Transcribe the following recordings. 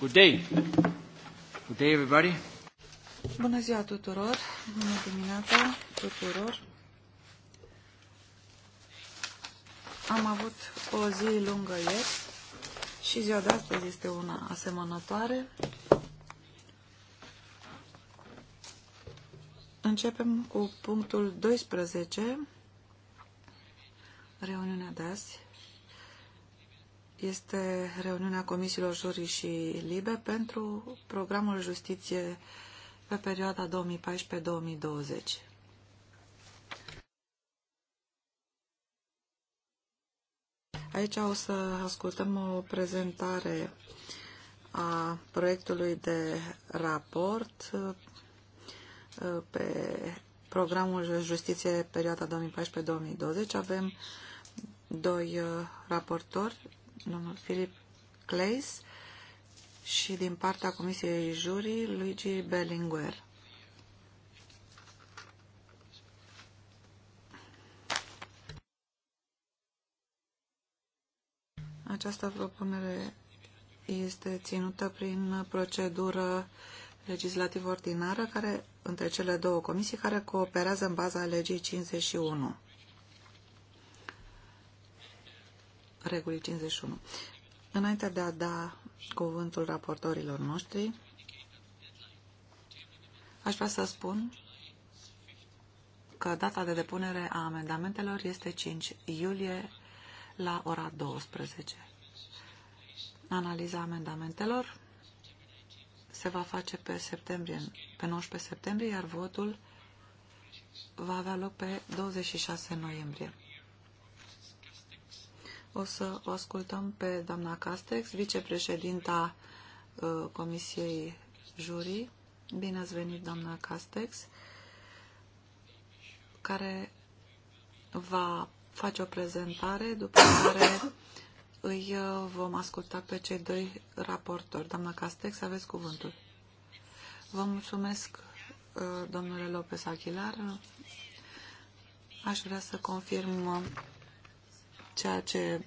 Good day. Good day, everybody. Bună ziua tuturor. Bună dimineața tuturor. Am avut o zi lungă ieri și ziua de astăzi este una asemănătoare. Începem cu punctul 12, reuniunea de astăzi este reuniunea Comisiilor Juri și Libe pentru programul Justiție pe perioada 2014-2020. Aici o să ascultăm o prezentare a proiectului de raport uh, pe programul Justiție perioada 2014-2020. Avem doi uh, raportori, domnul Filip Clays și din partea Comisiei Jurii, Luigi Bellinguer. Această propunere este ținută prin procedură legislativă ordinară care, între cele două comisii care cooperează în baza legii 51. regulii 51. Înainte de a da cuvântul raportorilor noștri, aș vrea să spun că data de depunere a amendamentelor este 5 iulie la ora 12. Analiza amendamentelor se va face pe, septembrie, pe 19 septembrie, iar votul va avea loc pe 26 noiembrie. O să o ascultăm pe doamna Castex, vicepreședinta uh, Comisiei Jurii. Bine ați venit, doamna Castex, care va face o prezentare, după care îi uh, vom asculta pe cei doi raportori. Doamna Castex, aveți cuvântul. Vă mulțumesc, uh, domnule Lopez Aguilar. Aș vrea să confirm ceea ce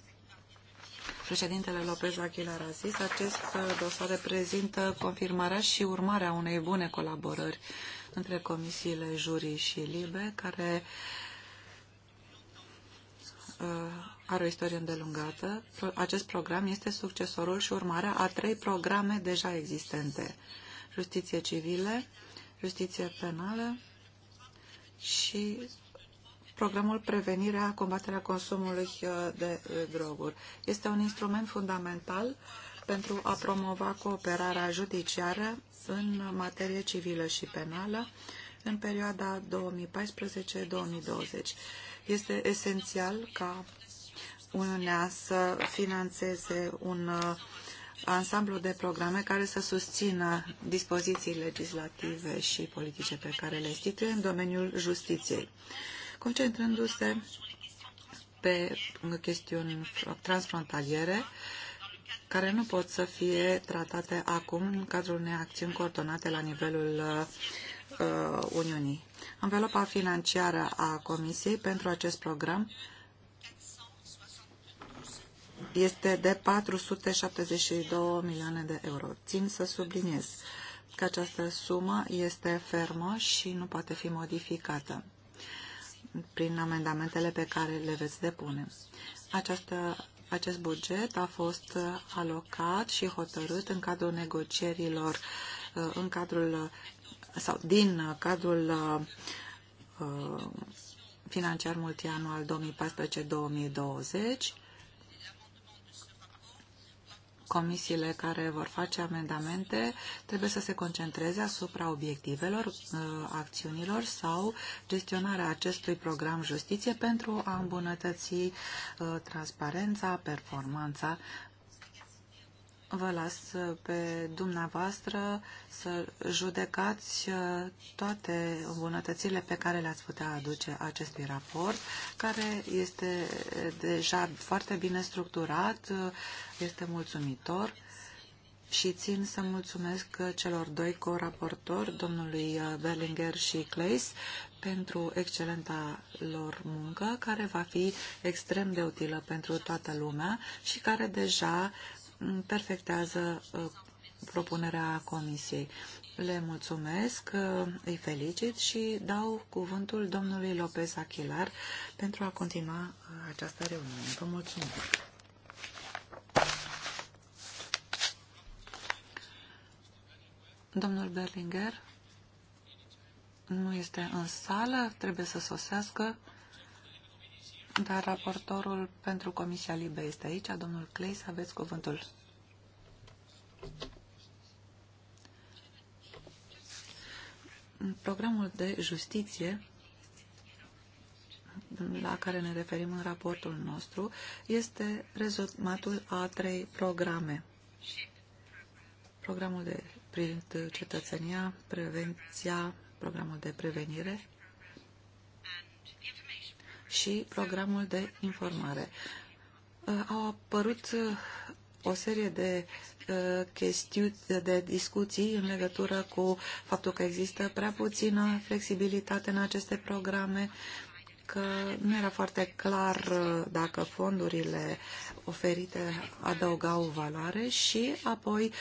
președintele Lopez Aguilar a zis, acest uh, dosar reprezintă confirmarea și urmarea unei bune colaborări între comisiile jurii și libe, care uh, are o istorie îndelungată. Acest program este succesorul și urmarea a trei programe deja existente. Justiție civile, justiție penală și programul Prevenirea, combaterea consumului uh, de uh, droguri. Este un instrument fundamental pentru a promova cooperarea judiciară în materie civilă și penală în perioada 2014-2020. Este esențial ca Uniunea să financeze un uh, ansamblu de programe care să susțină dispoziții legislative și politice pe care le instituie în domeniul justiției concentrându-se pe chestiuni transfrontaliere care nu pot să fie tratate acum în cadrul unei acțiuni coordonate la nivelul uh, Uniunii. Învelopa financiară a Comisiei pentru acest program este de 472 milioane de euro. Țin să subliniez că această sumă este fermă și nu poate fi modificată prin amendamentele pe care le veți depune. Această, acest buget a fost uh, alocat și hotărât în cadrul negocierilor uh, în cadrul uh, sau din cadrul financiar multianual 2014-2020 comisiile care vor face amendamente trebuie să se concentreze asupra obiectivelor, uh, acțiunilor sau gestionarea acestui program justiție pentru a îmbunătăți uh, transparența, performanța vă las pe dumneavoastră să judecați uh, toate bunătățile pe care le-ați putea aduce acestui raport, care este deja foarte bine structurat, uh, este mulțumitor și țin să mulțumesc celor doi co-raportori, domnului uh, Berlinger și Clays, pentru excelenta lor muncă, care va fi extrem de utilă pentru toată lumea și care deja perfectează uh, propunerea Comisiei. Le mulțumesc, uh, îi felicit și dau cuvântul domnului Lopez Achilar pentru a continua uh, această reuniune. Vă mulțumesc! Domnul Berlinger nu este în sală, trebuie să sosească dar raportorul pentru Comisia Libe este aici. Domnul Clay, Să aveți cuvântul. Programul de justiție la care ne referim în raportul nostru este rezumatul a trei programe. Programul de privind cetățenia, prevenția, programul de prevenire și programul de informare. Uh, au apărut uh, o serie de uh, chestiuni, de discuții în legătură cu faptul că există prea puțină flexibilitate în aceste programe, că nu era foarte clar dacă fondurile oferite adăugau valoare și apoi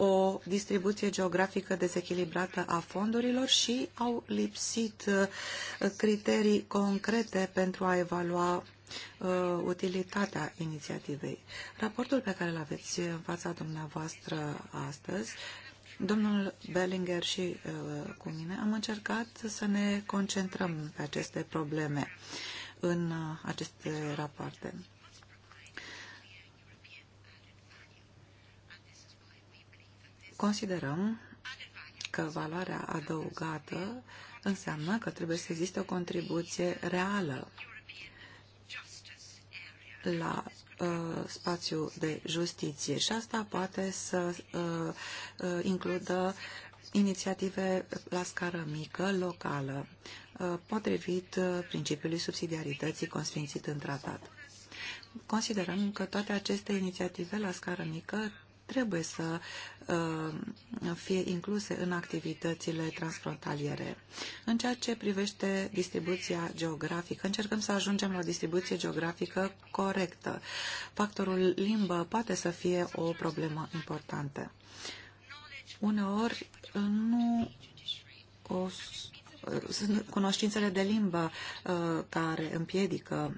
o distribuție geografică dezechilibrată a fondurilor și au lipsit uh, criterii concrete pentru a evalua uh, utilitatea inițiativei. Raportul pe care îl aveți în fața dumneavoastră astăzi Domnul Bellinger și uh, cu mine am încercat să ne concentrăm pe aceste probleme în aceste rapoarte. Considerăm că valoarea adăugată înseamnă că trebuie să existe o contribuție reală la uh, spațiu de justiție și asta poate să uh, uh, includă inițiative la scară mică, locală, uh, potrivit uh, principiului subsidiarității consfințit în tratat. Considerăm că toate aceste inițiative la scară mică trebuie să Uh, fie incluse în activitățile transfrontaliere. În ceea ce privește distribuția geografică, încercăm să ajungem la o distribuție geografică corectă. Factorul limbă poate să fie o problemă importantă. Uneori nu o, sunt cunoștințele de limbă uh, care împiedică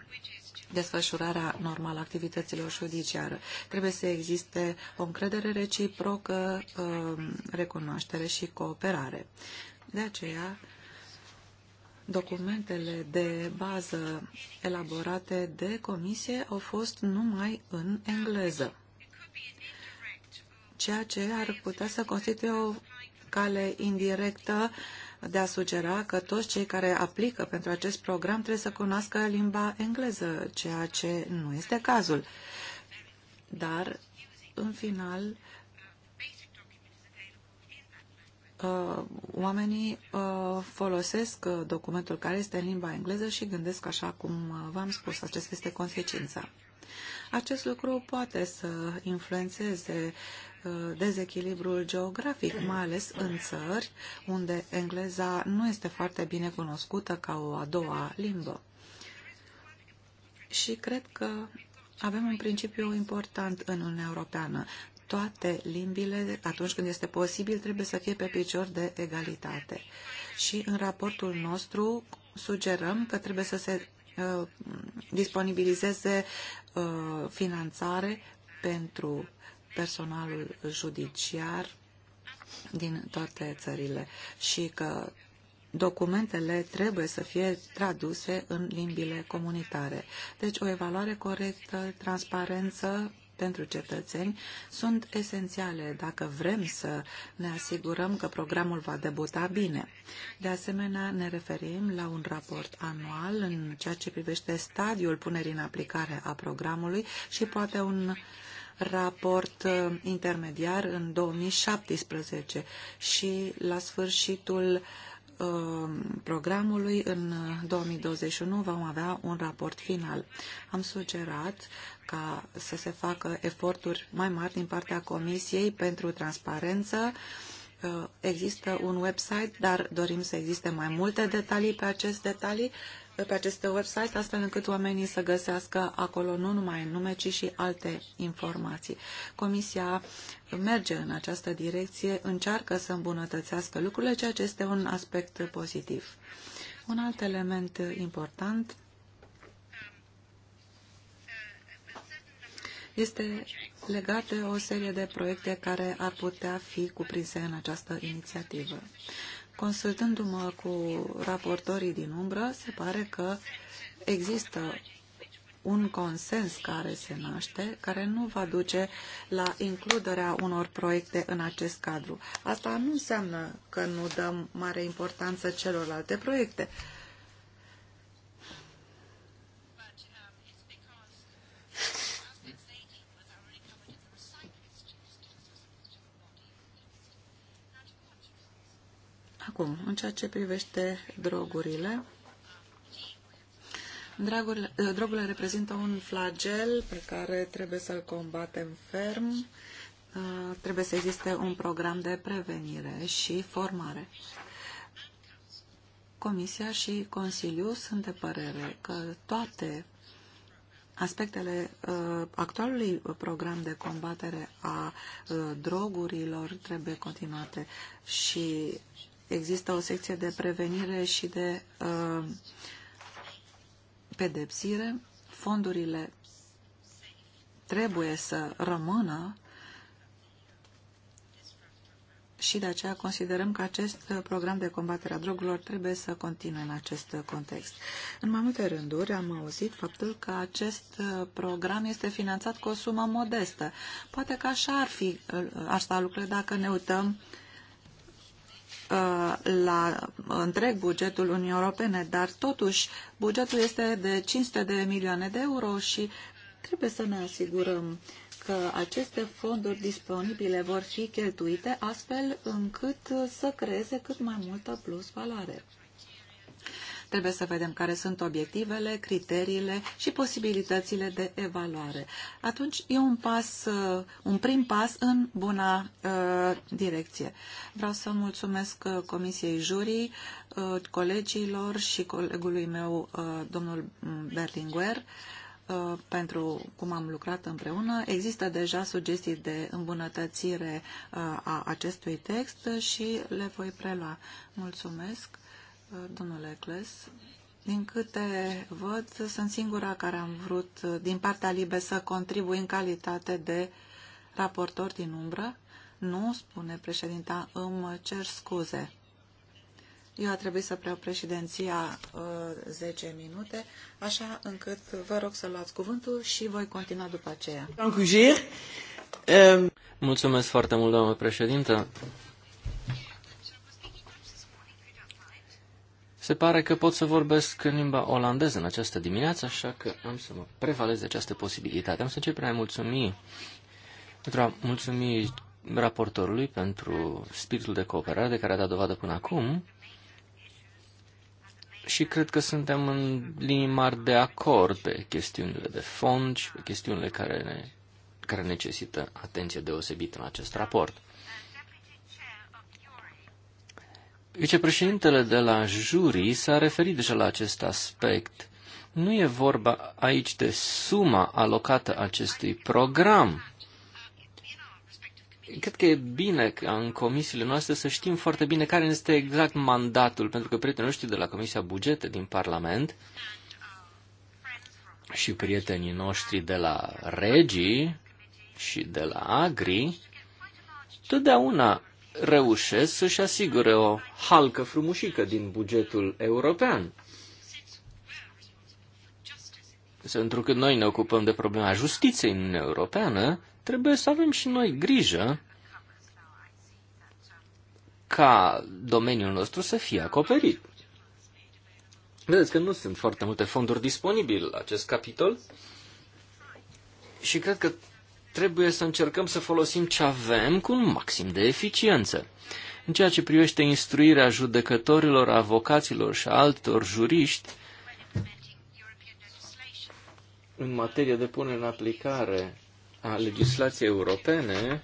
desfășurarea normală a activităților judiciare. Trebuie să existe o încredere reciprocă, um, recunoaștere și cooperare. De aceea, documentele de bază elaborate de comisie au fost numai în engleză, ceea ce ar putea să constituie o cale indirectă uh, de a sugera că toți cei care aplică pentru acest program trebuie să cunoască limba engleză, ceea ce nu este cazul. Dar, în final, uh, oamenii uh, folosesc uh, documentul care este în limba engleză și gândesc așa cum v-am spus, acesta este consecința. Acest lucru poate să influențeze Uh, dezechilibrul geografic, mai ales în țări unde engleza nu este foarte bine cunoscută ca o a doua limbă. Și cred că avem un principiu important în Uniunea Europeană. Toate limbile, atunci când este posibil, trebuie să fie pe picior de egalitate. Și în raportul nostru sugerăm că trebuie să se uh, disponibilizeze uh, finanțare pentru personalul judiciar din toate țările și că documentele trebuie să fie traduse în limbile comunitare. Deci o evaluare corectă, transparență pentru cetățeni sunt esențiale dacă vrem să ne asigurăm că programul va debuta bine. De asemenea, ne referim la un raport anual în ceea ce privește stadiul punerii în aplicare a programului și poate un uh, raport uh, intermediar în 2017 și la sfârșitul uh, programului în 2021 uh, vom avea un raport final. Am sugerat ca să se facă eforturi mai mari din partea Comisiei pentru transparență. Există un website, dar dorim să existe mai multe detalii pe acest detalii pe aceste website, astfel încât oamenii să găsească acolo nu numai nume, ci și alte informații. Comisia merge în această direcție, încearcă să îmbunătățească lucrurile, ceea ce este un aspect pozitiv. Un alt element important este legat de o serie de proiecte care ar putea fi cuprinse în această inițiativă. Consultându-mă cu raportorii din umbră, se pare că există un consens care se naște, care nu va duce la includerea unor proiecte în acest cadru. Asta nu înseamnă că nu dăm mare importanță celorlalte proiecte. Acum, în ceea ce privește drogurile, drogurile, eh, drogurile reprezintă un flagel pe care trebuie să-l combatem ferm. Eh, trebuie să existe un program de prevenire și formare. Comisia și Consiliul sunt de părere că toate aspectele uh, actualului program de combatere a uh, drogurilor trebuie continuate și Există o secție de prevenire și de uh, pedepsire. Fondurile trebuie să rămână și de aceea considerăm că acest program de combatere a drogurilor trebuie să continue în acest context. În mai multe rânduri am auzit faptul că acest program este finanțat cu o sumă modestă. Poate că așa ar fi, ar sta lucrurile dacă ne uităm uh, Uh, la uh, întreg bugetul Uniunii Europene, dar totuși bugetul este de 500 de milioane de euro și trebuie să ne asigurăm că aceste fonduri disponibile vor fi cheltuite astfel încât să creeze cât mai multă plus valoare. Trebuie să vedem care sunt obiectivele, criteriile și posibilitățile de evaluare. Atunci e un pas, uh, un prim pas în buna uh, direcție. Vreau să mulțumesc uh, Comisiei Jurii, uh, colegilor și colegului meu, uh, domnul Berlinguer, uh, pentru cum am lucrat împreună. Există deja sugestii de îmbunătățire a acestui text și le voi prelua. Mulțumesc domnule Cles. Din câte văd, sunt singura care am vrut, din partea Libe, să contribui în calitate de raportor din umbră. Nu, spune președinta, îmi cer scuze. Eu a trebuit să preau președinția uh, 10 minute, așa încât vă rog să luați cuvântul și voi continua după aceea. Ehm. Mulțumesc foarte mult, doamnă președintă. Se pare că pot să vorbesc în limba olandeză în această dimineață, așa că am să mă prevalez de această posibilitate. Am să încep prin a mulțumi, pentru a mulțumi raportorului pentru spiritul de cooperare de care a dat dovadă până acum și cred că suntem în linii mari de acord pe chestiunile de fond și pe chestiunile care, ne, care necesită atenție deosebită în acest raport. Vicepreședintele de la jury s-a referit deja la acest aspect. Nu e vorba aici de suma alocată acestui program. Cred că e bine ca în comisiile noastre să știm foarte bine care este exact mandatul, pentru că prietenii noștri de la Comisia Bugete din Parlament și prietenii noștri de la Regii și de la Agri totdeauna reușesc să-și asigure o halcă frumușică din bugetul european. Pentru că noi ne ocupăm de problema justiției în Uniunea Europeană, trebuie să avem și noi grijă ca domeniul nostru să fie acoperit. Vedeți că nu sunt foarte multe fonduri disponibile la acest capitol și cred că trebuie să încercăm să folosim ce avem cu un maxim de eficiență. În ceea ce privește instruirea judecătorilor, avocaților și altor juriști în materie de punere în aplicare a legislației europene,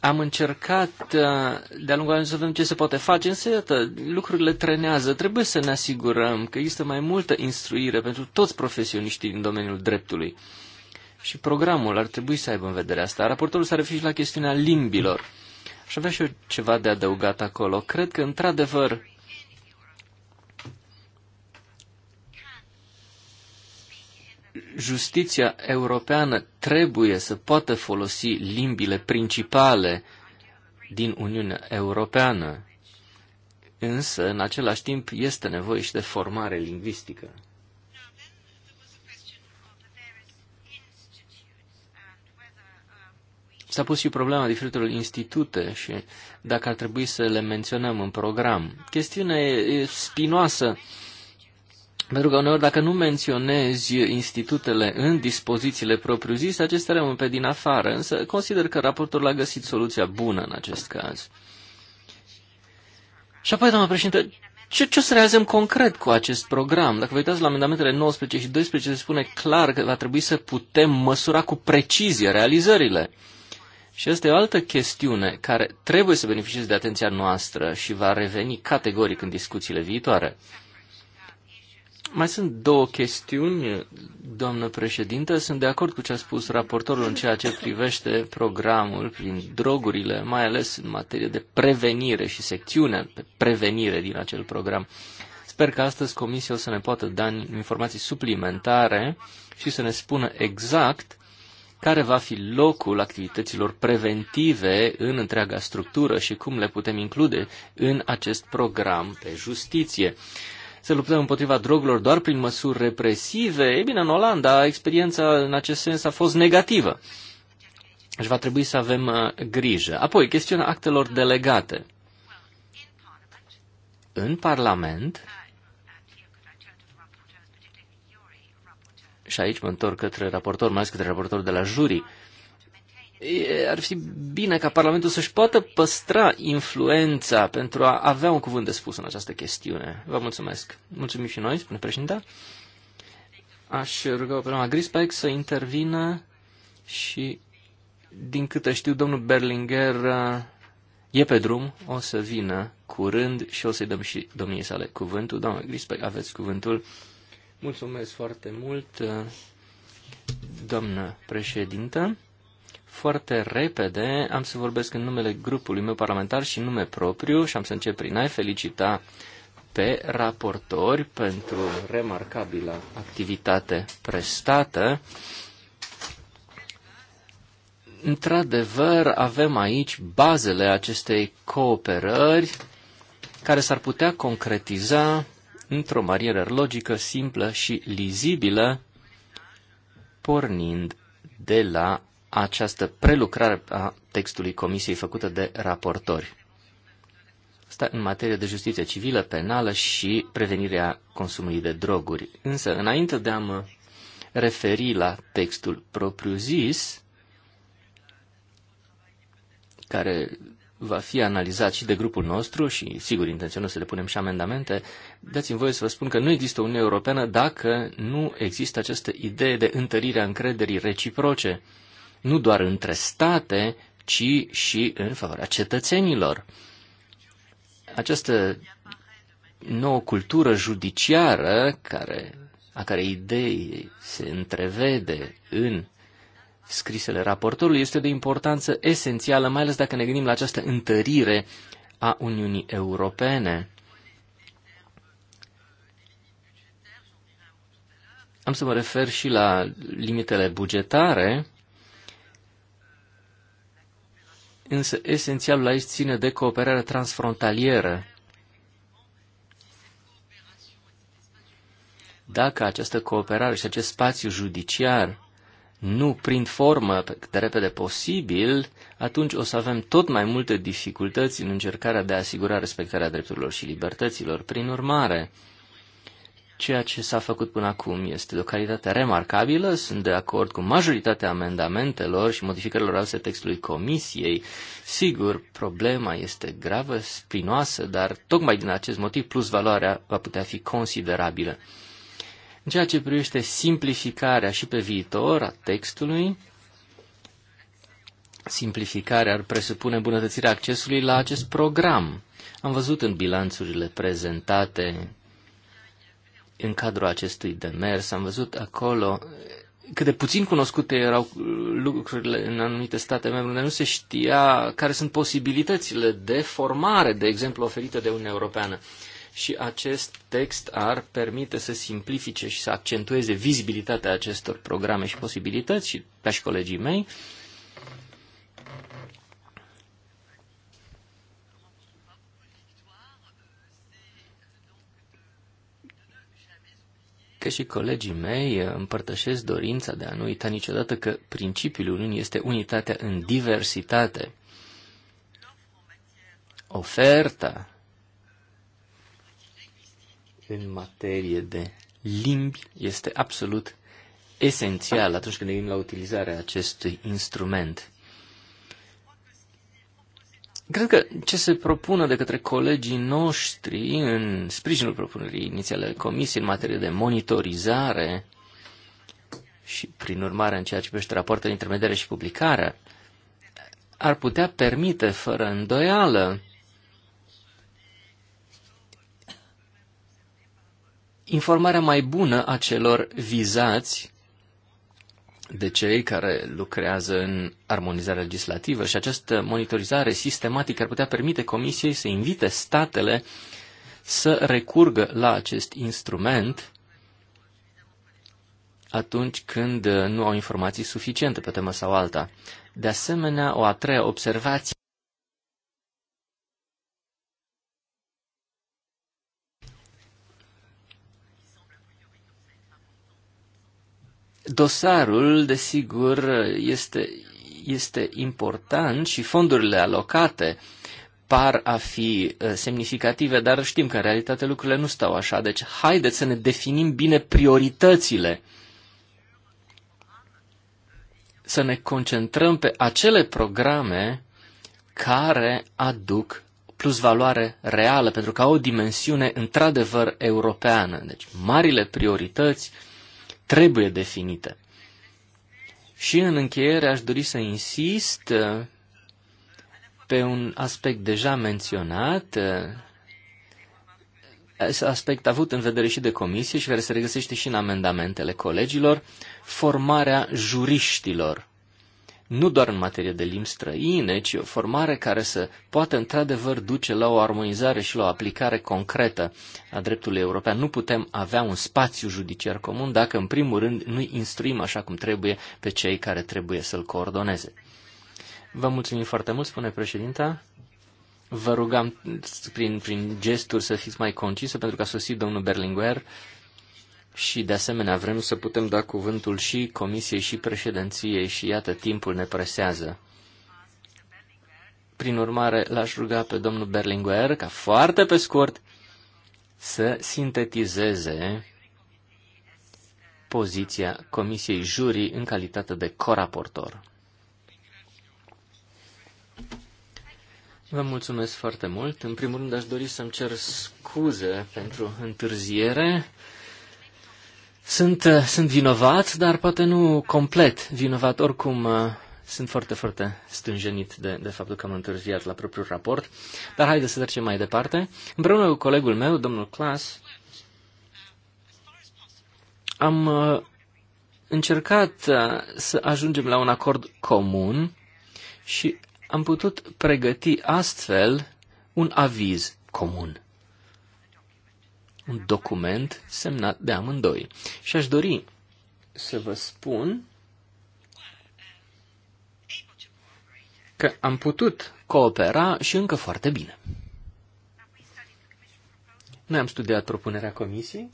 am încercat uh, de-a lungul anului să vedem ce se poate face, însă, iată, lucrurile trenează. Trebuie să ne asigurăm că există mai multă instruire pentru toți profesioniștii din domeniul dreptului. Și programul ar trebui să aibă în vedere asta. Raportorul s-a și la chestiunea limbilor. Și avea și eu ceva de adăugat acolo. Cred că, într-adevăr, justiția europeană trebuie să poată folosi limbile principale din Uniunea Europeană. Însă, în același timp, este nevoie și de formare lingvistică. S-a pus și problema diferitelor institute și dacă ar trebui să le menționăm în program. Chestiunea e spinoasă, pentru că uneori dacă nu menționezi institutele în dispozițiile propriu-zise, acestea rămân pe din afară, însă consider că raportul a găsit soluția bună în acest caz. Și apoi, doamna președinte, ce, ce o să realizăm concret cu acest program? Dacă vă uitați la amendamentele 19 și 12, se spune clar că va trebui să putem măsura cu precizie realizările. Și asta e o altă chestiune care trebuie să beneficieze de atenția noastră și va reveni categoric în discuțiile viitoare. Mai sunt două chestiuni, doamnă președintă. Sunt de acord cu ce a spus raportorul în ceea ce privește programul prin drogurile, mai ales în materie de prevenire și secțiunea de prevenire din acel program. Sper că astăzi Comisia o să ne poată da informații suplimentare și să ne spună exact care va fi locul activităților preventive în întreaga structură și cum le putem include în acest program de justiție. Să luptăm împotriva drogurilor doar prin măsuri represive? E bine, în Olanda experiența în acest sens a fost negativă. Și deci va trebui să avem uh, grijă. Apoi, chestiunea actelor delegate. În Parlament, și aici mă întorc către raportor, mai ales către raportor de la jury, ar fi bine ca Parlamentul să-și poată păstra influența pentru a avea un cuvânt de spus în această chestiune. Vă mulțumesc. Mulțumim și noi, spune președinte. Aș ruga pe doamna Grispec să intervină și, din câte știu, domnul Berlinger e pe drum, o să vină curând și o să-i dăm și domniei sale cuvântul. Doamna Grispec, aveți cuvântul. Mulțumesc foarte mult, doamnă președintă. Foarte repede am să vorbesc în numele grupului meu parlamentar și în nume propriu și am să încep prin a-i felicita pe raportori pentru remarcabila activitate prestată. Într-adevăr, avem aici bazele acestei cooperări care s-ar putea concretiza într-o manieră logică, simplă și lizibilă, pornind de la această prelucrare a textului comisiei făcută de raportori. Asta în materie de justiție civilă, penală și prevenirea consumului de droguri. Însă, înainte de a mă referi la textul propriu-zis, care va fi analizat și de grupul nostru și, sigur, intenționăm să le punem și amendamente, dați-mi voie să vă spun că nu există Uniune Europeană dacă nu există această idee de întărire a încrederii reciproce, nu doar între state, ci și în favoarea cetățenilor. Această nouă cultură judiciară, care, a care idei se întrevede în scrisele raportorului este de importanță esențială, mai ales dacă ne gândim la această întărire a Uniunii Europene. Am să mă refer și la limitele bugetare, însă esențialul aici ține de cooperare transfrontalieră. Dacă această cooperare și acest spațiu judiciar nu prind formă cât de repede posibil, atunci o să avem tot mai multe dificultăți în încercarea de a asigura respectarea drepturilor și libertăților. Prin urmare, ceea ce s-a făcut până acum este de o calitate remarcabilă, sunt de acord cu majoritatea amendamentelor și modificărilor ale textului comisiei. Sigur, problema este gravă, spinoasă, dar tocmai din acest motiv plus valoarea va putea fi considerabilă. În ceea ce privește simplificarea și pe viitor a textului, simplificarea ar presupune îmbunătățirea accesului la acest program. Am văzut în bilanțurile prezentate în cadrul acestui demers, am văzut acolo cât de puțin cunoscute erau lucrurile în anumite state membre, unde nu se știa care sunt posibilitățile de formare, de exemplu, oferite de Uniunea Europeană și acest text ar permite să simplifice și să accentueze vizibilitatea acestor programe și posibilități, și, ca și colegii mei. Că și colegii mei împărtășesc dorința de a nu uita niciodată că principiul Uniunii este unitatea în diversitate. Oferta în materie de limbi este absolut esențial atunci când ne gândim la utilizarea acestui instrument. Cred că ce se propună de către colegii noștri în sprijinul propunerii inițiale ale Comisiei în materie de monitorizare și, prin urmare, în ceea ce privește rapoartele intermediare și publicarea, ar putea permite, fără îndoială, informarea mai bună a celor vizați de cei care lucrează în armonizarea legislativă și această monitorizare sistematică ar putea permite Comisiei să invite statele să recurgă la acest instrument atunci când nu au informații suficiente pe temă sau alta. De asemenea, o a treia observație Dosarul, desigur, este, este important și fondurile alocate par a fi uh, semnificative, dar știm că în realitate lucrurile nu stau așa. Deci, haideți să ne definim bine prioritățile să ne concentrăm pe acele programe care aduc plus valoare reală, pentru că au o dimensiune într-adevăr europeană. Deci, marile priorități trebuie definite. Și în încheiere aș dori să insist uh, pe un aspect deja menționat, uh, aspect avut în vedere și de comisie și care se regăsește și în amendamentele colegilor, formarea juriștilor nu doar în materie de limbi străine, ci o formare care să poată într-adevăr duce la o armonizare și la o aplicare concretă a dreptului european. Nu putem avea un spațiu judiciar comun dacă, în primul rând, nu instruim așa cum trebuie pe cei care trebuie să-l coordoneze. Vă mulțumim foarte mult, spune președinta. Vă rugam prin, prin gesturi să fiți mai concisă, pentru că a sosit domnul Berlinguer și de asemenea vrem să putem da cuvântul și comisiei și președinției și iată timpul ne presează. Prin urmare, l-aș ruga pe domnul Berlinguer ca foarte pe scurt să sintetizeze poziția Comisiei Jurii în calitate de coraportor. Vă mulțumesc foarte mult. În primul rând aș dori să-mi cer scuze pentru întârziere. Sunt, uh, sunt vinovat, dar poate nu complet vinovat. Oricum, uh, sunt foarte, foarte stânjenit de, de faptul că am întârziat la propriul raport. Dar haideți să trecem mai departe. Împreună cu colegul meu, domnul Clas, am uh, încercat să ajungem la un acord comun și am putut pregăti astfel un aviz comun un document semnat de amândoi. Și aș dori să vă spun că am putut coopera și încă foarte bine. Noi am studiat propunerea comisiei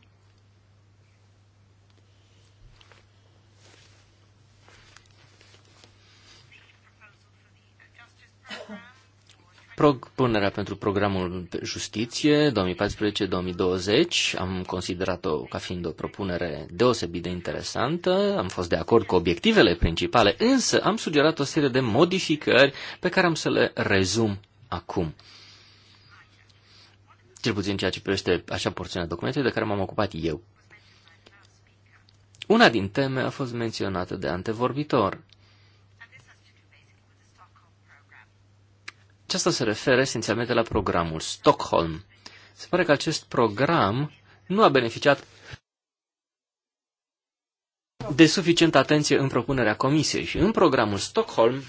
Propunerea pentru programul justiție 2014-2020 am considerat-o ca fiind o propunere deosebit de interesantă, am fost de acord cu obiectivele principale, însă am sugerat o serie de modificări pe care am să le rezum acum. Cel puțin ceea ce privește așa porțiunea documentului de care m-am ocupat eu. Una din teme a fost menționată de antevorbitor, Aceasta se referă esențialmente la programul Stockholm. Se pare că acest program nu a beneficiat de suficientă atenție în propunerea comisiei și în programul Stockholm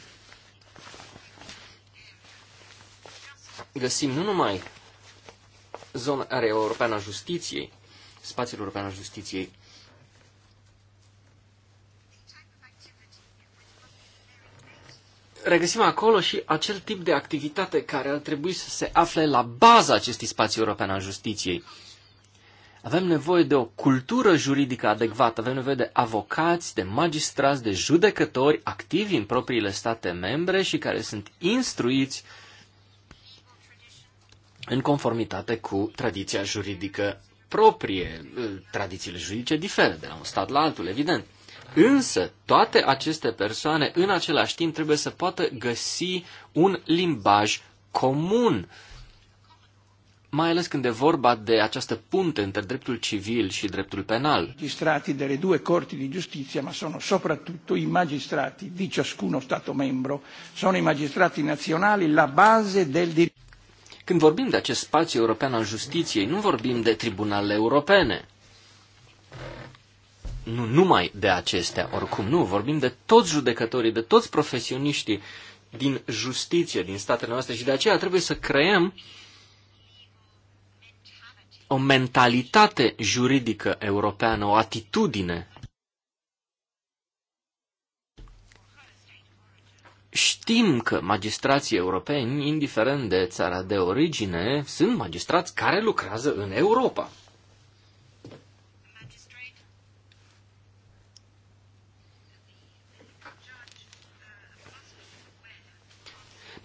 găsim nu numai zona europeană a justiției, spațiul european al justiției, regăsim acolo și acel tip de activitate care ar trebui să se afle la baza acestui spațiu european al justiției. Avem nevoie de o cultură juridică adecvată, avem nevoie de avocați, de magistrați, de judecători activi în propriile state membre și care sunt instruiți în conformitate cu tradiția juridică proprie. Tradițiile juridice diferă de la un stat la altul, evident. Însă, toate aceste persoane, în același timp, trebuie să poată găsi un limbaj comun. Mai ales când e vorba de această punte între dreptul civil și dreptul penal. Magistrati delle due corti di giustizia, ma sono soprattutto i magistrati di ciascuno Stato membro, sono i magistrati nazionali la base del diritto. Când vorbim de acest spațiu european al justiției, nu vorbim de tribunale europene, nu numai de acestea, oricum nu, vorbim de toți judecătorii, de toți profesioniștii din justiție, din statele noastre și de aceea trebuie să creăm o mentalitate juridică europeană, o atitudine. Știm că magistrații europeni, indiferent de țara de origine, sunt magistrați care lucrează în Europa.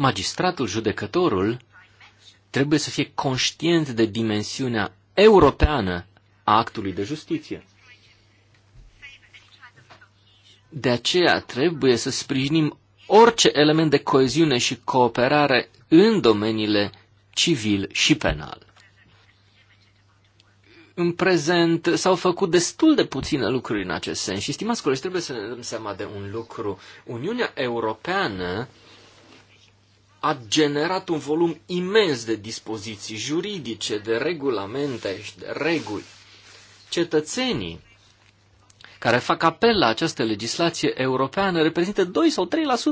magistratul, judecătorul, trebuie să fie conștient de dimensiunea europeană a actului de justiție. De aceea trebuie să sprijinim orice element de coeziune și cooperare în domeniile civil și penal. În prezent s-au făcut destul de puține lucruri în acest sens și, stimați colegi, trebuie să ne dăm seama de un lucru. Uniunea Europeană a generat un volum imens de dispoziții juridice, de regulamente și de reguli. Cetățenii care fac apel la această legislație europeană reprezintă 2 sau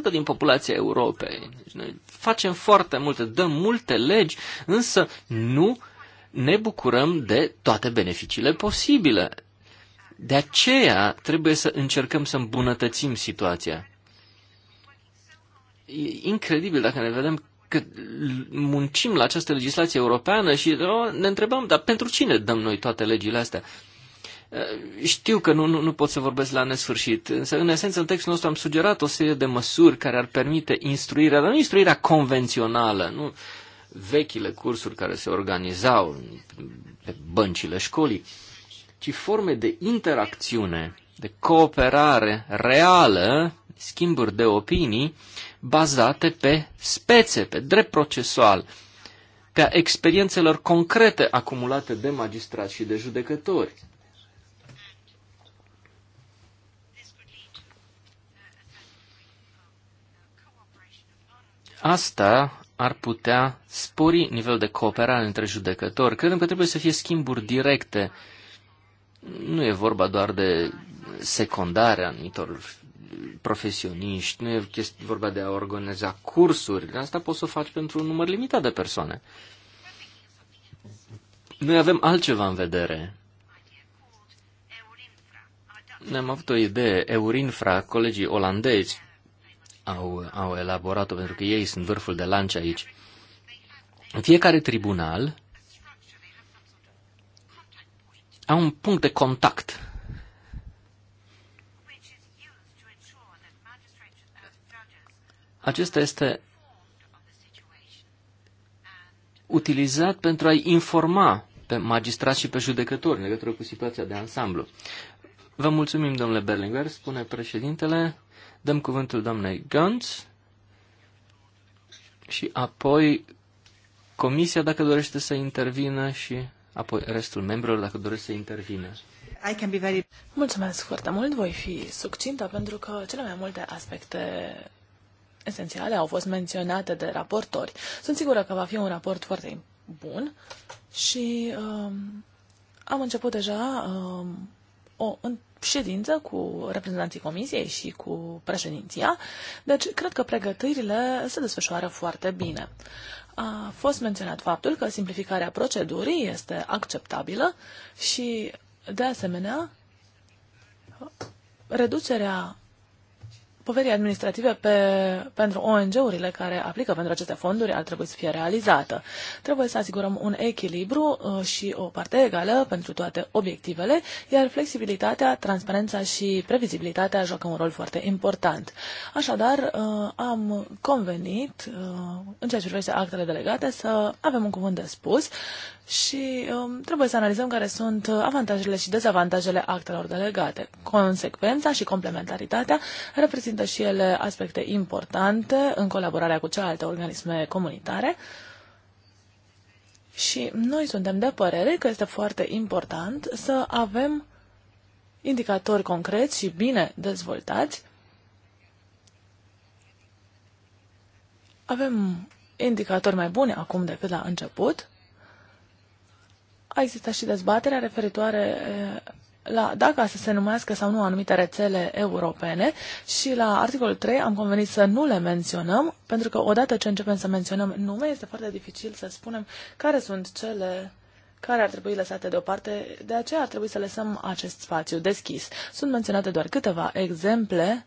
3% din populația Europei. Deci noi facem foarte multe, dăm multe legi, însă nu ne bucurăm de toate beneficiile posibile. De aceea trebuie să încercăm să îmbunătățim situația e incredibil dacă ne vedem că muncim la această legislație europeană și ne întrebăm, dar pentru cine dăm noi toate legile astea? Știu că nu, nu, nu pot să vorbesc la nesfârșit, însă în esență în textul nostru am sugerat o serie de măsuri care ar permite instruirea, dar nu instruirea convențională, nu vechile cursuri care se organizau pe băncile școlii, ci forme de interacțiune, de cooperare reală schimburi de opinii bazate pe spețe, pe drept procesual, pe experiențelor concrete acumulate de magistrați și de judecători. Asta ar putea spori nivelul de cooperare între judecători. Credem că trebuie să fie schimburi directe. Nu e vorba doar de secundare, anumitor profesioniști, nu e vorba de a organiza cursuri, asta poți să o faci pentru un număr limitat de persoane. Noi avem altceva în vedere. Ne-am avut o idee, Eurinfra, colegii olandezi au, au elaborat-o pentru că ei sunt vârful de lance aici. În fiecare tribunal au un punct de contact acesta este utilizat pentru a-i informa pe magistrați și pe judecători în legătură cu situația de ansamblu. Vă mulțumim, domnule Berlinger, spune președintele. Dăm cuvântul doamnei Gantz și apoi comisia dacă dorește să intervină și apoi restul membrilor dacă dorește să intervină. I can be very... Mulțumesc foarte mult, voi fi succintă pentru că cele mai multe aspecte esențiale au fost menționate de raportori. Sunt sigură că va fi un raport foarte bun și uh, am început deja uh, o ședință cu reprezentanții comisiei și cu președinția, deci cred că pregătirile se desfășoară foarte bine. A fost menționat faptul că simplificarea procedurii este acceptabilă și, de asemenea, reducerea poverii administrative pe, pentru ONG-urile care aplică pentru aceste fonduri ar trebui să fie realizată. Trebuie să asigurăm un echilibru uh, și o parte egală pentru toate obiectivele, iar flexibilitatea, transparența și previzibilitatea joacă un rol foarte important. Așadar, uh, am convenit, uh, în ceea ce privește actele delegate, să avem un cuvânt de spus și um, trebuie să analizăm care sunt avantajele și dezavantajele actelor delegate. Consecvența și complementaritatea reprezintă prezintă și ele aspecte importante în colaborarea cu celelalte organisme comunitare. Și noi suntem de părere că este foarte important să avem indicatori concreți și bine dezvoltați. Avem indicatori mai buni acum decât la început. A existat și dezbaterea referitoare la dacă să se numească sau nu anumite rețele europene și la articolul 3 am convenit să nu le menționăm, pentru că odată ce începem să menționăm nume, este foarte dificil să spunem care sunt cele care ar trebui lăsate deoparte, de aceea ar trebui să lăsăm acest spațiu deschis. Sunt menționate doar câteva exemple,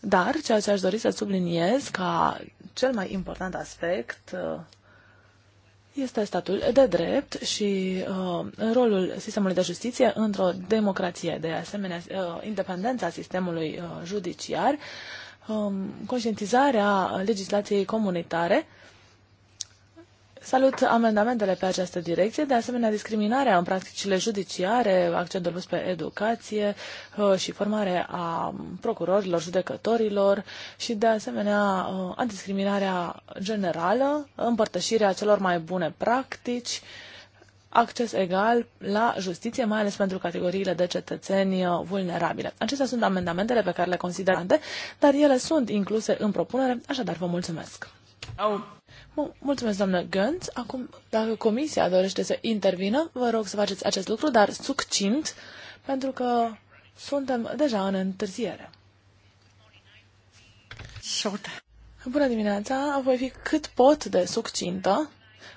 dar ceea ce aș dori să subliniez ca cel mai important aspect uh, este statul de drept și uh, rolul sistemului de justiție într-o democrație, de asemenea uh, independența sistemului uh, judiciar, um, conștientizarea legislației comunitare Salut amendamentele pe această direcție, de asemenea discriminarea în practicile judiciare, accentul pus pe educație uh, și formare a procurorilor, judecătorilor și de asemenea uh, antidiscriminarea generală, împărtășirea celor mai bune practici, acces egal la justiție, mai ales pentru categoriile de cetățeni uh, vulnerabile. Acestea sunt amendamentele pe care le considerante, dar ele sunt incluse în propunere, așadar vă mulțumesc. Au. Bun, mulțumesc, doamnă Gânț. Acum, dacă comisia dorește să intervină, vă rog să faceți acest lucru, dar succint, pentru că suntem deja în întârziere. Bună dimineața, voi fi cât pot de succintă.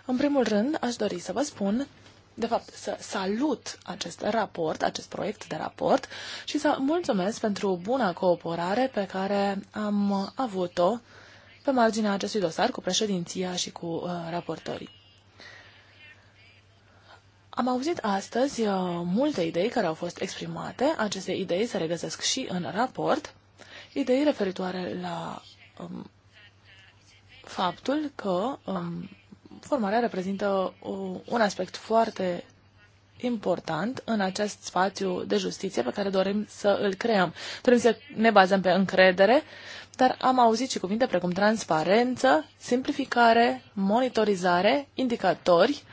În primul rând, aș dori să vă spun, de fapt, să salut acest raport, acest proiect de raport și să mulțumesc pentru buna cooperare pe care am avut-o pe marginea acestui dosar cu președinția și cu uh, raportorii. Am auzit astăzi uh, multe idei care au fost exprimate. Aceste idei se regăsesc și în raport. Idei referitoare la um, faptul că um, formarea reprezintă uh, un aspect foarte important în acest spațiu de justiție pe care dorim să îl creăm. Dorim să ne bazăm pe încredere, dar am auzit și cuvinte precum transparență, simplificare, monitorizare, indicatori,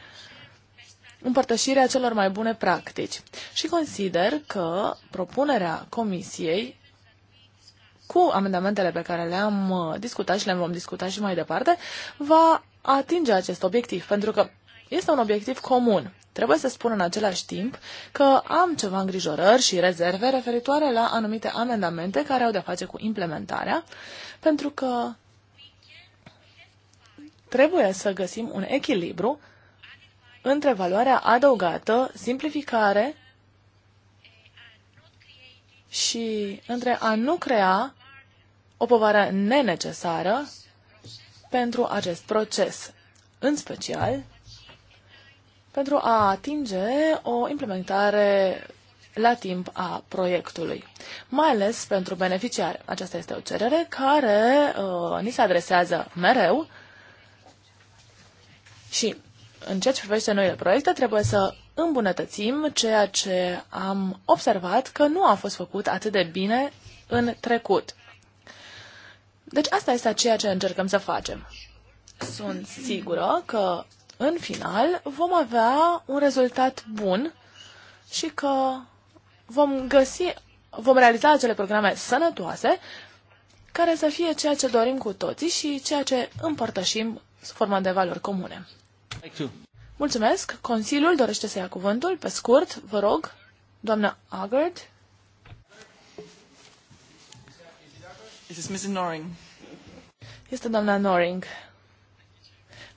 împărtășirea celor mai bune practici. Și consider că propunerea Comisiei cu amendamentele pe care le-am uh, discutat și le vom discuta și mai departe, va atinge acest obiectiv, pentru că este un obiectiv comun. Trebuie să spun în același timp că am ceva îngrijorări și rezerve referitoare la anumite amendamente care au de-a face cu implementarea, pentru că trebuie să găsim un echilibru între valoarea adăugată, simplificare și între a nu crea o povară nenecesară pentru acest proces, în special pentru a atinge o implementare la timp a proiectului, mai ales pentru beneficiare. Aceasta este o cerere care uh, ni se adresează mereu și în ceea ce privește noile proiecte trebuie să îmbunătățim ceea ce am observat că nu a fost făcut atât de bine în trecut. Deci asta este ceea ce încercăm să facem. Sunt sigură că în final vom avea un rezultat bun și că vom găsi, vom realiza acele programe sănătoase care să fie ceea ce dorim cu toții și ceea ce împărtășim sub forma de valori comune. Mulțumesc. Consiliul dorește să ia cuvântul. Pe scurt, vă rog, doamna Agard. Este doamna Noring.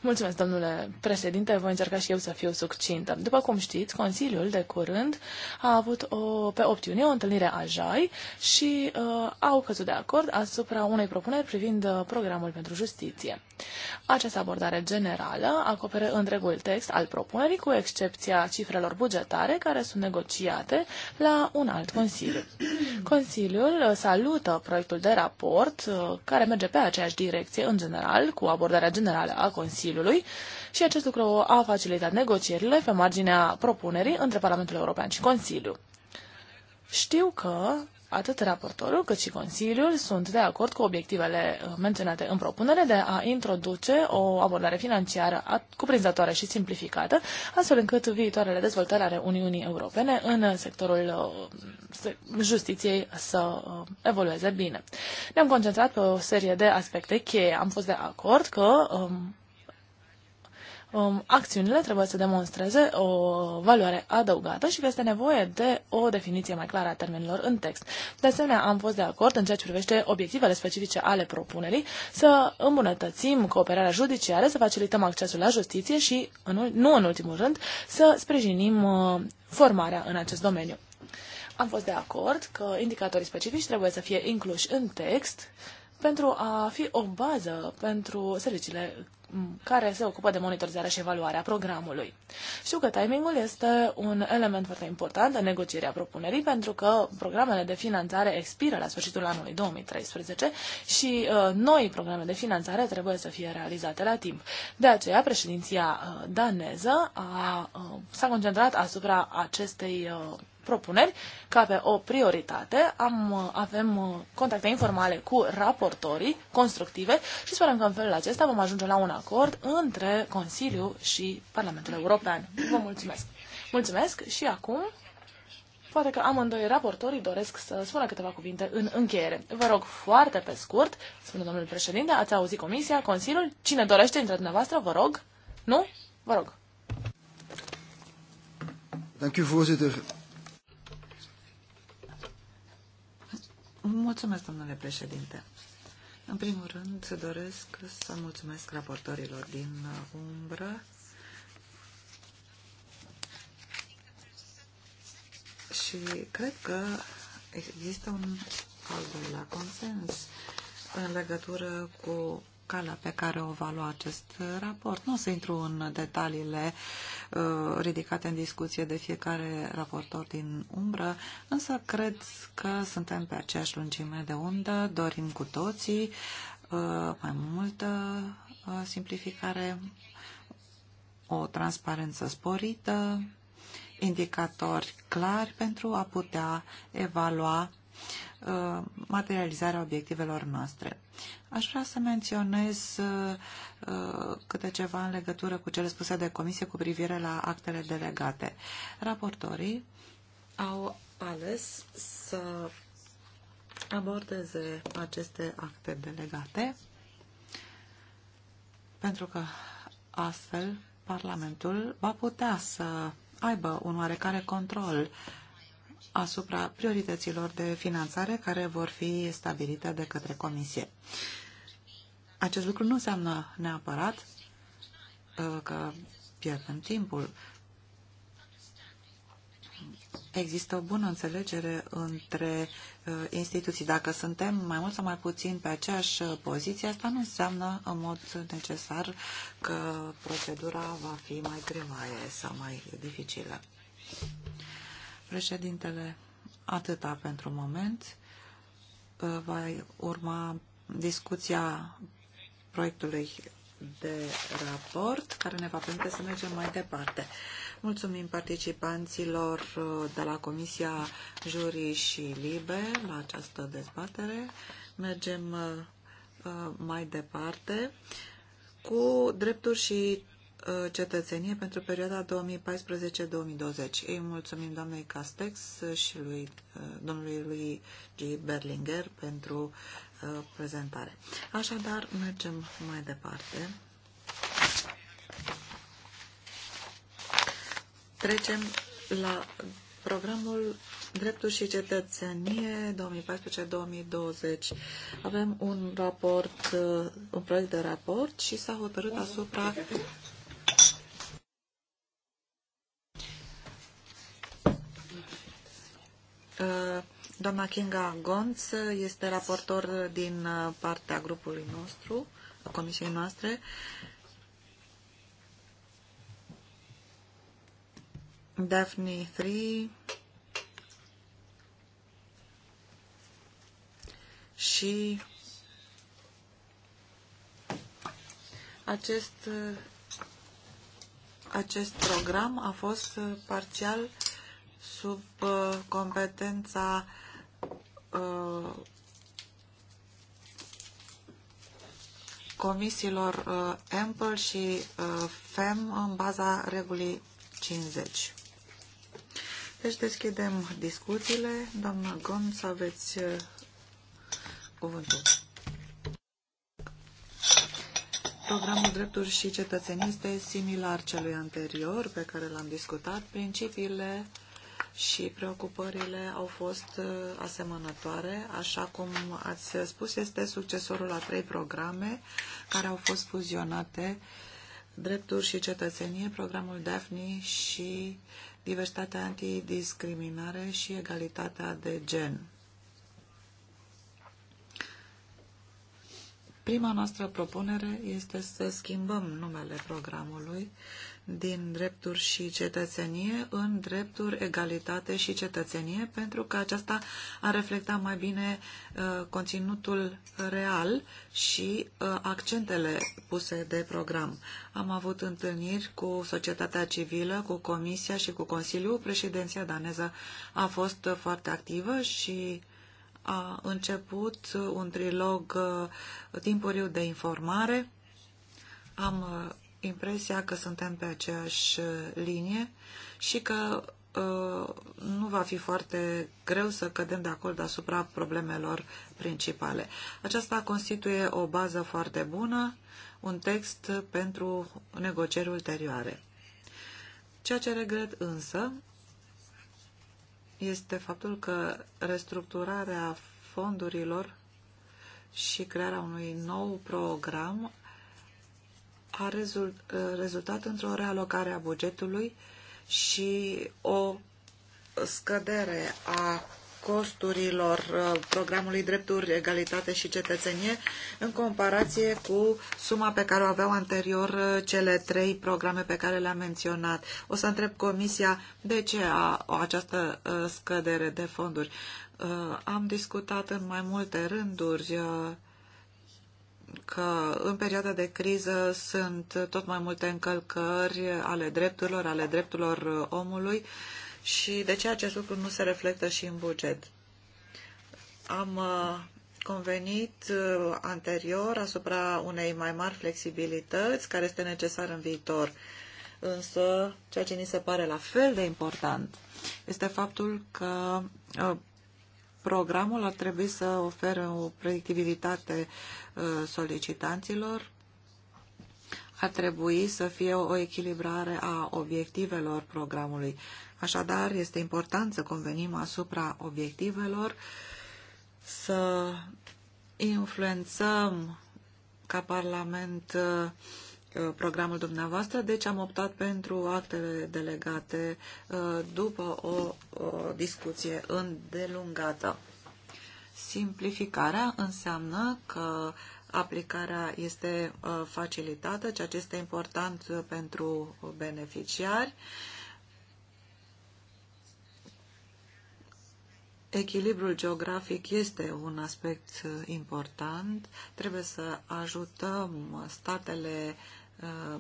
Mulțumesc, domnule președinte. Voi încerca și eu să fiu succintă. După cum știți, Consiliul de curând a avut o, pe 8 iunie o întâlnire a JAI și uh, au căzut de acord asupra unei propuneri privind uh, programul pentru justiție. Această abordare generală acoperă întregul text al propunerii, cu excepția cifrelor bugetare care sunt negociate la un alt Consiliu. Consiliul uh, salută proiectul de raport uh, care merge pe aceeași direcție în general cu abordarea generală a Consiliului Consiliului și acest lucru a facilitat negocierile pe marginea propunerii între Parlamentul European și Consiliu. Știu că atât raportorul cât și Consiliul sunt de acord cu obiectivele uh, menționate în propunere de a introduce o abordare financiară cuprinzătoare și simplificată, astfel încât viitoarele dezvoltări ale Uniunii Europene în sectorul uh, justiției să uh, evolueze bine. Ne-am concentrat pe o serie de aspecte cheie. Am fost de acord că um, um, acțiunile trebuie să demonstreze o valoare adăugată și că este nevoie de o definiție mai clară a termenilor în text. De asemenea, am fost de acord în ceea ce privește obiectivele specifice ale propunerii, să îmbunătățim cooperarea judiciară, să facilităm accesul la justiție și, în, nu în ultimul rând, să sprijinim uh, formarea în acest domeniu. Am fost de acord că indicatorii specifici trebuie să fie incluși în text pentru a fi o bază pentru serviciile care se ocupă de monitorizarea și evaluarea programului. Știu că timingul este un element foarte important în negocierea propunerii, pentru că programele de finanțare expiră la sfârșitul anului 2013 și uh, noi programe de finanțare trebuie să fie realizate la timp. De aceea, președinția uh, daneză a, uh, s-a concentrat asupra acestei uh, propuneri ca pe o prioritate. Am, avem uh, contacte informale cu raportorii constructive și sperăm că în felul acesta vom ajunge la un acord între Consiliu și Parlamentul European. Vă mulțumesc! Mulțumesc și acum poate că amândoi raportorii doresc să spună câteva cuvinte în încheiere. Vă rog foarte pe scurt, spune domnul președinte, ați auzit comisia, consiliul, cine dorește între dumneavoastră, vă rog. Nu? Vă rog. Dank u, voorzitter. Mulțumesc, domnule președinte. În primul rând, doresc să mulțumesc raportorilor din umbră și cred că există un al doilea consens în legătură cu calea pe care o va lua acest raport. Nu o să intru în detaliile uh, ridicate în discuție de fiecare raportor din umbră, însă cred că suntem pe aceeași lungime de undă, dorim cu toții uh, mai multă uh, simplificare, o transparență sporită, indicatori clari pentru a putea evalua Uh, materializarea obiectivelor noastre. Aș vrea să menționez uh, uh, câte ceva în legătură cu cele spuse de comisie cu privire la actele delegate. Raportorii au ales să abordeze aceste acte delegate pentru că astfel Parlamentul va putea să aibă un oarecare control uh, asupra priorităților de finanțare care vor fi stabilite de către Comisie. Acest lucru nu înseamnă neapărat uh, că pierdem timpul. Există o bună înțelegere între uh, instituții. Dacă suntem mai mult sau mai puțin pe aceeași uh, poziție, asta nu înseamnă în mod necesar că procedura va fi mai grevaie sau mai dificilă. Președintele, atâta pentru moment. Ă, va urma discuția proiectului de raport care ne va permite să mergem mai departe. Mulțumim participanților ă, de la Comisia Jurii și Libe la această dezbatere. Mergem ă, mai departe cu drepturi și Uh, cetățenie pentru perioada 2014-2020. Îi mulțumim doamnei Castex și lui, uh, domnului lui G. Berlinger pentru uh, prezentare. Așadar, mergem mai departe. Trecem la programul Drepturi și cetățenie 2014-2020. Avem un raport, un proiect de raport și s-a hotărât asupra Uh, doamna Kinga Gonț este raportor din uh, partea grupului nostru, a comisiei noastre. Daphne 3 și acest, uh, acest program a fost parțial sub uh, competența uh, comisiilor uh, Ample și FEM în baza regulii 50. Deci deschidem discuțiile. Doamna Gon, să aveți cuvântul. Programul Drepturi și Cetățenii este similar celui anterior pe care l-am discutat. Principiile și preocupările au fost uh, asemănătoare. Așa cum ați spus, este succesorul a trei programe care au fost fuzionate, Drepturi și cetățenie, programul DAFNI și diversitatea antidiscriminare și egalitatea de gen. Prima noastră propunere este să schimbăm numele programului din drepturi și cetățenie în drepturi, egalitate și cetățenie, pentru că aceasta a reflectat mai bine uh, conținutul real și uh, accentele puse de program. Am avut întâlniri cu societatea civilă, cu Comisia și cu Consiliul. Președinția daneză a fost foarte activă și a început un trilog uh, timpuriu de informare. Am uh, impresia că suntem pe aceeași linie și că uh, nu va fi foarte greu să cădem de acord asupra problemelor principale. Aceasta constituie o bază foarte bună, un text pentru negocieri ulterioare. Ceea ce regret însă este faptul că restructurarea fondurilor și crearea unui nou program a rezultat într-o realocare a bugetului și o scădere a costurilor programului Drepturi, Egalitate și Cetățenie în comparație cu suma pe care o aveau anterior cele trei programe pe care le-am menționat. O să întreb Comisia de ce a, această scădere de fonduri. Am discutat în mai multe rânduri că în perioada de criză sunt tot mai multe încălcări ale drepturilor, ale drepturilor omului și de ce acest lucru nu se reflectă și în buget. Am uh, convenit uh, anterior asupra unei mai mari flexibilități care este necesar în viitor. Însă, ceea ce ni se pare la fel de important este faptul că uh, Programul ar trebui să ofere o predictibilitate uh, solicitanților, ar trebui să fie o echilibrare a obiectivelor programului. Așadar, este important să convenim asupra obiectivelor, să influențăm ca Parlament uh, Uh, programul dumneavoastră, deci am optat pentru actele delegate uh, după o, o discuție îndelungată. Simplificarea înseamnă că aplicarea este uh, facilitată, ceea ce este important pentru beneficiari. Echilibrul geografic este un aspect important. Trebuie să ajutăm statele uh, Uh,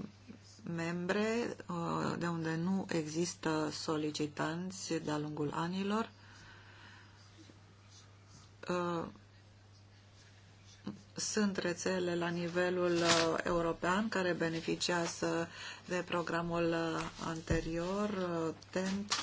membre uh, de unde nu există solicitanți de-a lungul anilor. Uh, sunt rețele la nivelul european care beneficiază de programul anterior, TENT.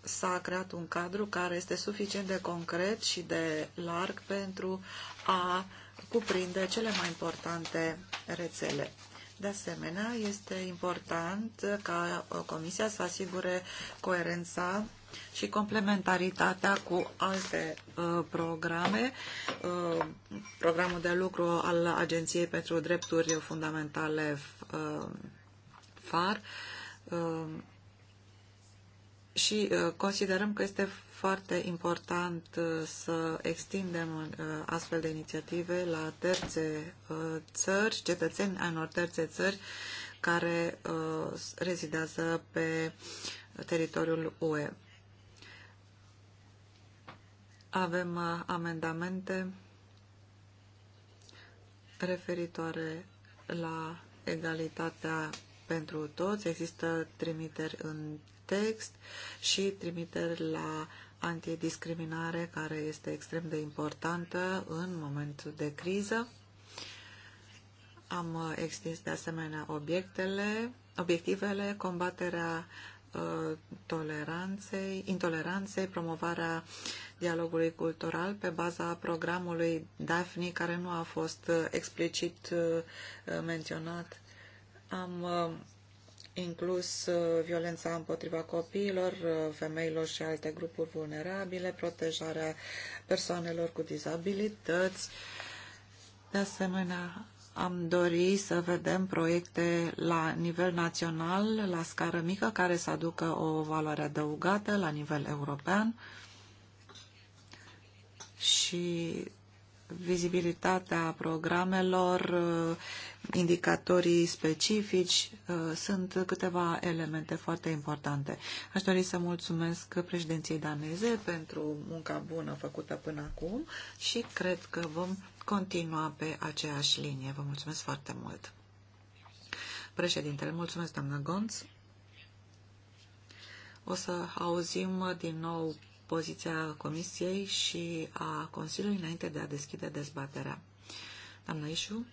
S-a creat un cadru care este suficient de concret și de larg pentru a uh, cuprinde cele mai importante rețele. De asemenea, este important ca uh, Comisia să asigure coerența și complementaritatea cu alte uh, programe, uh, programul de lucru al Agenției pentru Drepturi Fundamentale uh, FAR, și uh, considerăm că este foarte important uh, să extindem uh, astfel de inițiative la terțe uh, țări, cetățeni a unor terțe țări care rezidează pe teritoriul UE. Avem amendamente referitoare la egalitatea pentru toți. Există trimiteri în text și trimiteri la antidiscriminare care este extrem de importantă în momentul de criză. Am uh, extins de asemenea obiectele, obiectivele, combaterea uh, toleranței, intoleranței, promovarea dialogului cultural pe baza programului DAFNI, care nu a fost uh, explicit menționat. Am inclus uh, violența împotriva copiilor, uh, femeilor și alte grupuri vulnerabile, protejarea persoanelor cu dizabilități. De asemenea, am dori să vedem proiecte la nivel național, la scară mică, care să aducă o valoare adăugată la nivel european și vizibilitatea programelor, uh, indicatorii specifici, uh, sunt câteva elemente foarte importante. Aș dori să mulțumesc președinției daneze pentru munca bună făcută până acum și cred că vom continua pe aceeași linie. Vă mulțumesc foarte mult. Președintele, mulțumesc, doamnă Gonț. O să auzim din nou poziția Comisiei și a Consiliului înainte de a deschide dezbaterea. Doamna Ișu,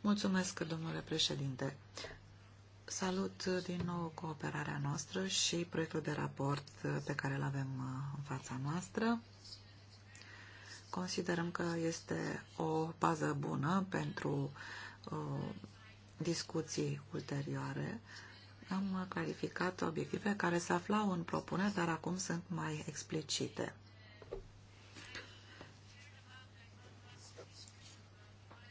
mulțumesc, domnule președinte. Salut din nou cooperarea noastră și proiectul de raport pe care îl avem uh, în fața noastră. Considerăm că este o bază bună pentru uh, discuții ulterioare uh, am clarificat obiective care se aflau în propunere, dar acum sunt mai explicite.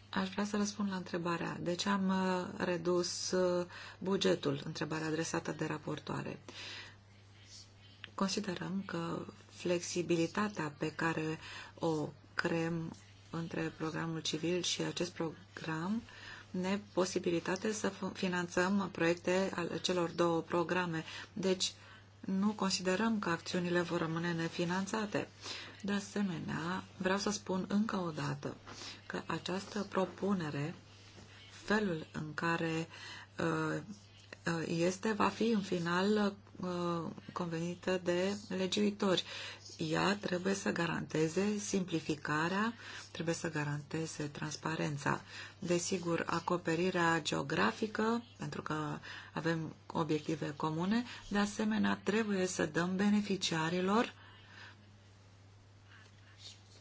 Aș vrea să răspund la întrebarea de ce am uh, redus uh, bugetul, întrebarea adresată de raportoare. Considerăm că flexibilitatea pe care o creăm între programul civil și acest program uh, neposibilitate să finanțăm proiecte ale celor două programe. Deci, nu considerăm că acțiunile vor rămâne nefinanțate. De asemenea, vreau să spun încă o dată că această propunere, felul în care uh, uh, este, va fi în final uh, convenită de legiuitori ea trebuie să garanteze simplificarea, trebuie să garanteze transparența. Desigur, acoperirea geografică, pentru că avem obiective comune, de asemenea trebuie să dăm beneficiarilor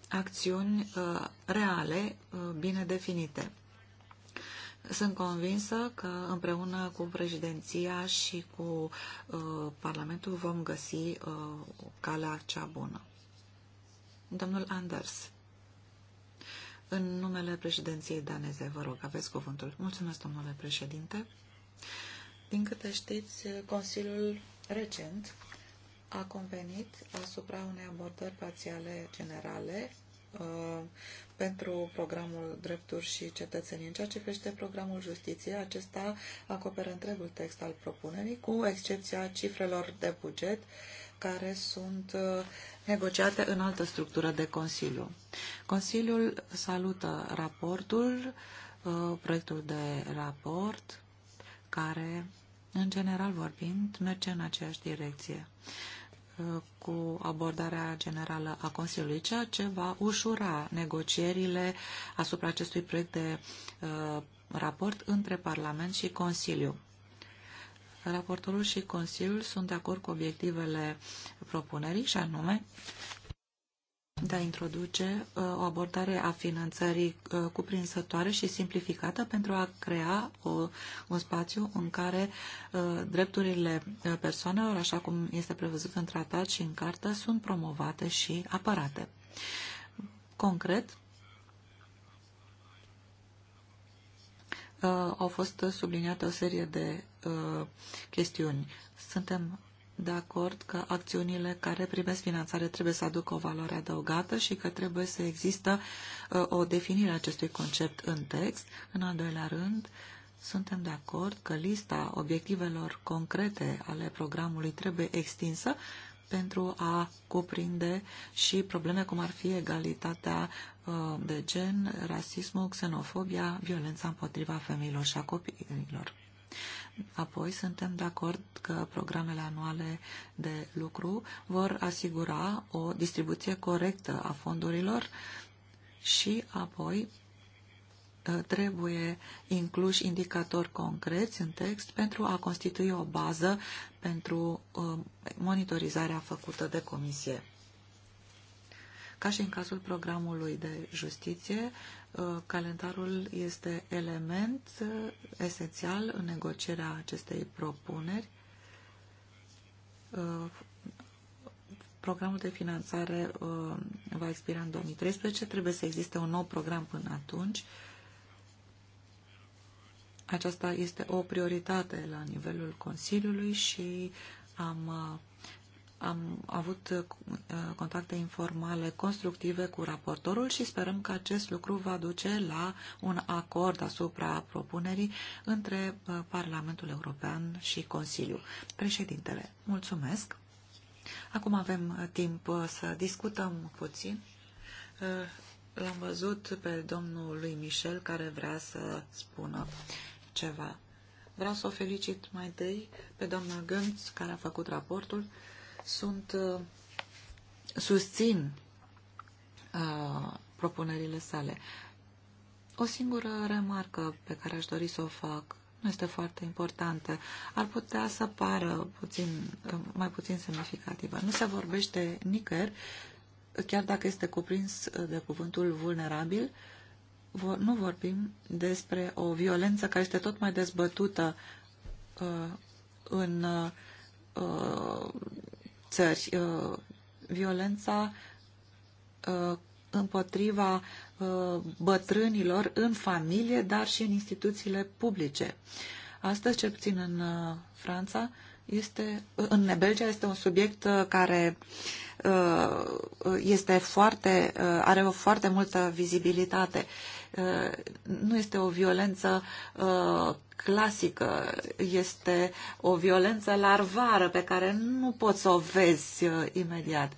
acțiuni uh, reale, uh, bine definite. Sunt convinsă că împreună cu președinția și cu uh, Parlamentul vom găsi uh, calea cea bună. Domnul Anders, în numele președinției daneze, vă rog, aveți cuvântul. Mulțumesc, domnule președinte. Din câte știți, Consiliul recent a convenit asupra unei abordări parțiale generale uh, pentru programul Drepturi și Cetățenii. În ceea ce privește programul Justiție, acesta acoperă întregul text al propunerii, cu excepția cifrelor de buget, care sunt uh, negociate în altă structură de Consiliu. Consiliul salută raportul, uh, proiectul de raport, care, în general vorbind, merge în aceeași direcție cu abordarea generală a Consiliului, ceea ce va ușura negocierile asupra acestui proiect de uh, raport între Parlament și Consiliu. Raportorul și Consiliul sunt de acord cu obiectivele propunerii și anume de a introduce uh, o abordare a finanțării uh, cuprinsătoare și simplificată pentru a crea o, un spațiu în care uh, drepturile persoanelor, așa cum este prevăzut în tratat și în cartă, sunt promovate și apărate. Concret, au fost subliniate o serie de chestiuni. Suntem de acord că acțiunile care primesc finanțare trebuie să aducă o valoare adăugată și că trebuie să există uh, o definire a acestui concept în text. În al doilea rând, suntem de acord că lista obiectivelor concrete ale programului trebuie extinsă pentru a cuprinde și probleme cum ar fi egalitatea uh, de gen, rasismul, xenofobia, violența împotriva femeilor și a copiilor. Apoi suntem de acord că programele anuale de lucru vor asigura o distribuție corectă a fondurilor și apoi ă, trebuie incluși indicatori concreți în text pentru a constitui o bază pentru ă, monitorizarea făcută de comisie. Ca și în cazul programului de justiție, Uh, calendarul este element uh, esențial în negocierea acestei propuneri. Uh, programul de finanțare va expira în 2013, trebuie să existe un nou program până atunci. Aceasta este o prioritate la nivelul Consiliului și am am avut uh, uh, contacte informale constructive cu raportorul și sperăm că acest lucru va duce la un acord asupra propunerii între uh, Parlamentul European și Consiliu. Președintele, mulțumesc. Acum avem timp să discutăm puțin. L-am văzut pe domnul lui Michel care vrea să spună ceva. Vreau să o felicit mai întâi pe doamna Gânț, care a făcut raportul sunt uh, susțin uh, propunerile sale. O singură remarcă pe care aș dori să o fac nu este foarte importantă. Ar putea să pară puțin, uh, mai puțin semnificativă. Nu se vorbește nicăieri, chiar dacă este cuprins uh, de cuvântul vulnerabil, nu vorbim despre o violență care este tot mai dezbătută în țări. Uh, violența uh, împotriva uh, bătrânilor în familie, dar și în instituțiile publice. Astăzi, cel puțin în Franța, este, în Belgia este un subiect uh, care uh, este foarte, uh, are o foarte multă vizibilitate. Nu este o violență clasică, este o violență larvară pe care nu poți să o vezi imediat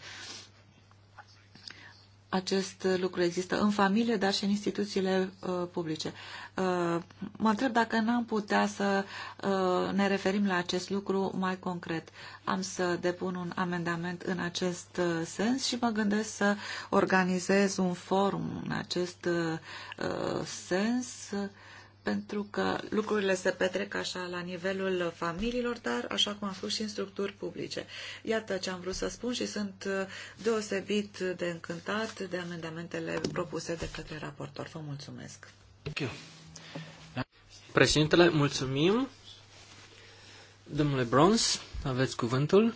acest lucru există în familie, dar și în instituțiile uh, publice. Uh, mă întreb dacă n-am putea să uh, ne referim la acest lucru mai concret. Am să depun un amendament în acest uh, sens și mă gândesc să organizez un forum în acest uh, uh sens. Uh, pentru că lucrurile se petrec așa la nivelul familiilor, dar așa cum am spus și în structuri publice. Iată ce am vrut să spun și sunt deosebit de încântat de amendamentele propuse de către raportor. Vă mulțumesc. Președintele, mulțumim. Domnule Brons, aveți cuvântul.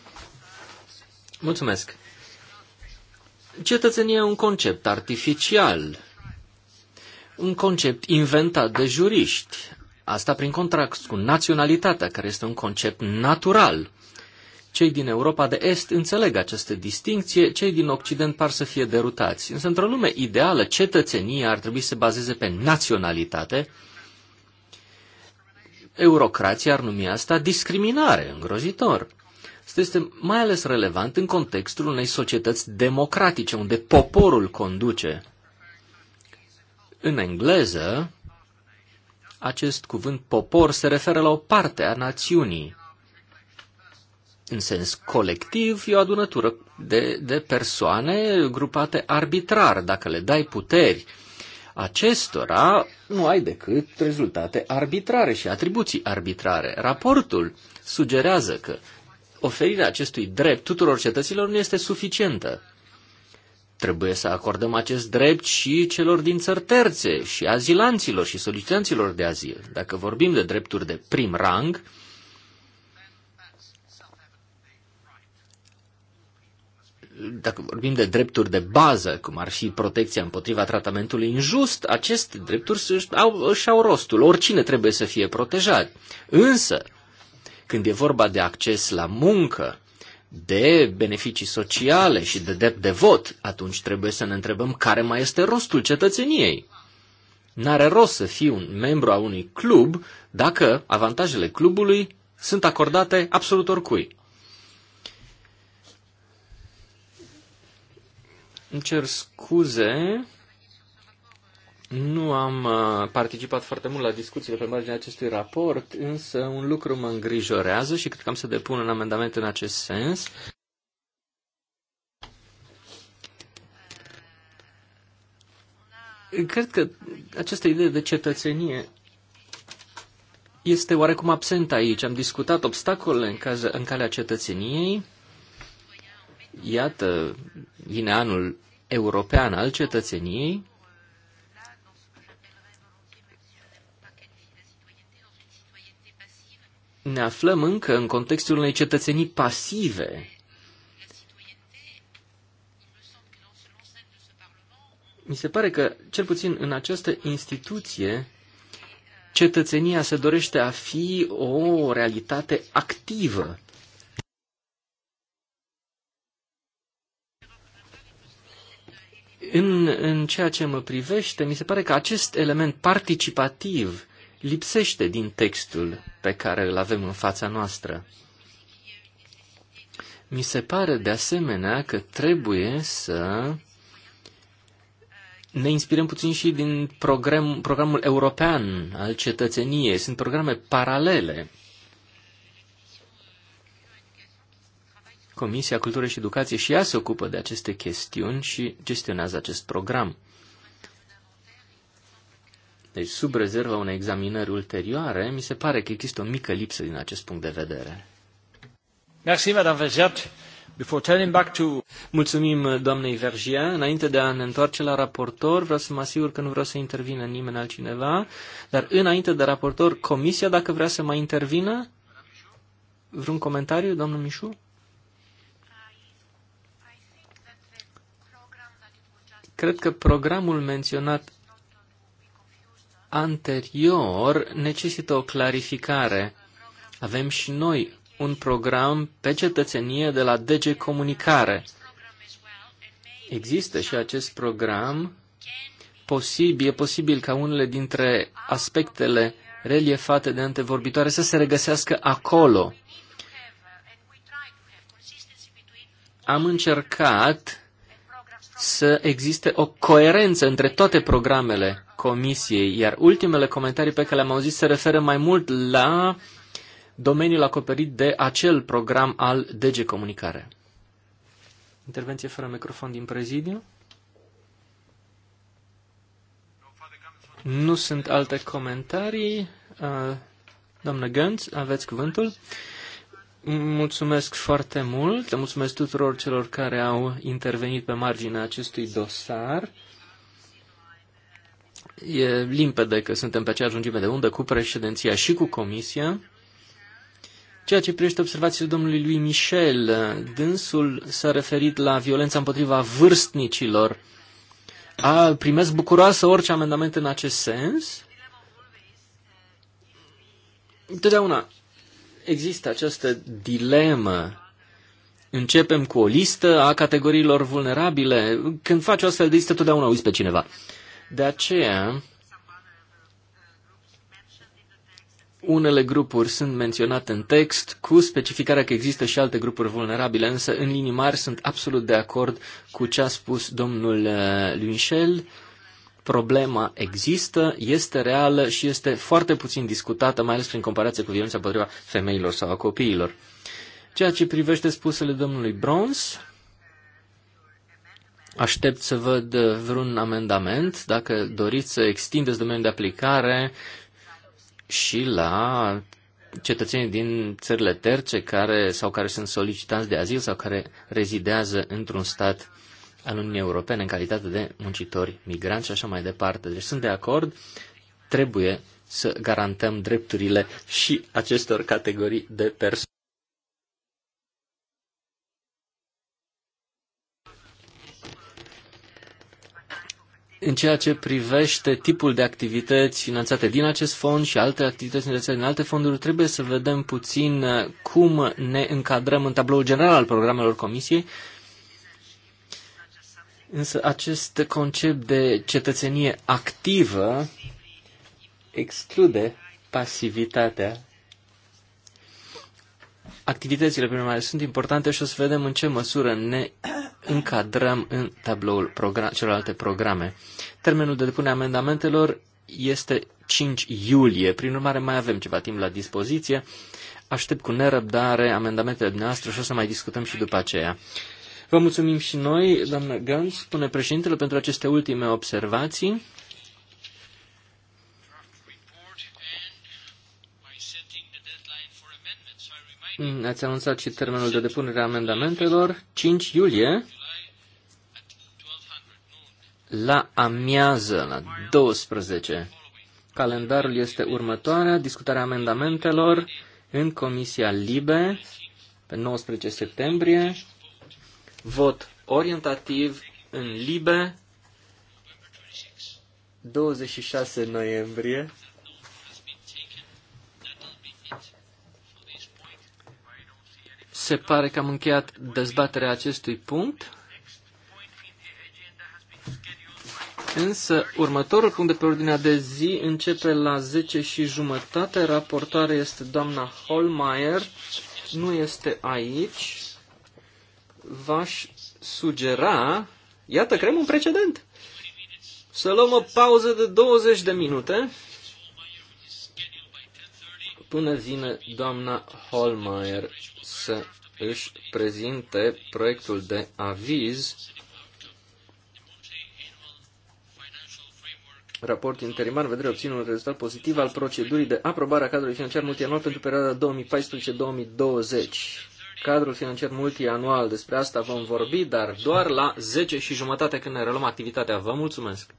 Mulțumesc. Cetățenia e un concept artificial un concept inventat de juriști. Asta prin contract cu naționalitatea, care este un concept natural. Cei din Europa de Est înțeleg această distincție, cei din Occident par să fie derutați. Însă, într-o lume ideală, cetățenia ar trebui să se bazeze pe naționalitate. Eurocrația ar numi asta discriminare, îngrozitor. Asta este mai ales relevant în contextul unei societăți democratice, unde poporul conduce în engleză, acest cuvânt popor se referă la o parte a națiunii. În sens colectiv, e o adunătură de, de persoane grupate arbitrar. Dacă le dai puteri acestora, nu ai decât rezultate arbitrare și atribuții arbitrare. Raportul sugerează că oferirea acestui drept tuturor cetăților nu este suficientă. Trebuie să acordăm acest drept și celor din țări terțe, și azilanților și solicitanților de azil. Dacă vorbim de drepturi de prim rang, dacă vorbim de drepturi de bază, cum ar fi protecția împotriva tratamentului injust, aceste drepturi își au, își au rostul. Oricine trebuie să fie protejat. Însă, când e vorba de acces la muncă, de beneficii sociale și de drept de vot, atunci trebuie să ne întrebăm care mai este rostul cetățeniei. N-are rost să fii un membru a unui club dacă avantajele clubului sunt acordate absolut oricui. Îmi cer scuze nu am uh, participat foarte mult la discuțiile pe marginea acestui raport, însă un lucru mă îngrijorează și cred că am să depun un amendament în acest sens. Cred că această idee de cetățenie este oarecum absent aici. Am discutat obstacole în, caz, în calea cetățeniei. Iată, vine anul european al cetățeniei ne aflăm încă în contextul unei cetățenii pasive. Mi se pare că, cel puțin în această instituție, cetățenia se dorește a fi o realitate activă. În, în ceea ce mă privește, mi se pare că acest element participativ lipsește din textul pe care îl avem în fața noastră. Mi se pare de asemenea că trebuie să ne inspirăm puțin și din program, programul european al cetățeniei. Sunt programe paralele. Comisia Cultură și Educație și ea se ocupă de aceste chestiuni și gestionează acest program. Deci, sub rezerva unei examinări ulterioare, mi se pare că există o mică lipsă din acest punct de vedere. Merci, Madame Vergiat. back to... Mulțumim, doamnei Vergia. Înainte de a ne întoarce la raportor, vreau să mă asigur că nu vreau să intervină nimeni altcineva, dar înainte de raportor, comisia, dacă vrea să mai intervină, vreun comentariu, domnul Mișu? Cred că programul menționat anterior necesită o clarificare. Avem și noi un program pe cetățenie de la DG Comunicare. Există și acest program. Posibil, e posibil ca unele dintre aspectele reliefate de antevorbitoare să se regăsească acolo. Am încercat să existe o coerență între toate programele comisiei, iar ultimele comentarii pe care le-am auzit se referă mai mult la domeniul acoperit de acel program al DG Comunicare. Intervenție fără microfon din prezidiu. Nu sunt alte comentarii. Uh, doamnă Gânț, aveți cuvântul. Mulțumesc foarte mult, le mulțumesc tuturor celor care au intervenit pe marginea acestui dosar. E limpede că suntem pe aceeași lungime de undă cu președinția și cu comisia. Ceea ce privește observațiile domnului lui Michel, dânsul s-a referit la violența împotriva vârstnicilor. A, primesc bucuroasă orice amendament în acest sens? Totdeauna există această dilemă. Începem cu o listă a categoriilor vulnerabile. Când faci o astfel de listă, totdeauna uiți pe cineva. De aceea, unele grupuri sunt menționate în text, cu specificarea că există și alte grupuri vulnerabile, însă în linii mari sunt absolut de acord cu ce a spus domnul eh, Lunichel Problema există, este reală și este foarte puțin discutată, mai ales prin comparație cu violența împotriva femeilor sau a copiilor. Ceea ce privește spusele domnului Browns, Aștept să văd uh, vreun amendament, dacă doriți să extindeți domeniul de aplicare și la cetățenii din țările terce care, sau care sunt solicitanți de azil sau care rezidează într-un stat al Uniunii Europene în calitate de muncitori migranți și așa mai departe. Deci sunt de acord, trebuie să garantăm drepturile și acestor categorii de persoane. în ceea ce privește tipul de activități finanțate din acest fond și alte activități finanțate din alte fonduri, trebuie să vedem puțin cum ne încadrăm în tabloul general al programelor Comisiei Însă acest concept de cetățenie activă exclude pasivitatea. Activitățile primare sunt importante și o să vedem în ce măsură ne încadrăm în tabloul program, celorlalte programe. Termenul de depunere amendamentelor este 5 iulie, prin urmare mai avem ceva timp la dispoziție. Aștept cu nerăbdare amendamentele noastre și o să mai discutăm și după aceea. Vă mulțumim și noi, doamna Gans, spune președintele, pentru aceste ultime observații. Ați anunțat și termenul de depunere a amendamentelor, 5 iulie, la amiază, la 12. Calendarul este următoarea, discutarea amendamentelor în Comisia Libe pe 19 septembrie, Vot orientativ în Libe, 26 noiembrie. Se pare că am încheiat dezbaterea acestui punct. Însă, următorul punct de pe ordinea de zi începe la 10 și jumătate. Raportarea este doamna Holmeier. Nu este aici v-aș sugera, iată, creăm un precedent. Să luăm o pauză de 20 de minute până vine doamna Holmeier să își prezinte proiectul de aviz Raport interimar, vedere obținut un rezultat pozitiv al procedurii de aprobare a cadrului financiar multianual pentru perioada 2014-2020 cadrul financiar multianual. Despre asta vom vorbi, dar doar la 10 și jumătate când ne reluăm activitatea. Vă mulțumesc!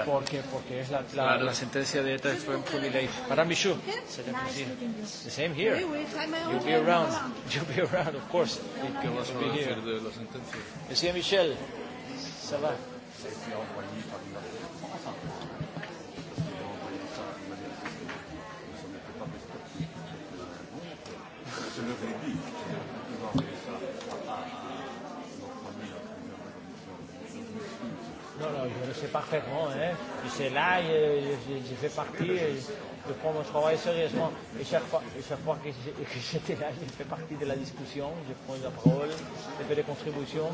África. Porque, porque es la, la, claro, la sentencia de ETA fue en se le presenta. the same here. You'll be around. You'll be around, of course. ¿Qué vas a decir de la sentencia? Monsieur Michel, ça va. sais parfaitement. Hein. Je sais là, je, je, je fais partie, je, euh, je prends mon travail sérieusement. Et chaque fois, et chaque fois que j'étais là, je fais partie de la discussion, je prends la parole, je fais des contributions.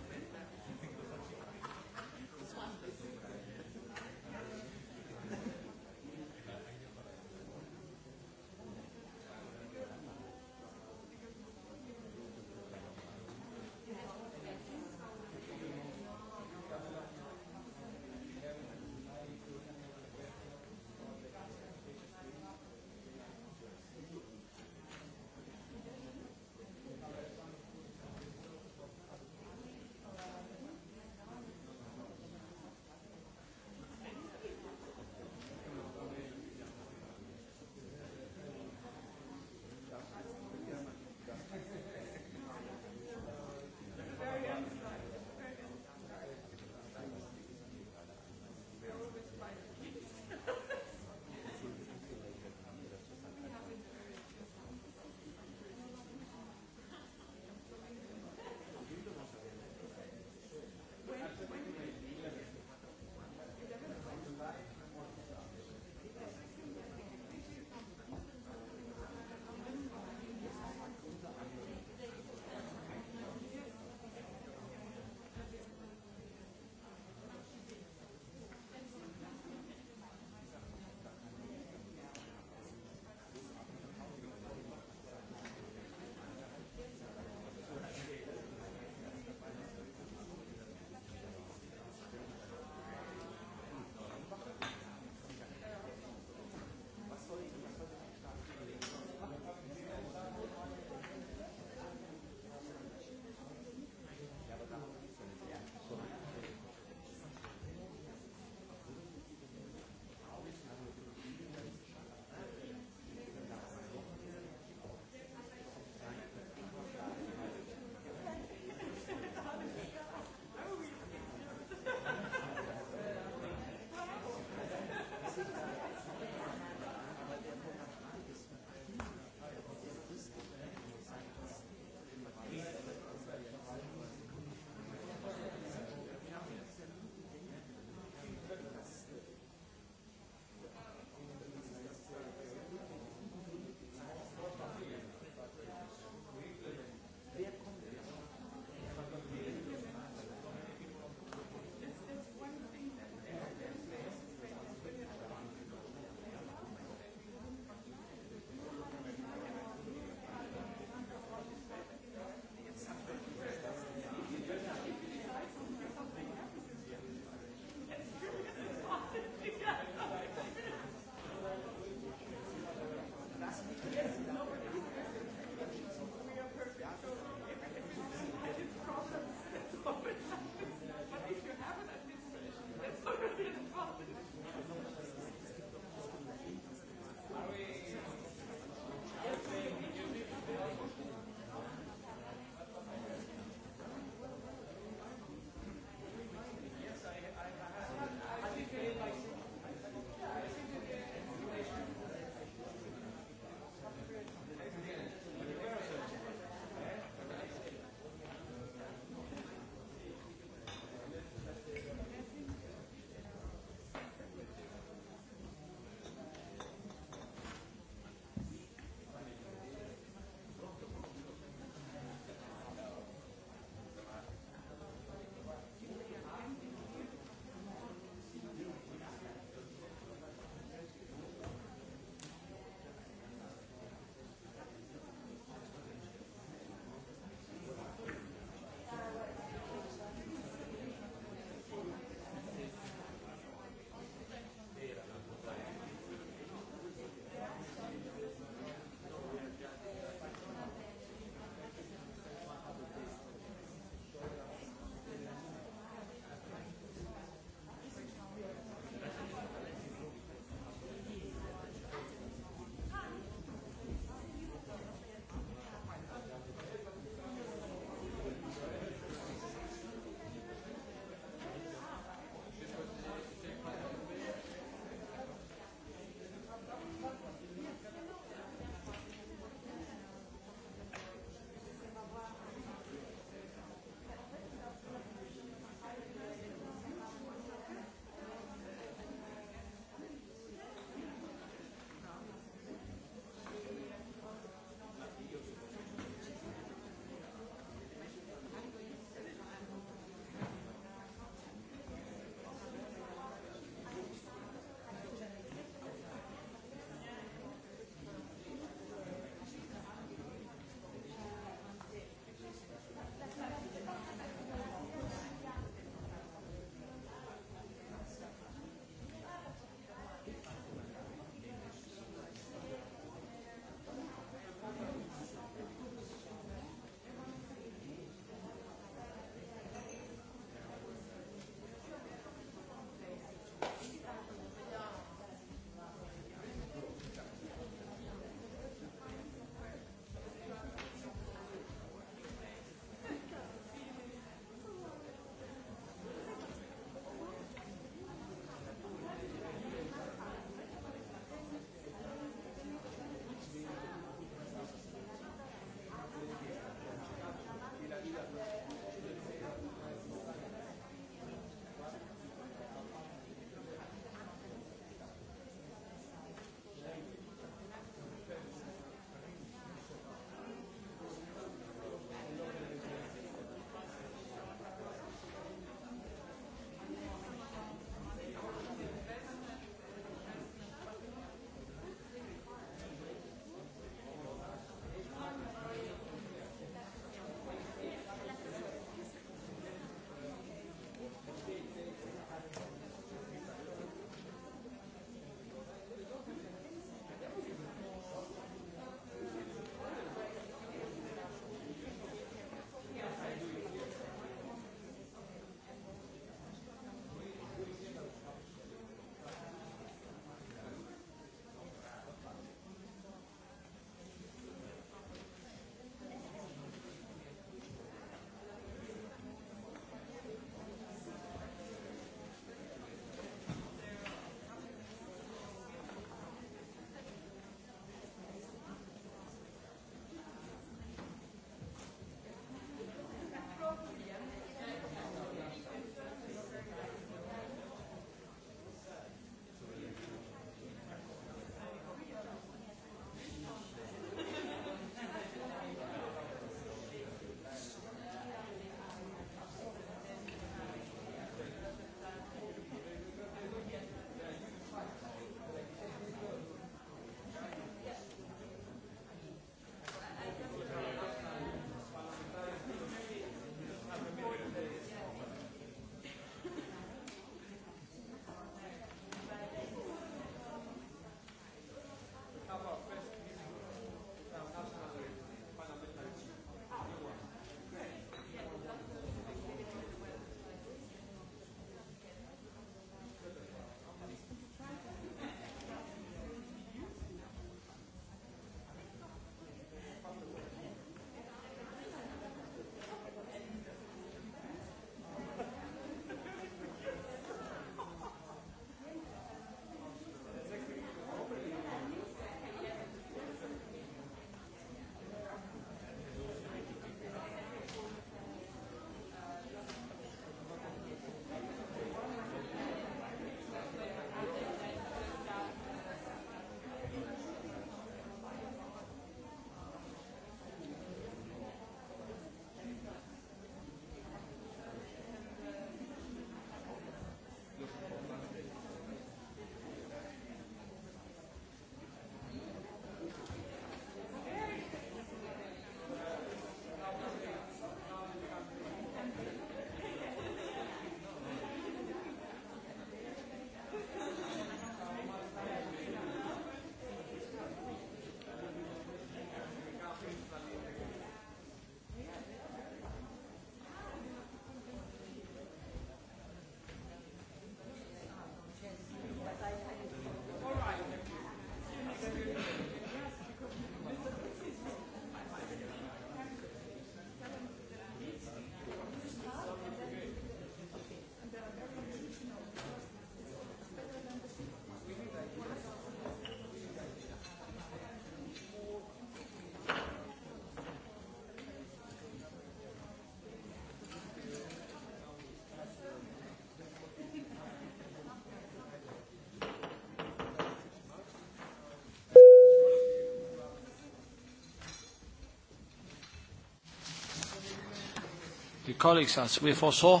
colleagues, as we foresaw,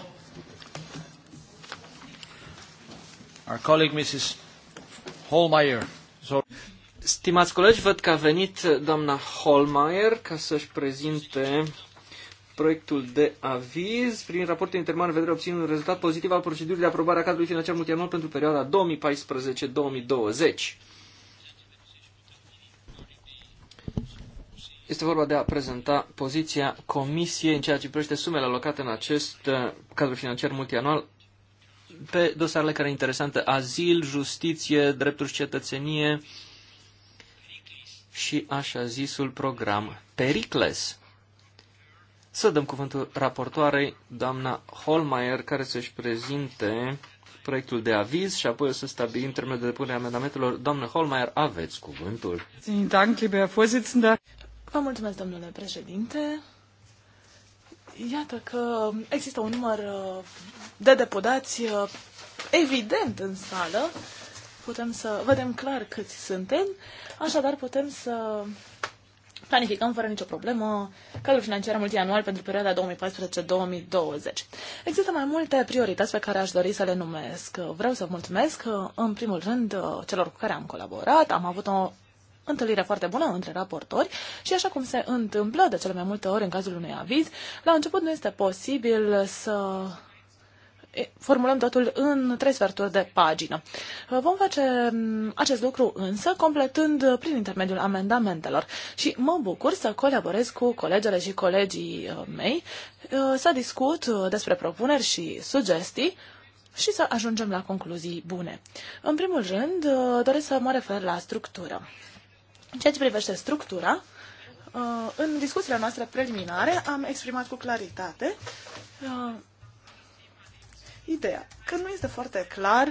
our colleague Mrs. Holmeyer. So... Stimați colegi, văd că a venit doamna Holmeyer ca să-și prezinte proiectul de aviz prin raportul intermar în vederea obținut un rezultat pozitiv al procedurii de aprobare a cadrului financiar multianual pentru perioada 2014-2020. Este vorba de a prezenta poziția Comisiei în ceea ce privește sumele alocate în acest uh, cadru financiar multianual pe dosarele care interesante, azil, justiție, drepturi cetățenie și așa zisul program Pericles. Să dăm cuvântul raportoarei, doamna Holmeier, care să-și prezinte proiectul de aviz și apoi o să stabilim termenul de depunere a amendamentelor. Doamnă Holmeier, aveți cuvântul. Vă mulțumesc, domnule președinte. Iată că există un număr uh, de deputați uh, evident în sală. Putem să vedem clar câți suntem, așadar putem să planificăm fără nicio problemă cadrul financiar multianual pentru perioada 2014-2020. Există mai multe priorități pe care aș dori să le numesc. Vreau să mulțumesc, în primul rând, uh, celor cu care am colaborat. Am avut o întâlnire foarte bună între raportori și așa cum se întâmplă de cele mai multe ori în cazul unui aviz, la început nu este posibil să formulăm totul în trei sferturi de pagină. Vom face acest lucru însă completând prin intermediul amendamentelor și mă bucur să colaborez cu colegele și colegii uh, mei, uh, să discut uh, despre propuneri și sugestii și să ajungem la concluzii bune. În primul rând, doresc să mă refer la structură. În ceea ce privește structura, uh, în discuțiile noastre preliminare am exprimat cu claritate uh, ideea că nu este foarte clar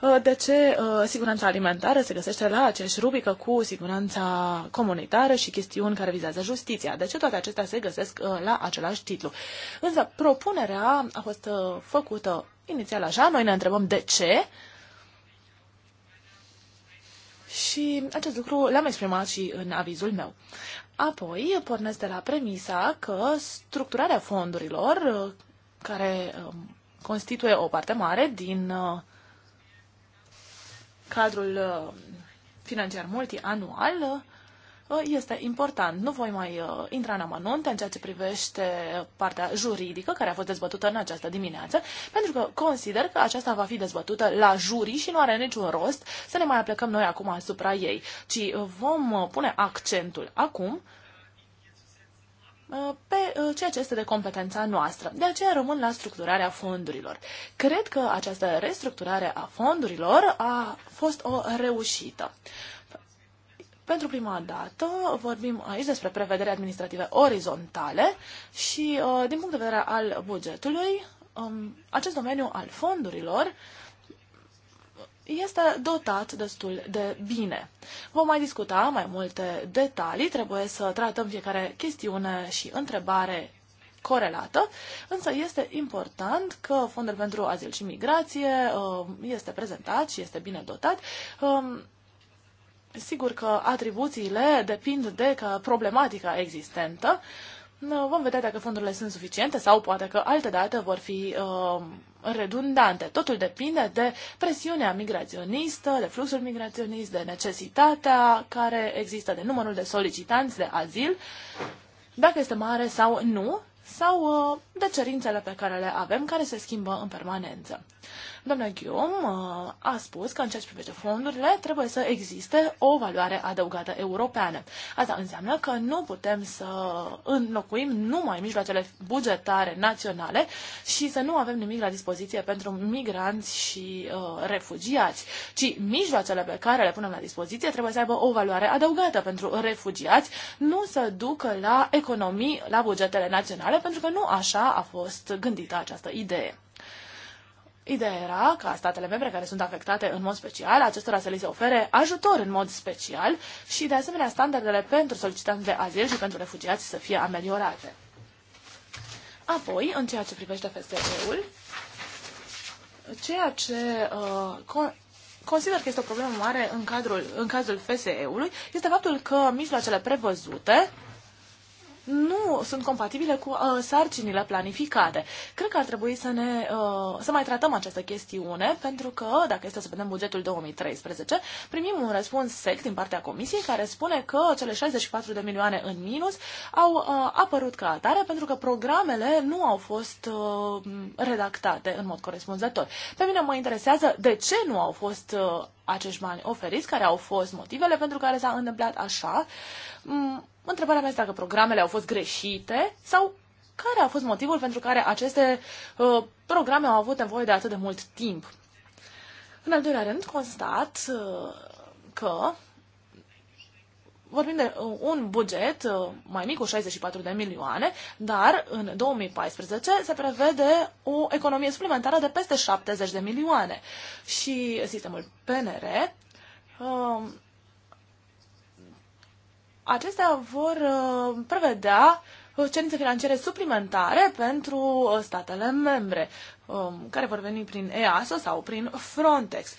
uh, de ce siguranța alimentară se găsește la aceeași rubrică cu siguranța comunitară și chestiuni care vizează justiția. De ce toate acestea se găsesc la același titlu. Însă propunerea a fost făcută inițial așa, noi ne întrebăm de ce și acest lucru l-am exprimat și în avizul meu. Apoi pornesc de la premisa că structurarea fondurilor, uh, care um, constituie o parte mare din uh, cadrul uh, financiar multianual, Uh, este important. Nu voi mai uh, intra în amănunte în ceea ce privește partea juridică care a fost dezbătută în această dimineață, pentru că consider că aceasta va fi dezbătută la jurii și nu are niciun rost să ne mai aplecăm noi acum asupra ei, ci vom uh, pune accentul acum pe ceea ce este de competența noastră. De aceea rămân la structurarea fondurilor. Cred că această restructurare a fondurilor a fost o reușită. Pentru prima dată vorbim aici despre prevedere administrative orizontale și, uh, din punct de vedere al bugetului, um, acest domeniu al fondurilor este dotat destul de bine. Vom mai discuta mai multe detalii, trebuie să tratăm fiecare chestiune și întrebare corelată, însă este important că fondul pentru azil și migrație uh, este prezentat și este bine dotat um, Sigur că atribuțiile depind de că problematica existentă. Vom vedea dacă fondurile sunt suficiente sau poate că alte date vor fi uh, redundante. Totul depinde de presiunea migraționistă, de fluxul migraționist, de necesitatea care există, de numărul de solicitanți de azil, dacă este mare sau nu, sau uh, de cerințele pe care le avem, care se schimbă în permanență. Domnul Guillaume uh, a spus că în ceea ce privește fondurile trebuie să existe o valoare adăugată europeană. Asta înseamnă că nu putem să înlocuim numai mijloacele bugetare naționale și să nu avem nimic la dispoziție pentru migranți și uh, refugiați, ci mijloacele pe care le punem la dispoziție trebuie să aibă o valoare adăugată pentru refugiați, nu să ducă la economii la bugetele naționale, pentru că nu așa a fost gândită această idee. Ideea era ca statele membre care sunt afectate în mod special, acestora să li se ofere ajutor în mod special și, de asemenea, standardele pentru solicitanți de azil și pentru refugiați să fie ameliorate. Apoi, în ceea ce privește FSE-ul, ceea ce uh, consider că este o problemă mare în, cadrul, în cazul FSE-ului este faptul că mijloacele prevăzute nu sunt compatibile cu uh, sarcinile planificate. Cred că ar trebui să, ne, uh, să mai tratăm această chestiune, pentru că, dacă este să vedem bugetul 2013, primim un răspuns sec din partea Comisiei care spune că cele 64 de milioane în minus au uh, apărut ca atare pentru că programele nu au fost uh, redactate în mod corespunzător. Pe mine mă interesează de ce nu au fost uh, acești bani oferiți, care au fost motivele pentru care s-a întâmplat așa. Mm, Întrebarea mea este dacă programele au fost greșite sau care a fost motivul pentru care aceste uh, programe au avut nevoie de atât de mult timp. În al doilea rând, constat uh, că vorbim de uh, un buget uh, mai mic cu 64 de milioane, dar în 2014 se prevede o economie suplimentară de peste 70 de milioane. Și sistemul PNR uh, acestea vor uh, prevedea uh, cerințe financiare suplimentare pentru uh, statele membre, um, care vor veni prin EASO sau prin Frontex.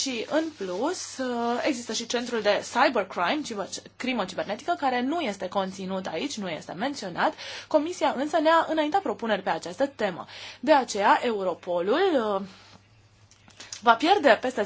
Și, în plus, există și centrul de cybercrime, crimă cibernetică, care nu este conținut aici, nu este menționat. Comisia însă ne-a înaintat propuneri pe această temă. De aceea, Europolul va pierde peste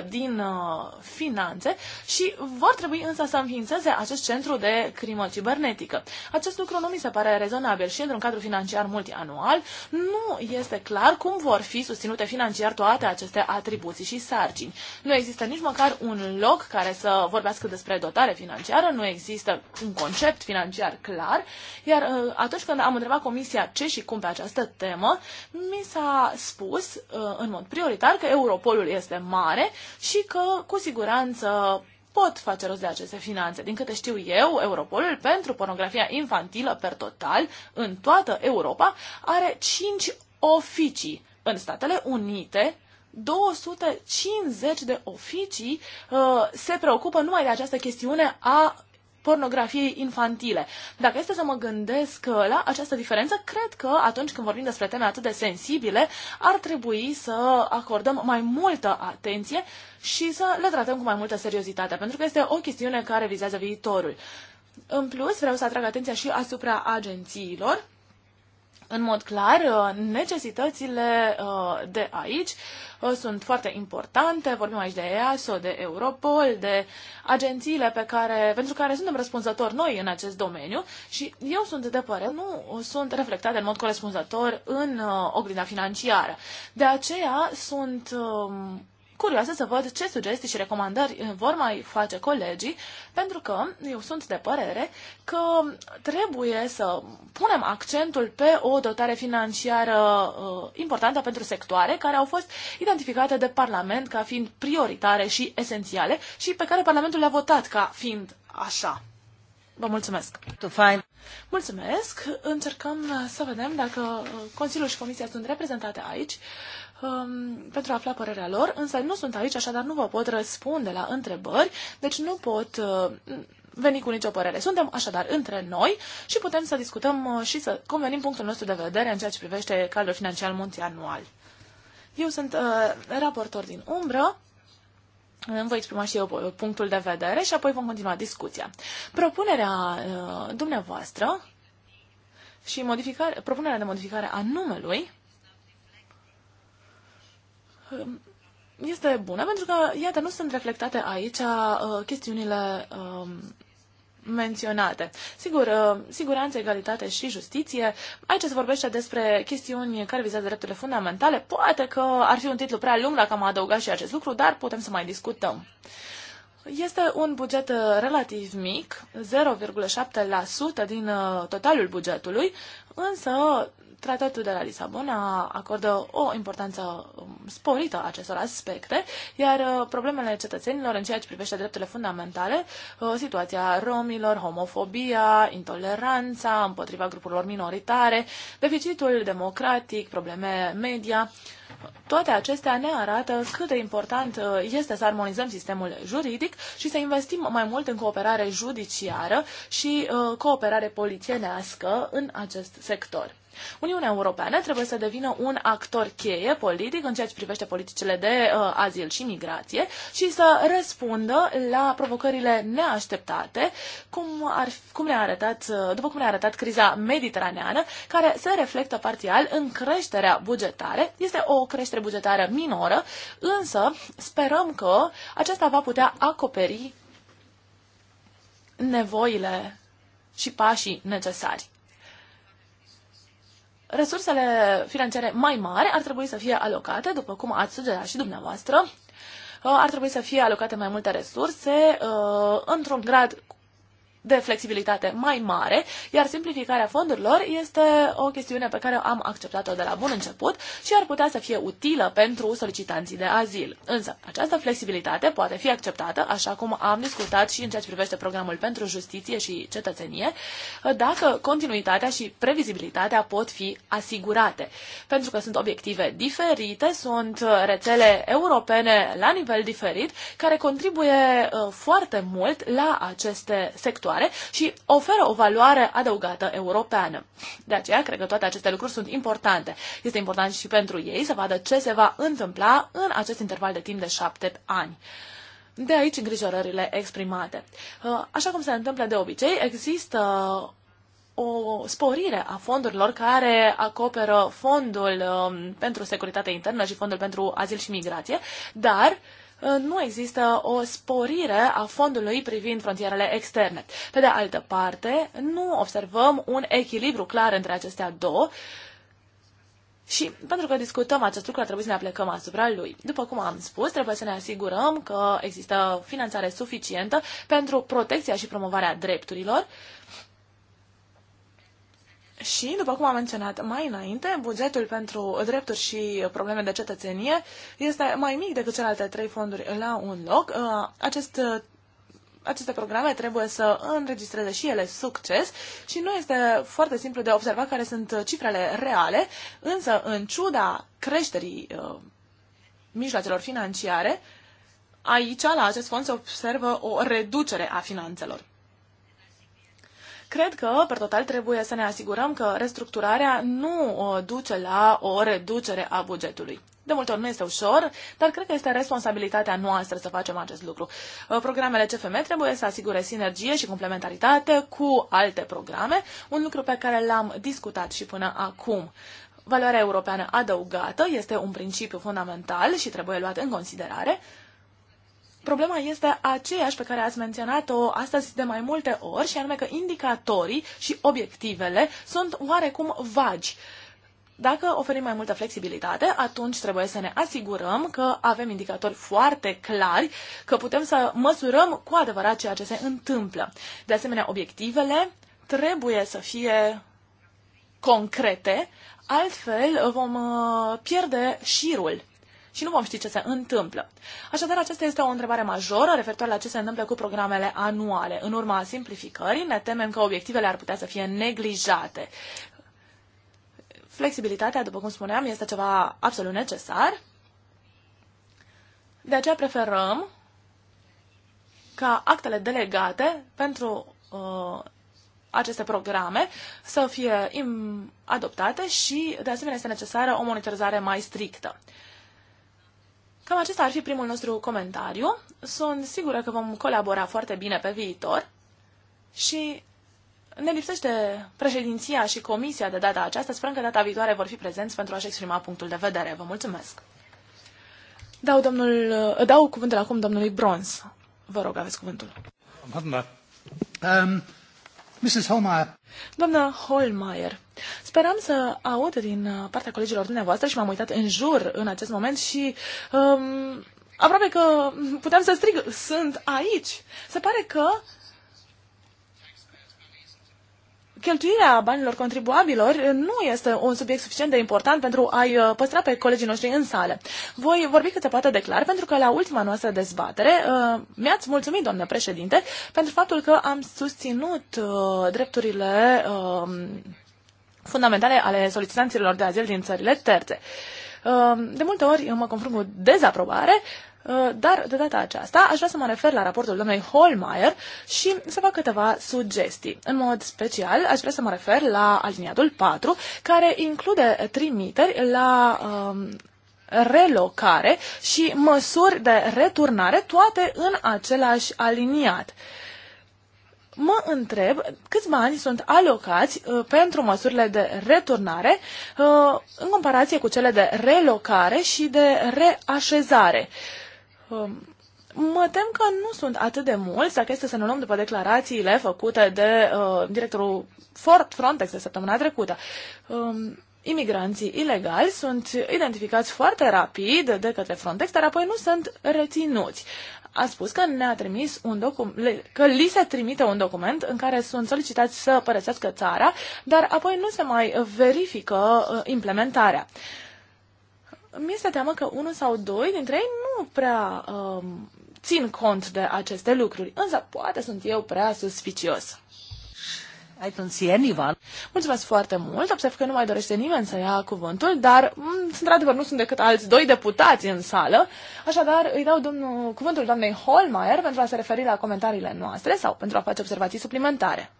10% din uh, finanțe și vor trebui însă să înființeze acest centru de crimă cibernetică. Acest lucru nu mi se pare rezonabil și într-un cadru financiar multianual nu este clar cum vor fi susținute financiar toate aceste atribuții și sarcini. Nu există nici măcar un loc care să vorbească despre dotare financiară, nu există un concept financiar clar, iar uh, atunci când am întrebat Comisia ce și cum pe această temă, mi s-a spus uh, în mod prioritar că eu Europolul este mare și că, cu siguranță, pot face rost de aceste finanțe. Din câte știu eu, Europolul pentru pornografia infantilă per total în toată Europa are 5 oficii. În Statele Unite, 250 de oficii uh, se preocupă numai de această chestiune a pornografiei infantile. Dacă este să mă gândesc uh, la această diferență, cred că atunci când vorbim despre teme atât de sensibile, ar trebui să acordăm mai multă atenție și să le tratăm cu mai multă seriozitate, pentru că este o chestiune care vizează viitorul. În plus, vreau să atrag atenția și asupra agențiilor în mod clar, uh, necesitățile uh, de aici uh, sunt foarte importante. Vorbim aici de EASO, de Europol, de agențiile pe care, pentru care suntem răspunzători noi în acest domeniu și eu sunt de părere nu sunt reflectate în mod corespunzător în oglinda financiară. De aceea sunt um, curioasă să văd ce sugestii și recomandări eh, vor mai face colegii, pentru că eu sunt de părere că trebuie să punem accentul pe o dotare financiară eh, importantă pentru sectoare care au fost identificate de Parlament ca fiind prioritare și esențiale și pe care Parlamentul le-a votat ca fiind așa. Vă mulțumesc! Tu fain. Mulțumesc! Încercăm să vedem dacă eh, Consiliul și Comisia sunt reprezentate aici um, pentru a afla părerea lor, însă nu sunt aici, așadar nu vă pot răspunde la întrebări, deci nu pot uh, veni cu nicio părere. Suntem așadar între noi și putem să discutăm uh, și să convenim punctul nostru de vedere în ceea ce privește cadrul financiar multianual. Eu sunt uh, raportor din umbră, îmi voi exprima și eu uh, punctul de vedere și apoi vom continua discuția. Propunerea uh, dumneavoastră și modificare, propunerea de modificare a numelui Ehm, este bună pentru că, iată, nu sunt reflectate aici uh, chestiunile uh, menționate. Sigur, uh, siguranță, egalitate și justiție. Aici se vorbește despre chestiuni care vizează drepturile fundamentale. Poate că ar fi un titlu prea lung dacă am adăugat și acest lucru, dar putem să mai discutăm. Este un buget uh, relativ mic, 0,7% din uh, totalul bugetului, însă Tratatul de la Lisabona acordă o importanță um, sporită acestor aspecte, iar uh, problemele cetățenilor în ceea ce privește drepturile fundamentale, uh, situația romilor, homofobia, intoleranța împotriva grupurilor minoritare, deficitul democratic, probleme media, toate acestea ne arată cât de important uh, este să armonizăm sistemul juridic și să investim mai mult în cooperare judiciară și cooperare polițienească în acest sector. Uniunea Europeană trebuie să devină un actor cheie politic în ceea ce privește politicile de uh, azil și migrație și să răspundă la provocările neașteptate, cum, ar, cum ne-a arătat, uh, după cum ne-a arătat criza mediteraneană, care se reflectă parțial în creșterea bugetare. Este o creștere bugetară minoră, însă sperăm că aceasta va putea acoperi nevoile și pașii necesari resursele financiare mai mari ar trebui să fie alocate, după cum ați sugerat și dumneavoastră, uh, ar trebui să fie alocate mai multe resurse uh, într-un grad de flexibilitate mai mare, iar simplificarea fondurilor este o chestiune pe care am acceptat-o de la bun început și ar putea să fie utilă pentru solicitanții de azil. Însă, această flexibilitate poate fi acceptată, așa cum am discutat și în ceea ce privește programul pentru justiție și cetățenie, dacă continuitatea și previzibilitatea pot fi asigurate. Pentru că sunt obiective diferite, sunt rețele europene la nivel diferit, care contribuie uh, foarte mult la aceste sectoare valoare și oferă o valoare adăugată europeană. De aceea, cred că toate aceste lucruri sunt importante. Este important și pentru ei să vadă ce se va întâmpla în acest interval de timp de șapte ani. De aici îngrijorările exprimate. Uh, așa cum se întâmplă de obicei, există o sporire a fondurilor care acoperă fondul um, pentru securitate internă și fondul pentru azil și migrație, dar uh, nu există o sporire a fondului privind frontierele externe. Pe de altă parte, nu observăm un echilibru clar între acestea două, și pentru că discutăm acest lucru, trebuie să ne aplicăm asupra lui. După cum am spus, trebuie să ne asigurăm că există finanțare suficientă pentru protecția și promovarea drepturilor și, după cum am menționat mai înainte, bugetul pentru drepturi și probleme de cetățenie este mai mic decât celelalte trei fonduri la un loc. Uh, acest uh, aceste programe trebuie să înregistreze și ele succes și nu este foarte simplu de observat care sunt cifrele reale, însă în ciuda creșterii uh, mijloacelor financiare, aici la acest fond se observă o reducere a finanțelor. Cred că, pe total, trebuie să ne asigurăm că restructurarea nu uh, duce la o reducere a bugetului. De multe ori nu este ușor, dar cred că este responsabilitatea noastră să facem acest lucru. Uh, programele CFM trebuie să asigure sinergie și complementaritate cu alte programe, un lucru pe care l-am discutat și până acum. Valoarea europeană adăugată este un principiu fundamental și trebuie luat în considerare problema este aceeași pe care ați menționat-o astăzi de mai multe ori, și anume că indicatorii și obiectivele sunt oarecum vagi. Dacă oferim mai multă flexibilitate, atunci trebuie să ne asigurăm că avem indicatori foarte clari, că putem să măsurăm cu adevărat ceea ce se întâmplă. De asemenea, obiectivele trebuie să fie concrete, altfel vom uh, pierde șirul și nu vom ști ce se întâmplă. Așadar, aceasta este o întrebare majoră referitoare la ce se întâmplă cu programele anuale. În urma simplificării, ne temem că obiectivele ar putea să fie neglijate. Flexibilitatea, după cum spuneam, este ceva absolut necesar. De aceea preferăm ca actele delegate pentru uh, aceste programe să fie adoptate și, de asemenea, este necesară o monitorizare mai strictă. Cam acesta ar fi primul nostru comentariu. Sunt sigură că vom colabora foarte bine pe viitor și ne lipsește președinția și comisia de data aceasta. Sperăm că data viitoare vor fi prezenți pentru a-și exprima punctul de vedere. Vă mulțumesc! Dau, domnul, dau cuvântul acum domnului Brons. Vă rog, aveți cuvântul. Um, Mrs. Holmeyer. Doamna Holmeyer, speram să aud din uh, partea colegilor dumneavoastră și m-am uitat în jur în acest moment și um, aproape că puteam să strig, sunt aici. Se pare că cheltuirea banilor contribuabilor eh, nu este un subiect suficient de important pentru a-i eh, păstra pe colegii noștri în sală. Voi vorbi cât se poate de clar, pentru că la ultima noastră dezbatere eh, mi-ați mulțumit, doamnă președinte, pentru faptul că am susținut drepturile fundamentale ale solicitanților de azil din țările terțe. De multe ori mă confrunt cu dezaprobare, Uh, dar, de data aceasta, aș vrea să mă refer la raportul doamnei Holmeier și să fac câteva sugestii. În mod special, aș vrea să mă refer la aliniatul 4, care include trimiteri la um, relocare și măsuri de returnare, toate în același aliniat. Mă întreb câți bani sunt alocați uh, pentru măsurile de returnare uh, în comparație cu cele de relocare și de reașezare. Uh, Um, mă tem că nu sunt atât de mulți, dacă este să ne luăm după declarațiile făcute de uh, directorul Fort Frontex de săptămâna trecută. Um, imigranții ilegali sunt identificați foarte rapid de către Frontex, dar apoi nu sunt reținuți. A spus că ne-a trimis un document, că li se trimite un document în care sunt solicitați să părăsească țara, dar apoi nu se mai verifică uh, implementarea. Uh, mi este teamă că unul sau doi dintre ei nu prea um, țin cont de aceste lucruri, însă poate sunt eu prea suspicios. I don't see anyone. Mulțumesc foarte mult. Observ că nu mai dorește nimeni să ia cuvântul, dar, mm, într-adevăr, nu sunt decât alți doi deputați în sală. Așadar, îi dau domnul, cuvântul doamnei Holmeier pentru a se referi la comentariile noastre sau pentru a face observații suplimentare.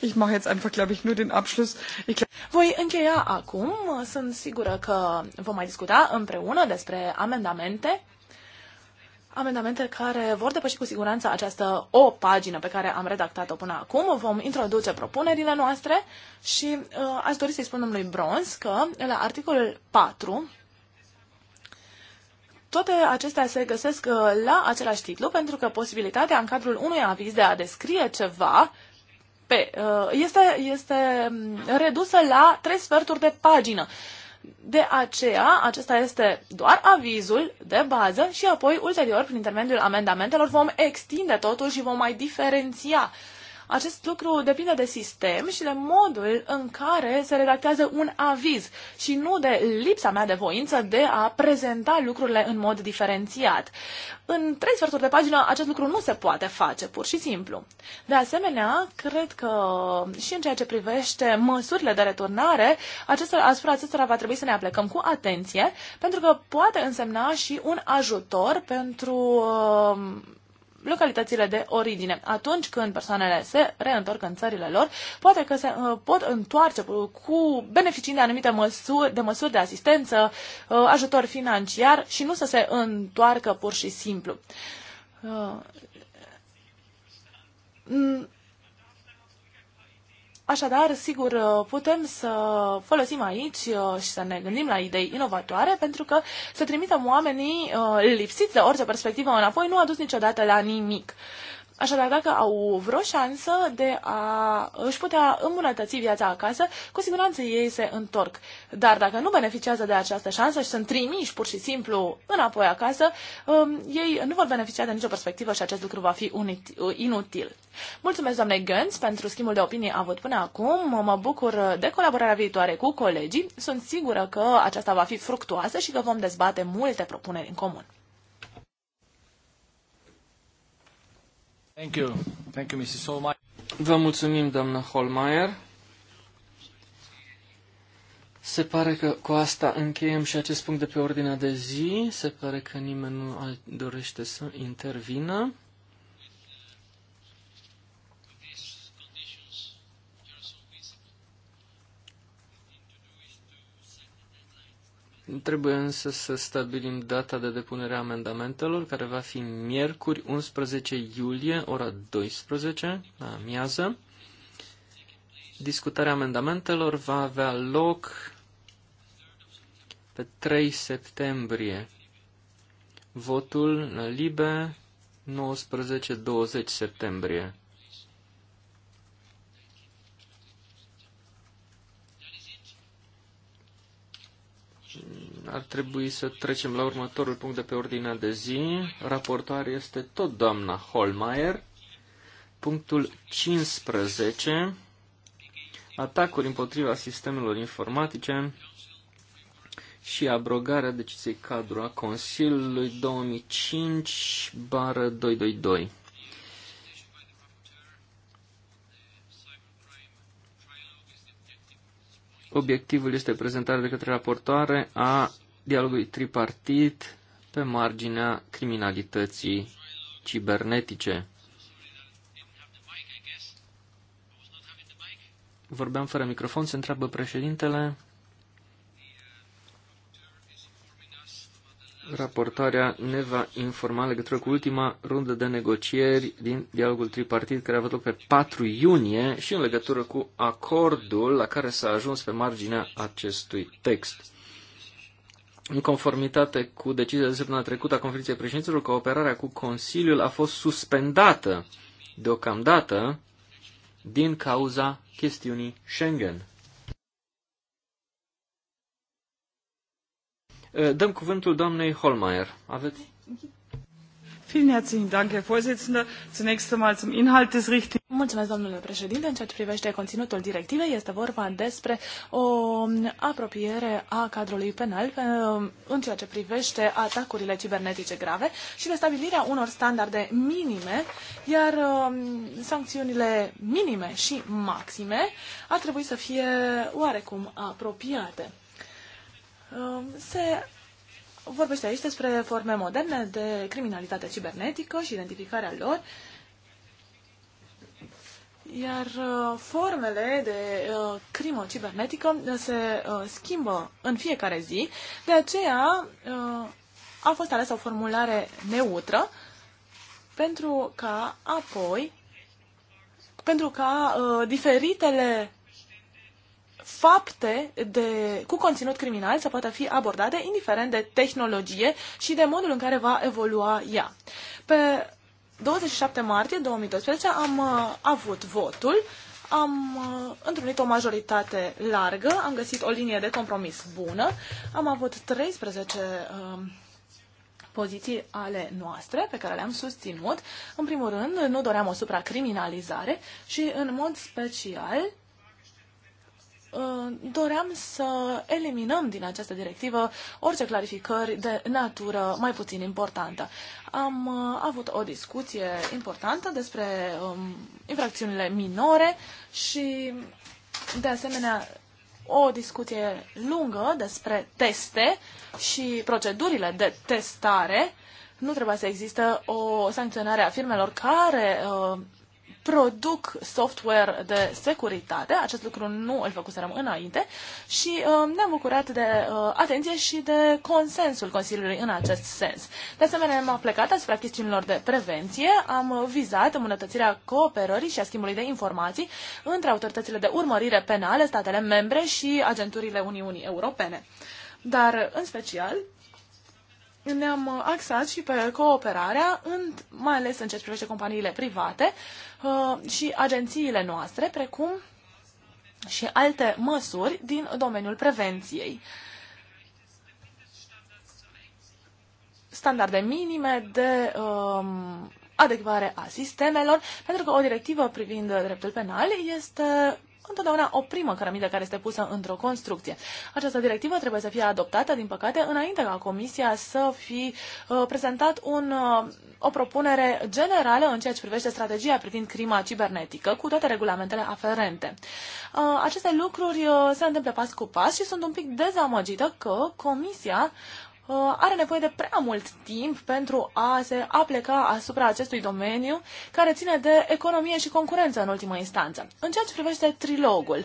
Ich mache jetzt einfach, glaube ich, nur den Abschluss. Ich... Voi încheia acum. Sunt sigură că vom mai discuta împreună despre amendamente amendamente care vor depăși cu siguranță această o pagină pe care am redactat-o până acum. Vom introduce propunerile noastre și uh, aș dori să-i spun domnului Bronz că la articolul 4 toate acestea se găsesc uh, la același titlu pentru că posibilitatea în cadrul unui aviz de a descrie ceva pe, uh, este, este mm, redusă la trei sferturi de pagină. De aceea, acesta este doar avizul de bază și apoi, ulterior, prin intermediul amendamentelor, vom extinde totul și vom mai diferenția uh, acest lucru depinde de sistem și de modul în care se redactează un aviz și nu de lipsa mea de voință de a prezenta lucrurile în mod diferențiat. În trei sferturi de pagină acest lucru nu se poate face, pur și simplu. De asemenea, cred că și în ceea ce privește măsurile de returnare, acestora, asupra acestora va trebui să ne aplecăm cu atenție, pentru că poate însemna și un ajutor pentru uh, localitățile de origine. Atunci când persoanele se reîntorc în țările lor, poate că se uh, pot întoarce cu beneficiind de anumite măsuri, de măsuri de asistență, uh, ajutor financiar și nu să se întoarcă pur și simplu uh, Așadar, sigur, uh, putem să folosim aici uh, și să ne gândim la idei inovatoare, pentru că să trimitem oamenii uh, lipsiți de orice perspectivă înapoi nu a dus niciodată la nimic. Așadar, dacă au vreo șansă de a își putea îmbunătăți viața acasă, cu siguranță ei se întorc. Dar dacă nu beneficiază de această șansă și sunt trimiși pur și simplu înapoi acasă, um, ei nu vor beneficia de nicio perspectivă și acest lucru va fi inutil. Mulțumesc doamne Gânț, pentru schimbul de opinii avut până acum. Mă bucur de colaborarea viitoare cu colegii. Sunt sigură că aceasta va fi fructuoasă și că vom dezbate multe propuneri în comun. Thank you. Thank you, Mrs. Vă mulțumim, doamnă Holmeier. Se pare că cu asta încheiem și acest punct de pe ordinea de zi. Se pare că nimeni nu dorește să intervină. Trebuie însă să stabilim data de depunere a amendamentelor, care va fi miercuri 11 iulie, ora 12, la amiază. Discutarea amendamentelor va avea loc pe 3 septembrie. Votul la LIBE 19-20 septembrie. ar trebui să trecem la următorul punct de pe ordinea de zi. Raportoar este tot doamna Holmeier. Punctul 15. Atacuri împotriva sistemelor informatice și abrogarea deciziei cadru a Consiliului 2005 bară 222. Obiectivul este prezentarea de către raportoare a dialogului tripartit pe marginea criminalității cibernetice. Vorbeam fără microfon, se întreabă președintele. raportarea ne va informa legătură cu ultima rundă de negocieri din dialogul tripartit care a avut loc pe 4 iunie și în legătură cu acordul la care s-a ajuns pe marginea acestui text. În conformitate cu decizia de săptămâna trecută a conferinței președinților, cooperarea cu Consiliul a fost suspendată deocamdată din cauza chestiunii Schengen. Eh, dăm cuvântul doamnei Holmeier. Aveți? Vielen herzlichen Dank, Herr Vorsitzender. Zunächst einmal zum Inhalt des Richtlinien. Mulțumesc, domnule președinte. În ceea ce privește conținutul directivei, este vorba despre o apropiere a cadrului penal eh, în ceea ce privește atacurile cibernetice grave și restabilirea stabilirea unor standarde minime, iar eh, sancțiunile minime și maxime ar trebui să fie oarecum apropiate. Um, se vorbește aici despre forme moderne de criminalitate cibernetică și identificarea lor, iar uh, formele de uh, crimă cibernetică uh, se schimbă în fiecare zi, de aceea a fost ales o formulare neutră pentru ca apoi, pentru ca diferitele fapte de, cu conținut criminal să poată fi abordate indiferent de tehnologie și de modul în care va evolua ea. Pe 27 martie 2012 am uh, avut votul, am uh, întrunit o majoritate largă, am găsit o linie de compromis bună, am avut 13 uh, poziții ale noastre pe care le-am susținut. În primul rând, nu doream o supracriminalizare și, în mod special, Uh, doream să eliminăm din această directivă orice clarificări de natură mai puțin importantă. Am uh, avut o discuție importantă despre um, infracțiunile minore și, de asemenea, o discuție lungă despre teste și procedurile de testare. Nu trebuie să există o sancționare a firmelor care uh, produc software de securitate. Acest lucru nu îl făcuserăm înainte și uh, ne-am bucurat de uh, atenție și de consensul Consiliului în acest sens. De asemenea, am plecat asupra chestiunilor de prevenție, am vizat îmbunătățirea cooperării și a schimbului de informații între autoritățile de urmărire penale, statele membre și agenturile Uniunii Europene. Dar, în special, ne-am uh, axat și pe cooperarea, în, mai ales în ceea ce privește companiile private uh, și agențiile noastre, precum și alte măsuri din domeniul prevenției. Standarde minime de um, adecvare a sistemelor, pentru că o directivă privind dreptul penal este întotdeauna o primă cărămidă care este pusă într-o construcție. Această directivă trebuie să fie adoptată, din păcate, înainte ca Comisia să fi uh, prezentat un, uh, o propunere generală în ceea ce privește strategia privind crima cibernetică, cu toate regulamentele aferente. Uh, aceste lucruri uh, se întâmplă pas cu pas și sunt un pic dezamăgită că Comisia Uh, are nevoie de prea mult timp pentru a se apleca asupra acestui domeniu care ține de economie și concurență în ultima instanță. În ceea ce privește trilogul,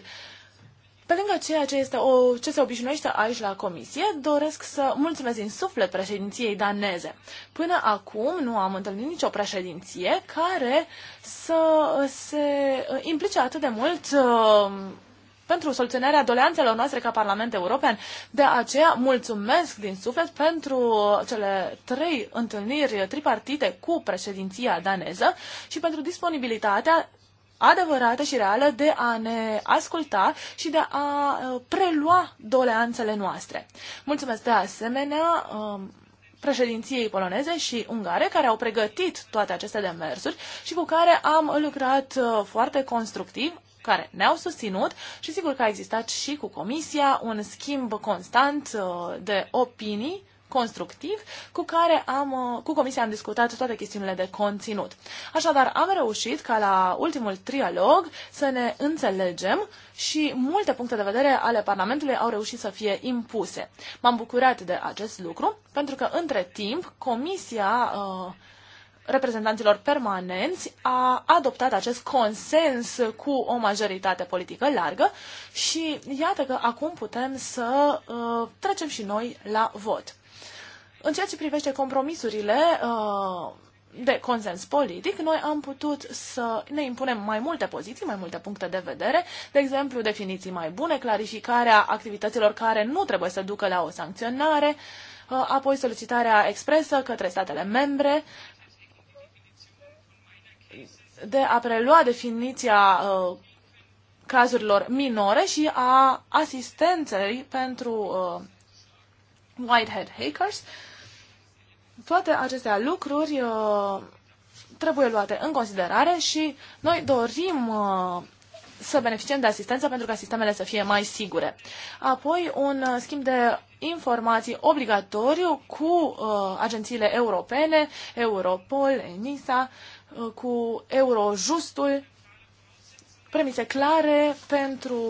pe lângă ceea ce, este o, ce se obișnuiește aici la comisie, doresc să mulțumesc din suflet președinției daneze. Până acum nu am întâlnit nicio președinție care să se implice atât de mult uh, pentru soluționarea doleanțelor noastre ca Parlament European. De aceea mulțumesc din suflet pentru cele trei întâlniri tripartite cu președinția daneză și pentru disponibilitatea adevărată și reală de a ne asculta și de a uh, prelua doleanțele noastre. Mulțumesc de asemenea um, președinției poloneze și ungare, care au pregătit toate aceste demersuri și cu care am lucrat uh, foarte constructiv, care ne-au susținut și sigur că a existat și cu Comisia un schimb constant uh, de opinii constructiv cu care am, uh, cu comisia am discutat toate chestiunile de conținut. Așadar, am reușit ca la ultimul trialog să ne înțelegem și multe puncte de vedere ale Parlamentului au reușit să fie impuse. M-am bucurat de acest lucru pentru că, între timp, comisia uh, reprezentanților permanenți a adoptat acest consens cu o majoritate politică largă și iată că acum putem să uh, trecem și noi la vot. În ceea ce privește compromisurile uh, de consens politic, noi am putut să ne impunem mai multe poziții, mai multe puncte de vedere, de exemplu, definiții mai bune, clarificarea activităților care nu trebuie să ducă la o sancționare, uh, apoi solicitarea expresă către statele membre de a prelua definiția uh, cazurilor minore și a asistenței pentru uh, Whitehead Hackers. Toate acestea lucruri uh, trebuie luate în considerare și noi dorim să beneficiem de asistență pentru ca sistemele să fie mai sigure. Apoi, un schimb de informații obligatoriu cu uh, agențiile europene, Europol, ENISA Uh, cu justul, premise clare pentru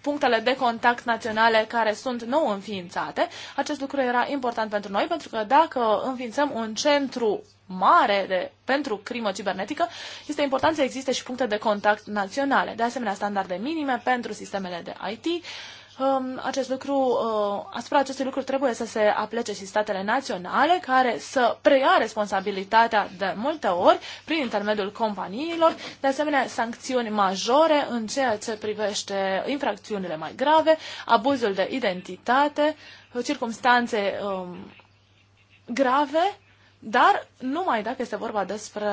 punctele de contact naționale care sunt nou înființate. Acest lucru era important pentru noi, pentru că dacă înființăm un centru mare de, pentru crimă cibernetică, este important să existe și puncte de contact naționale. De asemenea, standarde minime pentru sistemele de IT, Um, acest lucru, uh, asupra acestui lucru trebuie să se aplece și statele naționale care să preia responsabilitatea de multe ori prin intermediul companiilor, de asemenea sancțiuni majore în ceea ce privește infracțiunile mai grave, abuzul de identitate, circumstanțe um, grave, dar numai dacă este vorba despre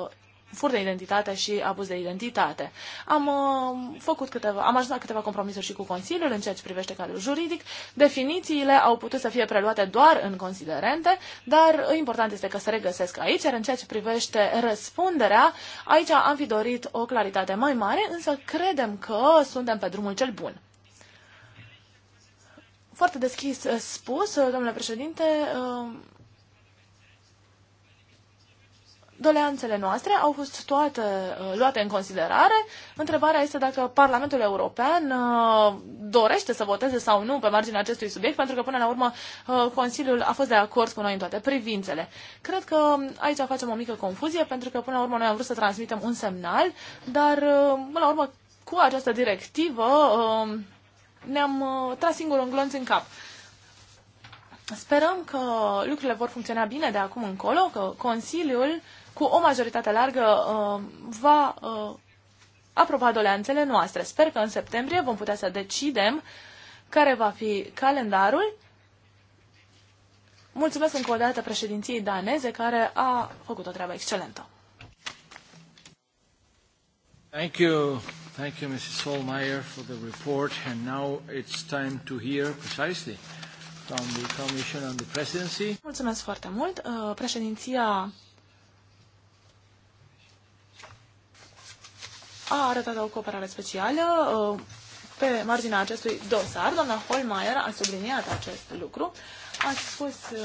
uh, fur de identitate și abuz de identitate. Am uh, făcut câteva, am ajuns la câteva compromisuri și cu Consiliul în ceea ce privește cadrul juridic. Definițiile au putut să fie preluate doar în considerente, dar important este că se regăsesc aici, iar în ceea ce privește răspunderea, aici am fi dorit o claritate mai mare, însă credem că suntem pe drumul cel bun foarte deschis spus, domnule președinte, uh, doleanțele noastre au fost toate uh, luate în considerare. Întrebarea este dacă Parlamentul European uh, dorește să voteze sau nu pe marginea acestui subiect, pentru că până la urmă uh, Consiliul a fost de acord cu noi în toate privințele. Cred că um, aici facem o mică confuzie, pentru că până la urmă noi am vrut să transmitem un semnal, dar până la urmă cu această directivă um, ne-am tras singurul un glonț în cap. Sperăm că lucrurile vor funcționa bine de acum încolo, că Consiliul uh, cu o majoritate largă uh, va uh, aproba doleanțele noastre. Sper că în septembrie vom putea să decidem care va fi calendarul. Mulțumesc încă o dată președinției daneze care a făcut o treabă excelentă. Thank you. Thank you, Mrs. Solmeyer, for the report. And now it's time to hear precisely from the Commission on the Presidency. Mulțumesc foarte mult. Uh, președinția a arătat o cooperare specială uh, pe marginea acestui dosar. Doamna Holmeier a subliniat acest lucru. A spus uh,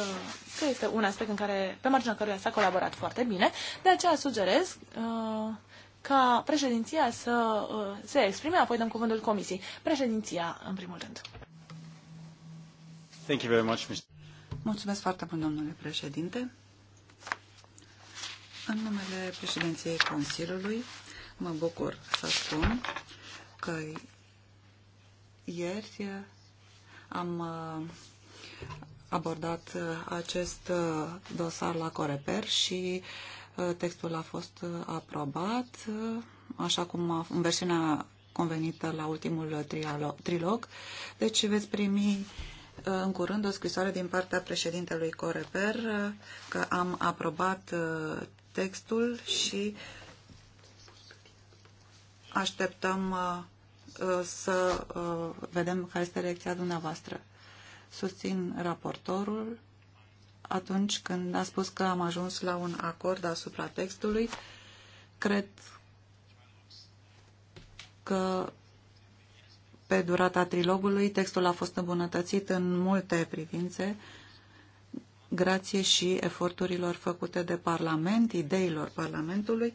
că este un aspect în care, pe marginea căruia s-a colaborat foarte bine. De aceea sugerez uh, ca președinția să se exprime, apoi dăm cuvântul comisiei. Președinția, în primul rând. Thank you very much, Mr. Mulțumesc foarte mult, domnule președinte. În numele președinției Consiliului, Mă bucur să spun că ieri am uh, abordat uh, acest uh, dosar la Coreper și textul a fost aprobat, așa cum a în versiunea convenită la ultimul trilog. Deci veți primi în curând o scrisoare din partea președintelui Coreper că am aprobat textul și așteptăm uh, uh, să uh, vedem care este reacția dumneavoastră. Susțin raportorul atunci când a spus că am ajuns la un acord asupra textului. Cred că pe durata trilogului textul a fost îmbunătățit în multe privințe grație și eforturilor făcute de Parlament, ideilor Parlamentului,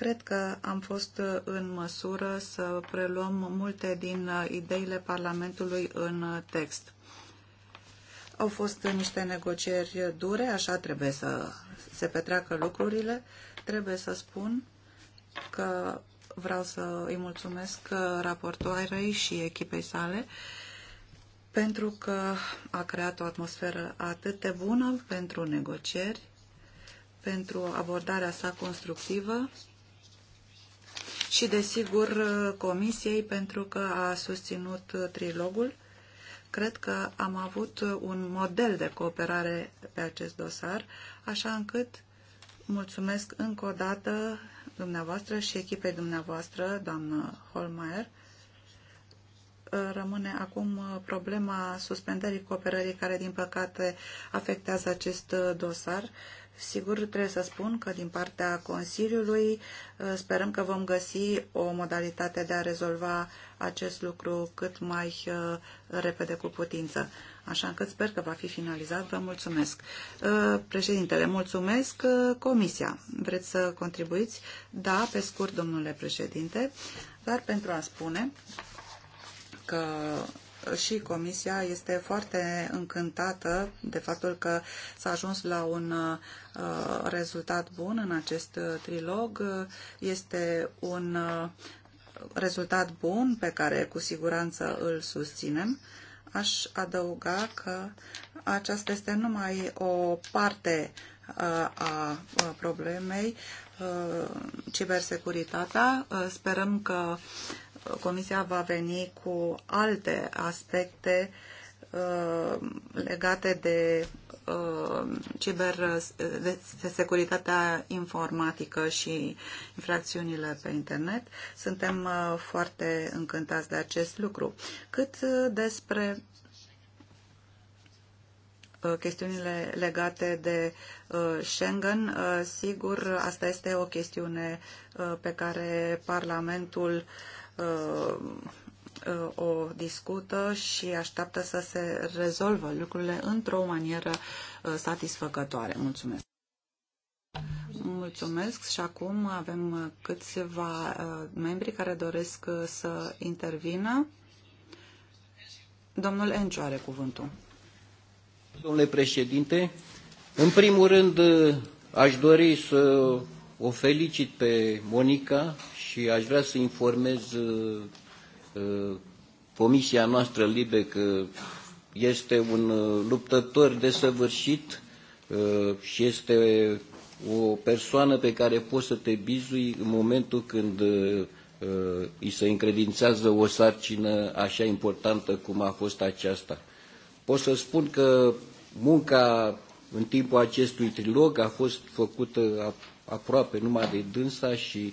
Cred că am fost uh, în măsură să preluăm multe din uh, ideile Parlamentului în uh, text. Au fost niște negocieri dure, așa trebuie să se petreacă lucrurile. Trebuie să spun că vreau să îi mulțumesc raportoarei și echipei sale pentru că a creat o atmosferă atât de bună pentru negocieri, pentru abordarea sa constructivă și, desigur, Comisiei pentru că a susținut trilogul. Cred că am avut un model de cooperare pe acest dosar, așa încât mulțumesc încă o dată dumneavoastră și echipei dumneavoastră, doamnă Holmeier. Rămâne acum problema suspendării cooperării care, din păcate, afectează acest dosar Sigur, trebuie să spun că din partea Consiliului uh, sperăm că vom găsi o modalitate de a rezolva acest lucru cât mai uh, repede cu putință. Așa încât sper că va fi finalizat. Vă mulțumesc. Uh, președintele, mulțumesc. Comisia, vreți să contribuiți? Da, pe scurt, domnule președinte, dar pentru a spune că și Comisia este foarte încântată de faptul că s-a ajuns la un Uh, rezultat bun în acest uh, trilog. Uh, este un rezultat bun pe care cu siguranță îl susținem. Aș adăuga că aceasta este numai o parte a problemei, cibersecuritatea. Sperăm că Comisia va veni cu alte aspecte uh, Uh, legate de uh, ciber, uh, de securitatea informatică și infracțiunile pe internet. Suntem foarte încântați de acest lucru. Cât despre chestiunile legate de Schengen, sigur, asta este o chestiune pe care Parlamentul Uh, o discută și așteaptă să se rezolvă lucrurile într-o manieră uh, satisfăcătoare. Mulțumesc! Mulțumesc și acum avem câțiva uh, membri care doresc să intervină. Domnul Enciu are cuvântul. Domnule președinte, în primul rând aș dori să o felicit pe Monica și aș vrea să informez Uh, comisia noastră LIBE că este un uh, luptător desăvârșit uh, și este o persoană pe care poți să te bizui în momentul când îi se încredințează o sarcină așa importantă cum a fost aceasta. Pot să spun că munca în timpul acestui trilog a fost făcută aproape numai de dânsa și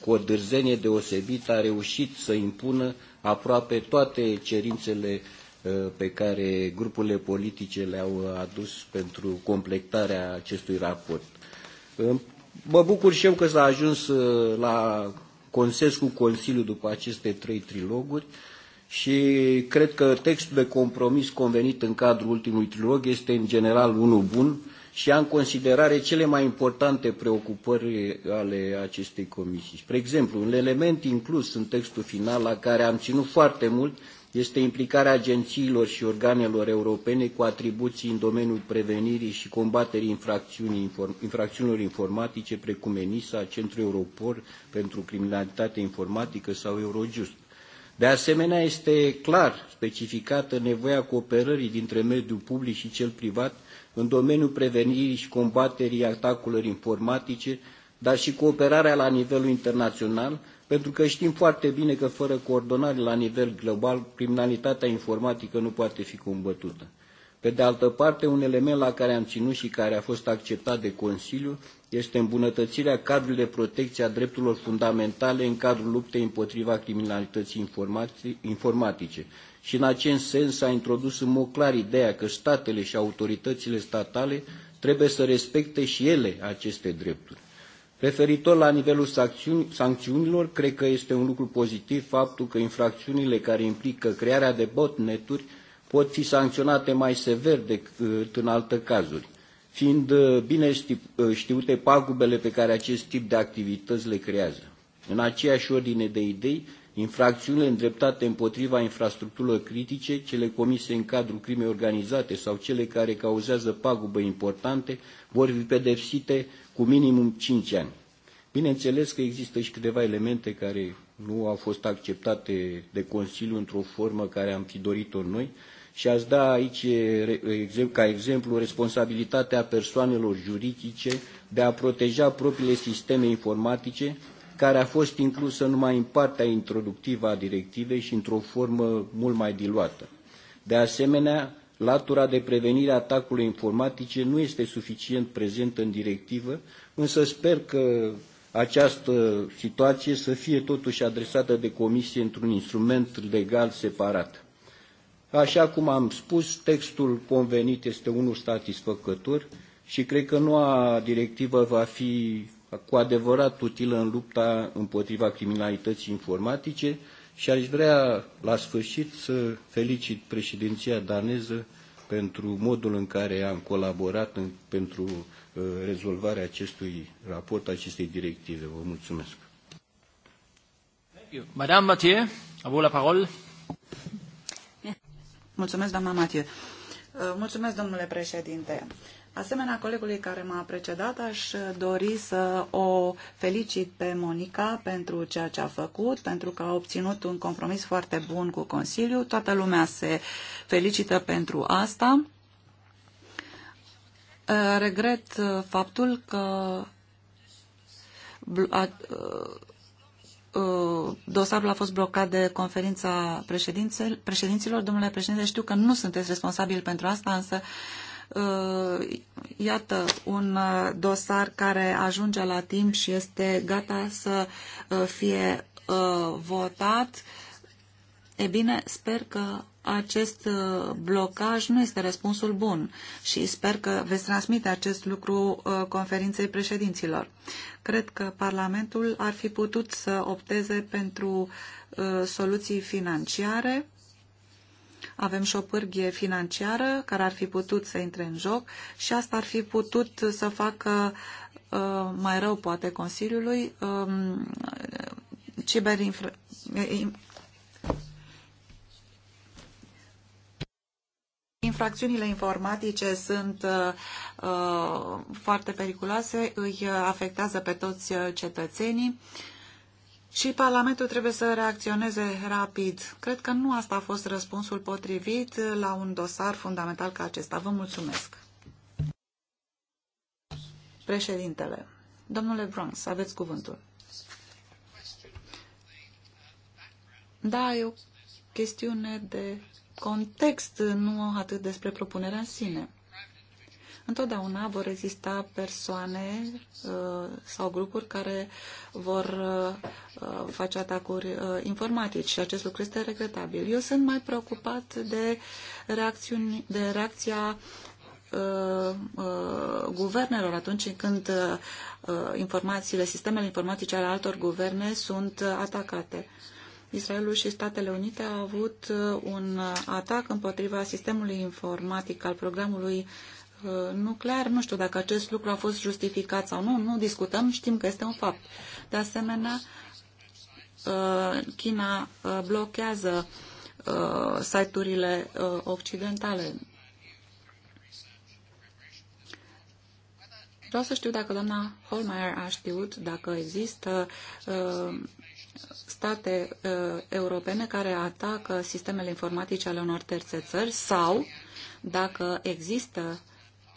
cu o dârzenie deosebită a reușit să impună aproape toate cerințele uh, pe care grupurile politice le-au adus pentru completarea acestui raport. Mă bucur și eu că s-a ajuns uh, la consens cu Consiliul după aceste trei triloguri și cred că textul de compromis convenit în cadrul ultimului trilog este în general unul bun, și ia în considerare cele mai importante preocupări ale acestei comisii. Spre exemplu, un element inclus în textul final la care am ținut foarte mult este implicarea agențiilor și organelor europene cu atribuții în domeniul prevenirii și combaterii infracțiunilor informatice, precum ENISA, Centrul Europol pentru Criminalitate Informatică sau Eurojust. De asemenea, este clar specificată nevoia cooperării dintre mediul public și cel privat în domeniul prevenirii și combaterii atacurilor informatice, dar și cooperarea la nivelul internațional, pentru că știm foarte bine că fără coordonare la nivel global, criminalitatea informatică nu poate fi combătută. Pe de altă parte, un element la care am ținut și care a fost acceptat de Consiliu este îmbunătățirea cadrului de protecție a drepturilor fundamentale în cadrul luptei împotriva criminalității informatice, și în acest sens a introdus în mod clar ideea că statele și autoritățile statale trebuie să respecte și ele aceste drepturi. Referitor la nivelul sancțiunilor, cred că este un lucru pozitiv faptul că infracțiunile care implică crearea de botneturi pot fi sancționate mai sever decât uh, în alte cazuri, fiind uh, bine uh, știute pagubele pe care acest tip de activități le creează. În aceeași ordine de idei, Infracțiunile îndreptate împotriva infrastructurilor critice, cele comise în cadrul crimei organizate sau cele care cauzează pagube importante, vor fi pedepsite cu minimum 5 ani. Bineînțeles că există și câteva elemente care nu au fost acceptate de Consiliu într-o formă care am fi dorit-o noi și aș da aici ca exemplu responsabilitatea persoanelor juridice de a proteja propriile sisteme informatice care a fost inclusă numai în partea introductivă a directivei și într-o formă mult mai diluată. De asemenea, latura de prevenire a atacurilor informatice nu este suficient prezentă în directivă, însă sper că această situație să fie totuși adresată de comisie într-un instrument legal separat. Așa cum am spus, textul convenit este unul satisfăcător și cred că noua directivă va fi cu adevărat utilă în lupta împotriva criminalității informatice și aș vrea la sfârșit să felicit președinția daneză pentru modul în care am colaborat în, pentru uh, rezolvarea acestui raport, acestei directive. Vă mulțumesc. Madame Mathieu, avut la parole. Mulțumesc, doamna Mathieu. Uh, mulțumesc, domnule președinte. Asemenea, colegului care m-a precedat, aș dori să o felicit pe Monica pentru ceea ce a făcut, pentru că a obținut un compromis foarte bun cu Consiliul. Toată lumea se felicită pentru asta. Uh, regret faptul că uh, uh, dosarul a fost blocat de conferința președinților. Domnule președinte, știu că nu sunteți responsabil pentru asta, însă Uh, iată un uh, dosar care ajunge la timp și este gata să uh, fie votat. E bine, sper că acest blocaj nu este răspunsul bun și sper că veți transmite acest lucru conferinței președinților. Cred că Parlamentul ar fi putut să opteze pentru soluții financiare avem și o pârghie financiară care ar fi putut să intre în joc și asta ar fi putut să facă uh, mai rău, poate, Consiliului um, ciberinfra... Infracțiunile informatice sunt uh, uh, foarte periculoase, îi afectează pe toți uh, cetățenii. Uh, și Parlamentul trebuie să reacționeze rapid. Cred că nu asta a fost răspunsul potrivit la un dosar fundamental ca acesta. Vă mulțumesc. Președintele, domnule Bronx, aveți cuvântul. Da, e o chestiune de context, nu atât despre propunerea în sine întotdeauna vor exista persoane uh, sau grupuri care vor uh, face atacuri uh, informatici și acest lucru este regretabil. Eu sunt mai preocupat de, reacțiuni, de reacția guvernelor atunci când informațiile, sistemele informatice ale altor guverne sunt atacate. Israelul și Statele Unite au avut un atac împotriva sistemului informatic al programului Uh, nuclear. Nu știu dacă acest lucru a fost justificat sau nu. Nu discutăm, știm că este un fapt. De asemenea, uh, China uh, blochează site-urile occidentale. Vreau să știu dacă doamna Holmeier a știut dacă există state europene care atacă sistemele informatice ale unor terțe țări sau dacă există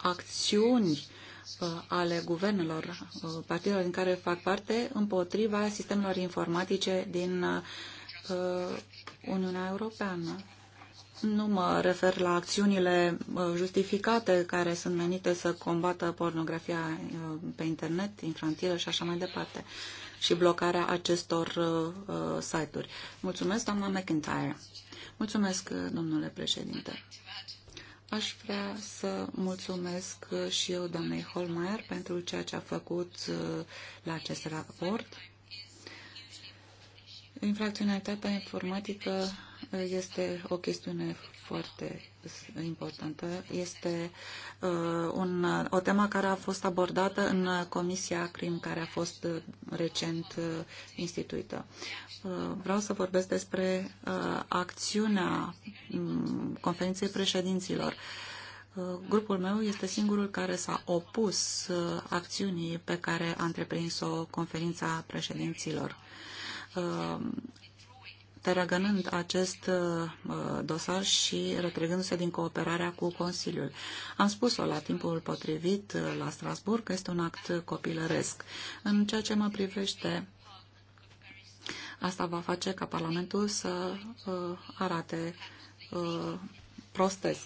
acțiuni uh, ale guvernelor, uh, partidelor din care fac parte, împotriva sistemelor informatice din uh, Uniunea Europeană. Nu mă refer la acțiunile justificate care sunt menite să combată pornografia pe internet, infantilă și așa mai departe, și blocarea acestor site-uri. Mulțumesc, doamna McIntyre. Mulțumesc, domnule președinte. Aș vrea să mulțumesc și eu doamnei Holmeier pentru ceea ce a făcut uh, la acest raport. Infracționalitatea informatică uh, este o chestiune foarte importantă este uh, un, o temă care a fost abordată în Comisia CRIM, care a fost uh, recent uh, instituită. Uh, vreau să vorbesc despre uh, acțiunea um, conferinței președinților. Uh, grupul meu este singurul care s-a opus uh, acțiunii pe care a întreprins-o conferința președinților uh, trăgănând acest uh, dosar și retrăgându-se din cooperarea cu Consiliul. Am spus-o la timpul potrivit uh, la Strasburg că este un act copilăresc. În ceea ce mă privește, asta va face ca Parlamentul să uh, arate prostes,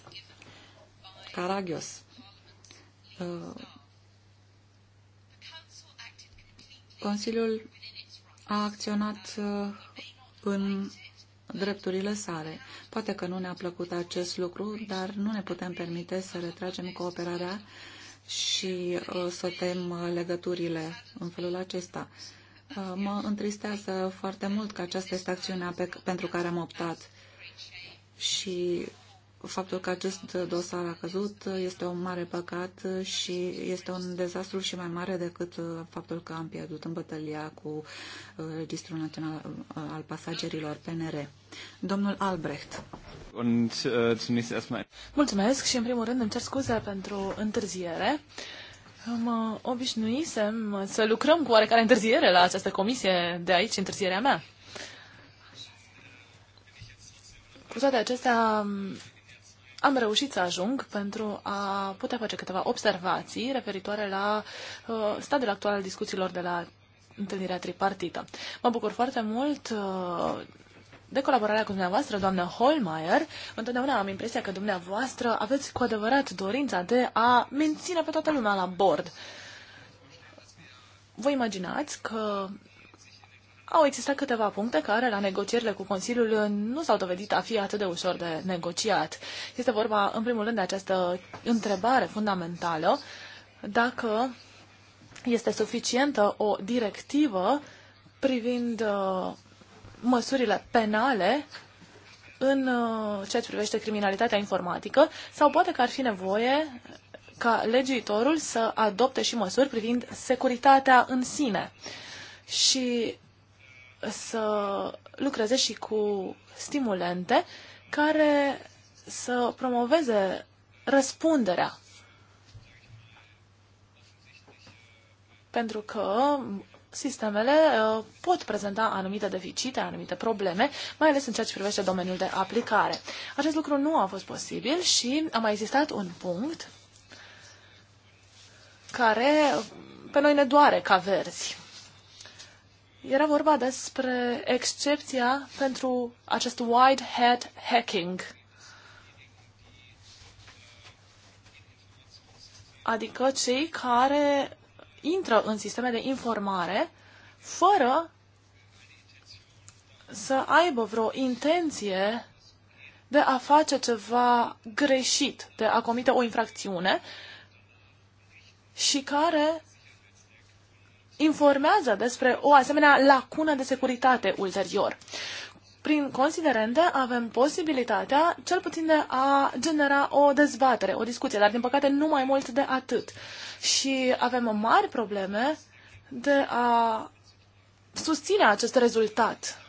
Caragios. Consiliul a acționat în drepturile sale. Poate că nu ne-a plăcut acest lucru, dar nu ne putem permite să retragem cooperarea și uh, să tem uh, legăturile în felul acesta. Uh, mă întristează foarte mult că aceasta este acțiunea pe, pentru care am optat și faptul că acest dosar a căzut este un mare păcat și este un dezastru și mai mare decât uh, faptul că am pierdut în bătălia cu uh, Registrul Național uh, al Pasagerilor PNR. Domnul Albrecht. Mulțumesc și în primul rând îmi cer scuze pentru întârziere. Mă obișnuisem să lucrăm cu oarecare întârziere la această comisie de aici, întârzierea mea. Cu toate acestea, am reușit să ajung pentru a putea face câteva observații referitoare la uh, stadiul actual al discuțiilor de la întâlnirea tripartită. Mă bucur foarte mult uh, de colaborarea cu dumneavoastră, doamnă Holmeier. Întotdeauna am impresia că dumneavoastră aveți cu adevărat dorința de a menține pe toată lumea la bord. Vă imaginați că au existat câteva puncte care la negocierile cu Consiliul nu s-au dovedit a fi atât de ușor de negociat. Este vorba, în primul rând, de această întrebare fundamentală dacă este suficientă o directivă privind uh, măsurile penale în uh, ceea ce privește criminalitatea informatică sau poate că ar fi nevoie ca legiuitorul să adopte și măsuri privind securitatea în sine. Și să lucreze și cu stimulente care să promoveze răspunderea. Pentru că sistemele uh, pot prezenta anumite deficite, anumite probleme, mai ales în ceea ce privește domeniul de aplicare. Acest lucru nu a fost posibil și a mai existat un punct care pe noi ne doare ca verzi. Era vorba despre excepția pentru acest wide head hacking. Adică cei care intră în sisteme de informare fără să aibă vreo intenție de a face ceva greșit, de a comite o infracțiune și care informează despre o asemenea lacună de securitate ulterior. Prin considerente avem posibilitatea, cel puțin, de a genera o dezbatere, o discuție, dar din păcate nu mai mult de atât. Și avem mari probleme de a susține acest rezultat.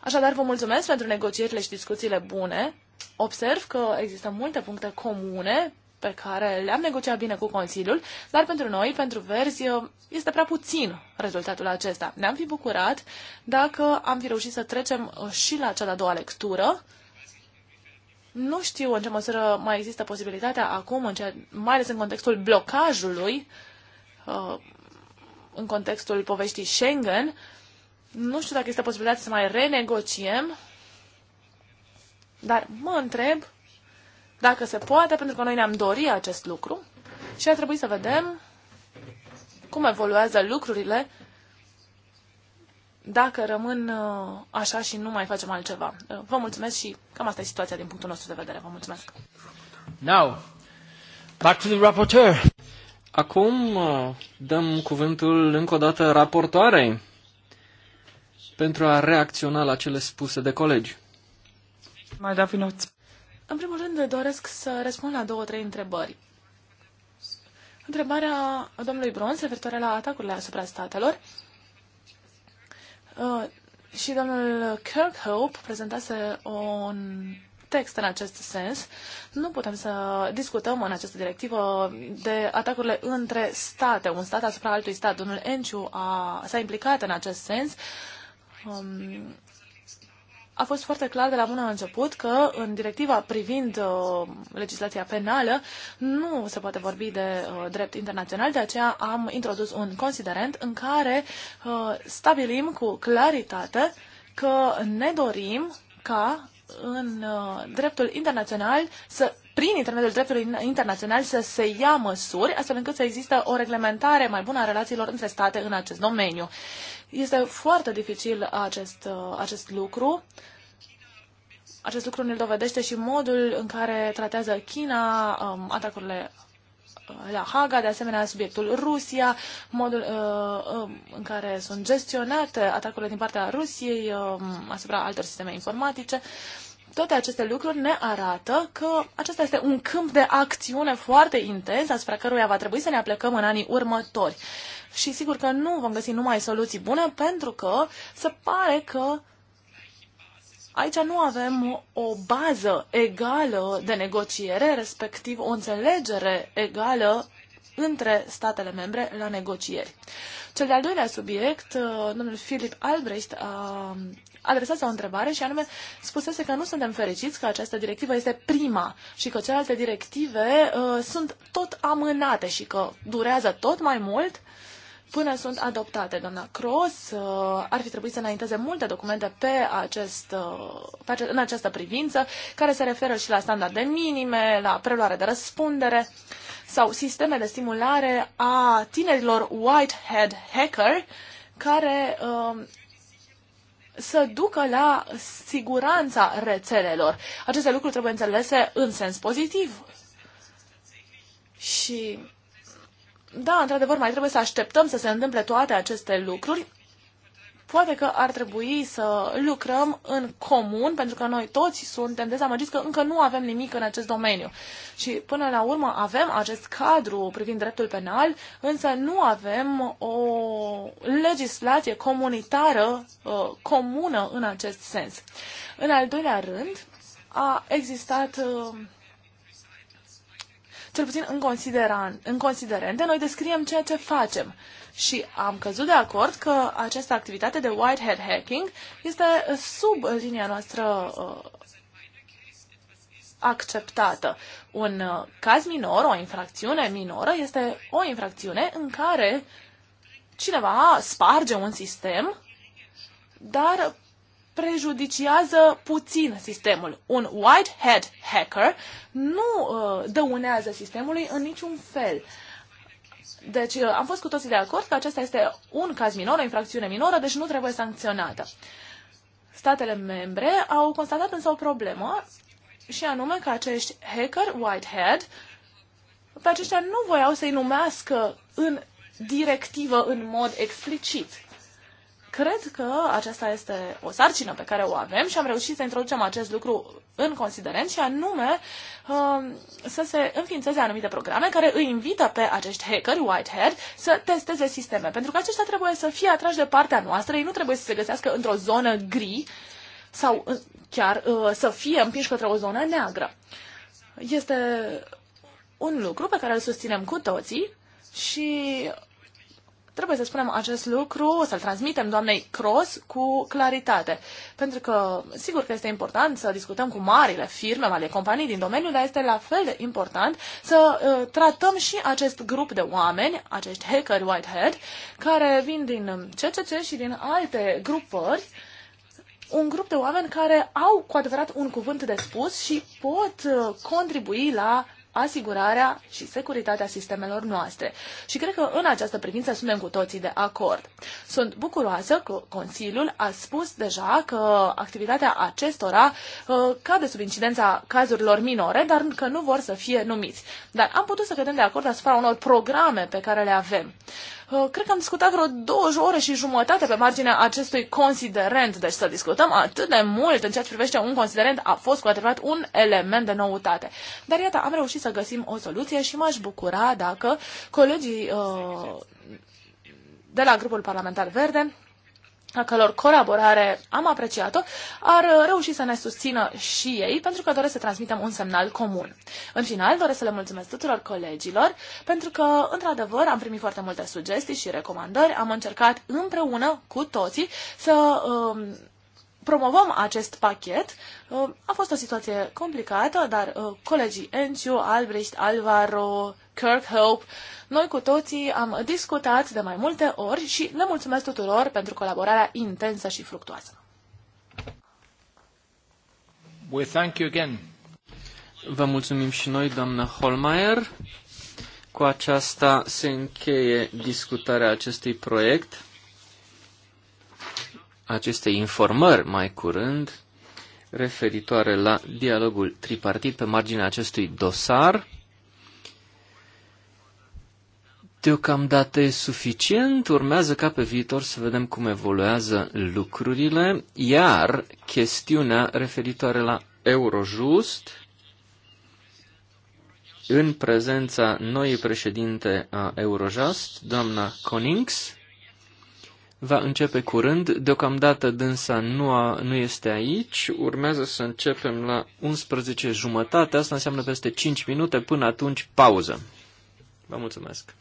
Așadar, vă mulțumesc pentru negocierile și discuțiile bune. Observ că există multe puncte comune pe care le-am negociat bine cu Consiliul, dar pentru noi, pentru Verzi, este prea puțin rezultatul acesta. Ne-am fi bucurat dacă am fi reușit să trecem uh, și la cea de-a doua lectură. Nu știu în ce măsură mai există posibilitatea acum, în ceea, mai ales în contextul blocajului, uh, în contextul poveștii Schengen, nu știu dacă este posibilitatea să mai renegociem, dar mă întreb dacă se poate, pentru că noi ne-am dorit acest lucru și ar trebui să vedem cum evoluează lucrurile dacă rămân uh, așa și nu mai facem altceva. Uh, vă mulțumesc și cam asta e situația din punctul nostru de vedere. Vă mulțumesc. Now, back to the rapporteur. Acum uh, dăm cuvântul încă o dată raportoarei pentru a reacționa la cele spuse de colegi. Mai da vinoți în primul rând, doresc să răspund la două, trei întrebări. Întrebarea domnului Bronz referitoare la atacurile asupra statelor. Uh, și domnul Kirkhope prezentase un text în acest sens. Nu putem să discutăm în această directivă de atacurile între state, un stat asupra altui stat. Domnul Enciu a, s-a implicat în acest sens. Um, a fost foarte clar de la bun început că în directiva privind uh, legislația penală nu se poate vorbi de uh, drept internațional, de aceea am introdus un considerent în care uh, stabilim cu claritate că ne dorim ca în uh, dreptul internațional să prin intermediul dreptului internațional să se ia măsuri, astfel încât să există o reglementare mai bună a relațiilor între state în acest domeniu. Este foarte dificil acest, uh, acest lucru. Acest lucru ne dovedește și modul în care tratează China um, atacurile uh, la Haga, de asemenea subiectul Rusia, modul uh, um, în care sunt gestionate atacurile din partea Rusiei uh, asupra altor sisteme informatice. Uh, toate aceste lucruri ne arată că acesta este un câmp de acțiune foarte intens asupra căruia va trebui să ne aplecăm în anii următori. Și sigur că nu vom găsi numai soluții bune pentru că se pare că aici nu avem o bază egală de negociere, respectiv o înțelegere egală între statele membre la negocieri. Cel de-al doilea subiect, uh, domnul Philip Albrecht a adresase o întrebare și anume spusese că nu suntem fericiți că această directivă este prima și că celelalte directive uh, sunt tot amânate și că durează tot mai mult până sunt adoptate. Doamna Cross uh, ar fi trebuit să înainteze multe documente pe acest, uh, pe acest, în această privință, care se referă și la standarde minime, la preluare de răspundere sau sisteme de stimulare a tinerilor whitehead hacker care uh, să ducă la siguranța rețelelor. Aceste lucruri trebuie înțelese în sens pozitiv. Și da, într-adevăr, mai trebuie să așteptăm să se întâmple toate aceste lucruri, Poate că ar trebui să lucrăm în comun, pentru că noi toți suntem dezamăgiți că încă nu avem nimic în acest domeniu. Și până la urmă avem acest cadru privind dreptul penal, însă nu avem o legislație comunitară uh, comună în acest sens. În al doilea rând, a existat uh, cel puțin în, consideran, în considerente, noi descriem ceea ce facem. Și am căzut de acord că această activitate de whitehead hacking este sub linia noastră uh, acceptată. Un uh, caz minor, o infracțiune minoră, este o infracțiune în care cineva sparge un sistem, dar prejudiciază puțin sistemul. Un white hat hacker nu uh, dăunează sistemului în niciun fel. Deci uh, am fost cu toții de acord că acesta este un caz minor, o infracțiune minoră, deci nu trebuie sancționată. Statele membre au constatat însă o problemă și anume că acești hacker, white hat, pe aceștia nu voiau să-i numească în directivă în mod explicit. Cred că aceasta este o sarcină pe care o avem și am reușit să introducem acest lucru în considerent și anume um, să se înființeze anumite programe care îi invită pe acești hackeri, whitehead, să testeze sisteme. Pentru că aceștia trebuie să fie atrași de partea noastră, ei nu trebuie să se găsească într-o zonă gri sau uh, chiar uh, să fie împinși către o zonă neagră. Este un lucru pe care îl susținem cu toții și Trebuie să spunem acest lucru, să-l transmitem doamnei Cross cu claritate. Pentru că, sigur că este important să discutăm cu marile firme, marile companii din domeniu, dar este la fel de important să uh, tratăm și acest grup de oameni, acești hackeri whitehead, care vin din CCC și din alte grupări, un grup de oameni care au cu adevărat un cuvânt de spus și pot uh, contribui la asigurarea și securitatea sistemelor noastre. Și cred că în această privință suntem cu toții de acord. Sunt bucuroasă că Consiliul a spus deja că activitatea acestora uh, cade sub incidența cazurilor minore, dar că nu vor să fie numiți. Dar am putut să credem de acord asupra unor programe pe care le avem. Uh, cred că am discutat vreo două ore și jumătate pe marginea acestui considerent, deci să discutăm atât de mult în ceea ce privește un considerent a fost cu adevărat un element de noutate. Dar iată, am reușit să găsim o soluție și m-aș bucura dacă colegii uh, de la grupul parlamentar verde a călor colaborare am apreciat-o, ar uh, reuși să ne susțină și ei, pentru că doresc să transmitem un semnal comun. În final, doresc să le mulțumesc tuturor colegilor, pentru că, într-adevăr, am primit foarte multe sugestii și recomandări, am încercat împreună cu toții să um, promovăm acest pachet. Um, a fost o situație complicată, dar uh, colegii Enciu, Albrecht, Alvaro, Kirk Hope, Noi cu toții am discutat de mai multe ori și le mulțumesc tuturor pentru colaborarea intensă și fructuoasă. We thank you again. Vă mulțumim și noi, doamnă Holmeier. Cu aceasta se încheie discutarea acestui proiect, acestei informări mai curând, referitoare la dialogul tripartit pe marginea acestui dosar. Deocamdată e suficient, urmează ca pe viitor să vedem cum evoluează lucrurile, iar chestiunea referitoare la Eurojust, în prezența noii președinte a Eurojust, doamna Conings, va începe curând. Deocamdată dânsa nu, a, nu este aici. Urmează să începem la 11 jumătate. Asta înseamnă peste 5 minute. Până atunci, pauză. Vă mulțumesc!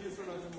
hier schon als im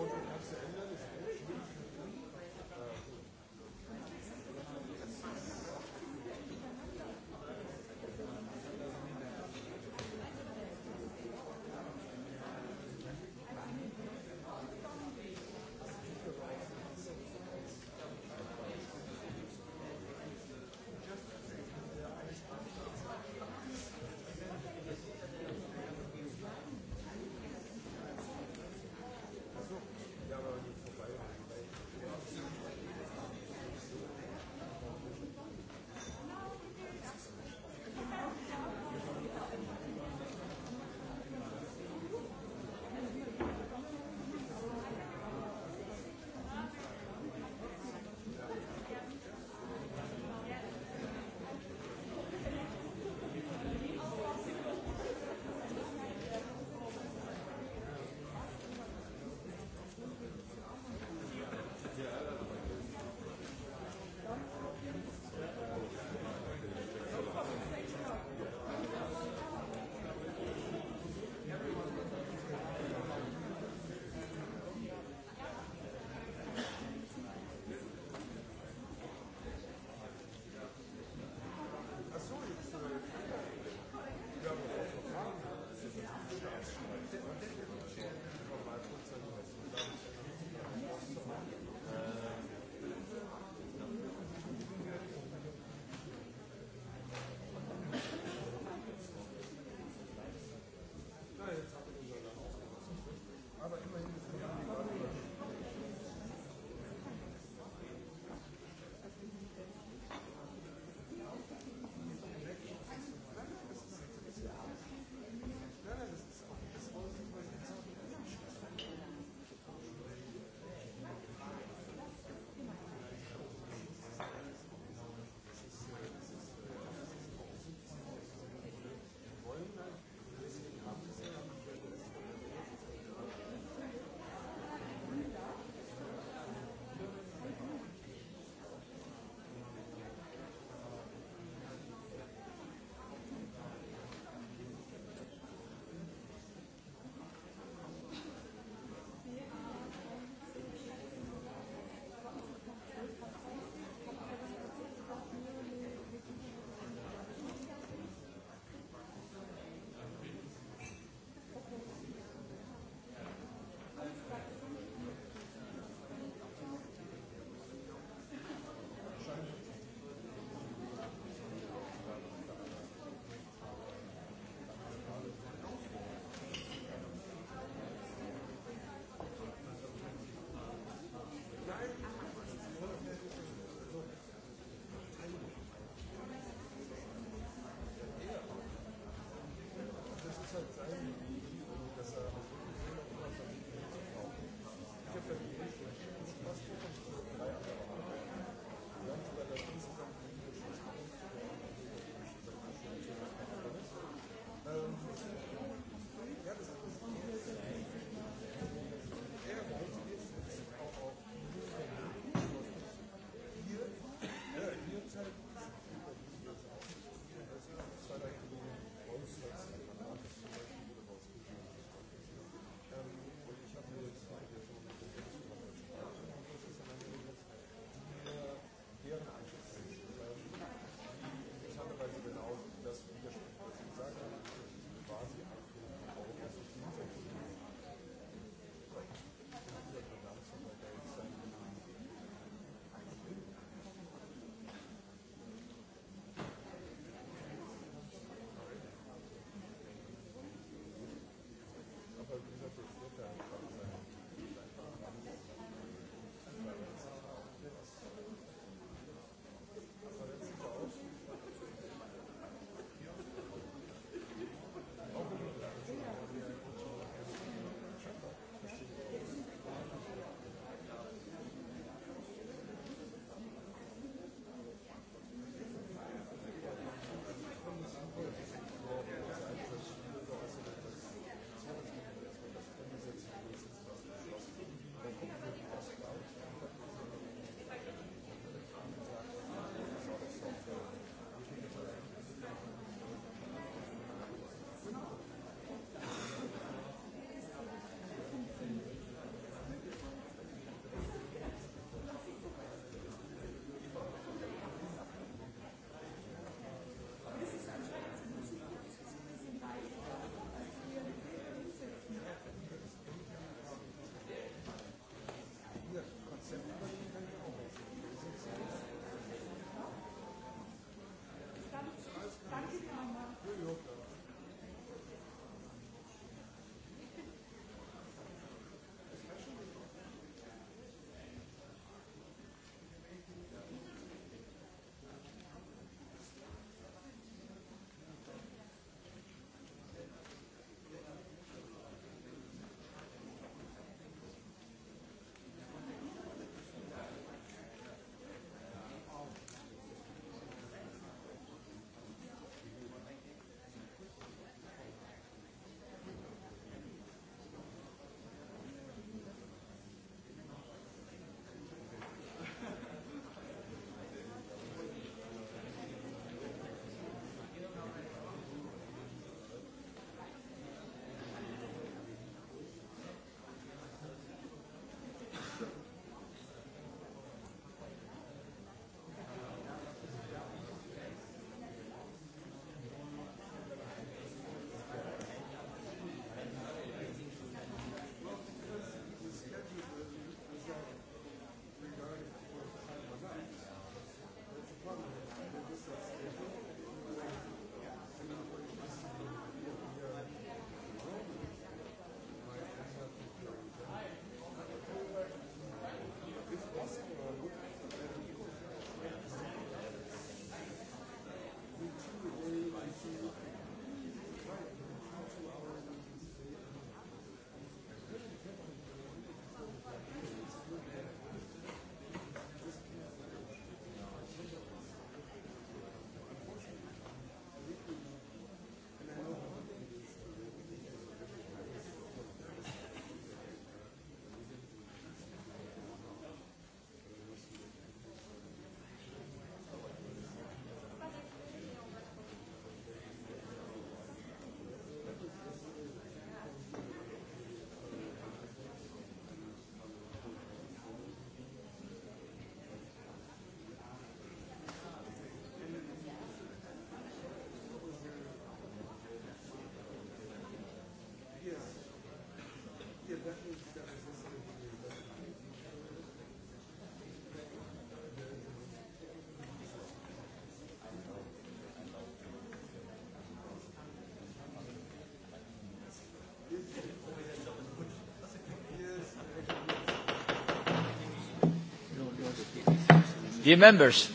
Dear members.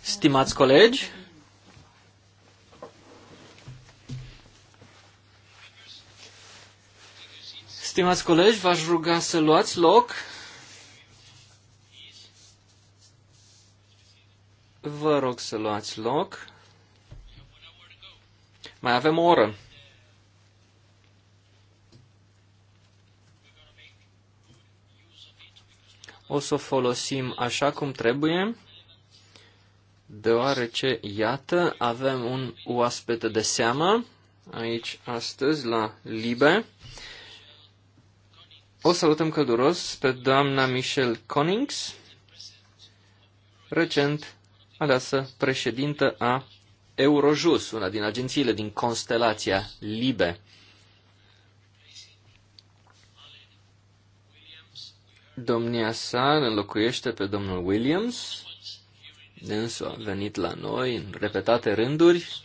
Stimați colegi, Stimați colegi, v-aș ruga să luați loc. Vă rog să luați loc. Mai avem o oră. o să o folosim așa cum trebuie, deoarece, iată, avem un oaspete de seamă aici astăzi la Libe. O salutăm călduros pe doamna Michelle Connings, recent aleasă președintă a Eurojus, una din agențiile din constelația Libe. Domnia sa îl înlocuiește pe domnul Williams. Dânsul a venit la noi în repetate rânduri.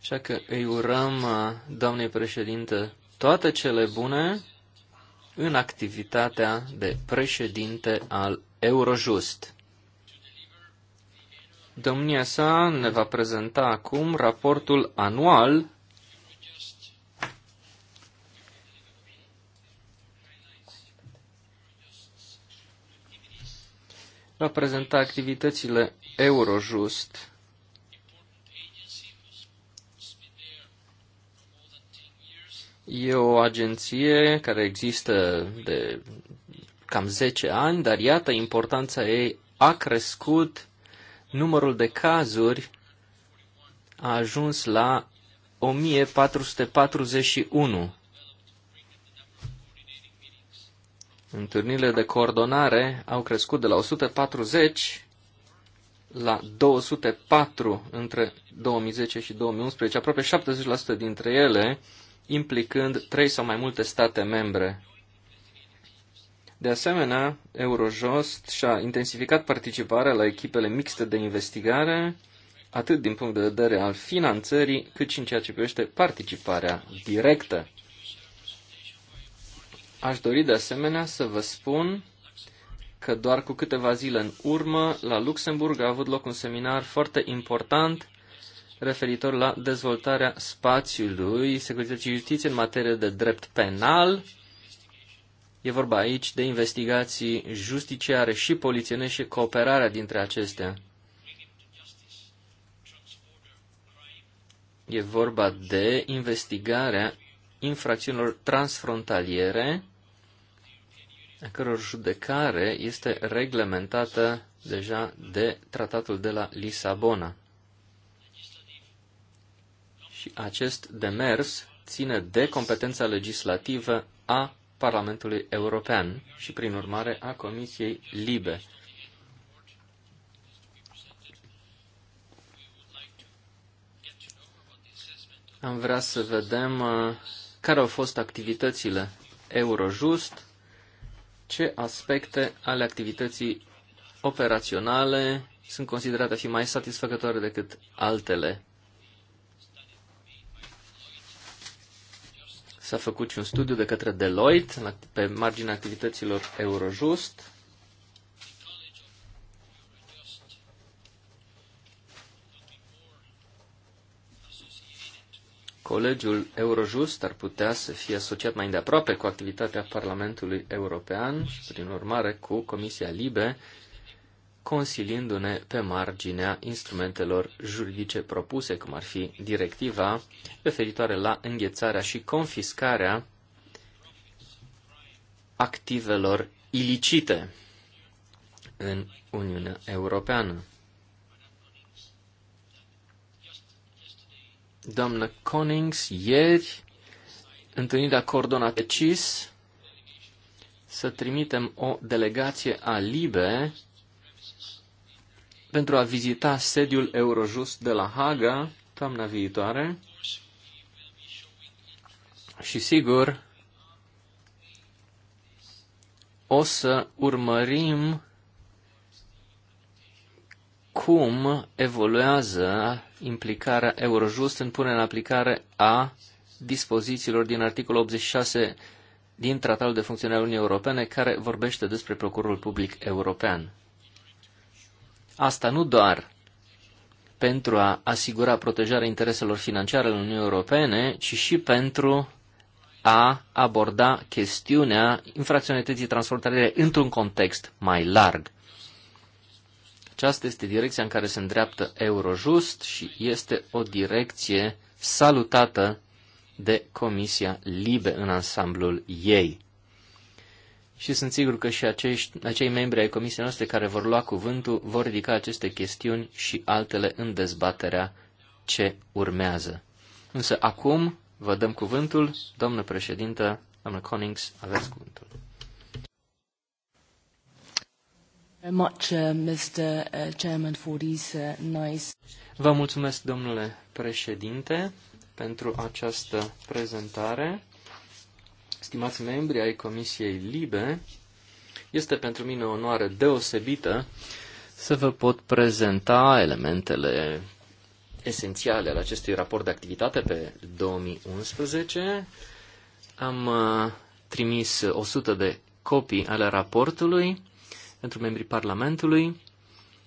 Așa că îi urăm, doamnei președinte, toate cele bune în activitatea de președinte al Eurojust. Domnia sa ne va prezenta acum raportul anual va prezenta activitățile Eurojust. E o agenție care există de cam 10 ani, dar iată, importanța ei a crescut, numărul de cazuri a ajuns la 1441 Întâlnirile de coordonare au crescut de la 140 la 204 între 2010 și 2011, aproape 70% dintre ele implicând trei sau mai multe state membre. De asemenea, Eurojust și-a intensificat participarea la echipele mixte de investigare, atât din punct de vedere al finanțării, cât și în ceea ce privește participarea directă. Aș dori de asemenea să vă spun că doar cu câteva zile în urmă, la Luxemburg a avut loc un seminar foarte important referitor la dezvoltarea spațiului securității și justiție în materie de drept penal. E vorba aici de investigații justiciare și polițienești și cooperarea dintre acestea. E vorba de investigarea infracțiunilor transfrontaliere a căror judecare este reglementată deja de tratatul de la Lisabona. Și acest demers ține de competența legislativă a Parlamentului European și, prin urmare, a Comisiei Libe. Am vrea să vedem uh, care au fost activitățile Eurojust ce aspecte ale activității operaționale sunt considerate a fi mai satisfăcătoare decât altele. S-a făcut și un studiu de către Deloitte pe marginea activităților Eurojust Colegiul Eurojust ar putea să fie asociat mai îndeaproape cu activitatea Parlamentului European și, prin urmare, cu Comisia Libe, consiliindu-ne pe marginea instrumentelor juridice propuse, cum ar fi directiva referitoare la înghețarea și confiscarea activelor ilicite în Uniunea Europeană. doamnă Conings, ieri, întâlnirea a decis să trimitem o delegație a LIBE pentru a vizita sediul Eurojust de la Haga toamna viitoare. Și sigur, o să urmărim cum evoluează implicarea Eurojust în punerea în aplicare a dispozițiilor din articolul 86 din Tratatul de Funcționare a Uniunii Europene, care vorbește despre Procurorul Public European. Asta nu doar pentru a asigura protejarea intereselor financiare ale Uniunii Europene, ci și pentru a aborda chestiunea infracționalității transfrontaliere într-un context mai larg. Aceasta este direcția în care se îndreaptă Eurojust și este o direcție salutată de Comisia Libe în ansamblul ei. Și sunt sigur că și acești, acei membri ai comisiei noastre care vor lua cuvântul vor ridica aceste chestiuni și altele în dezbaterea ce urmează. Însă acum vă dăm cuvântul, domnul președinte, doamnă Conings, aveți cuvântul. Vă mulțumesc, domnule președinte, pentru această prezentare. Stimați membri ai Comisiei Libe, este pentru mine o onoare deosebită să vă pot prezenta elementele esențiale ale acestui raport de activitate pe 2011. Am uh, trimis 100 de copii ale raportului pentru membrii Parlamentului.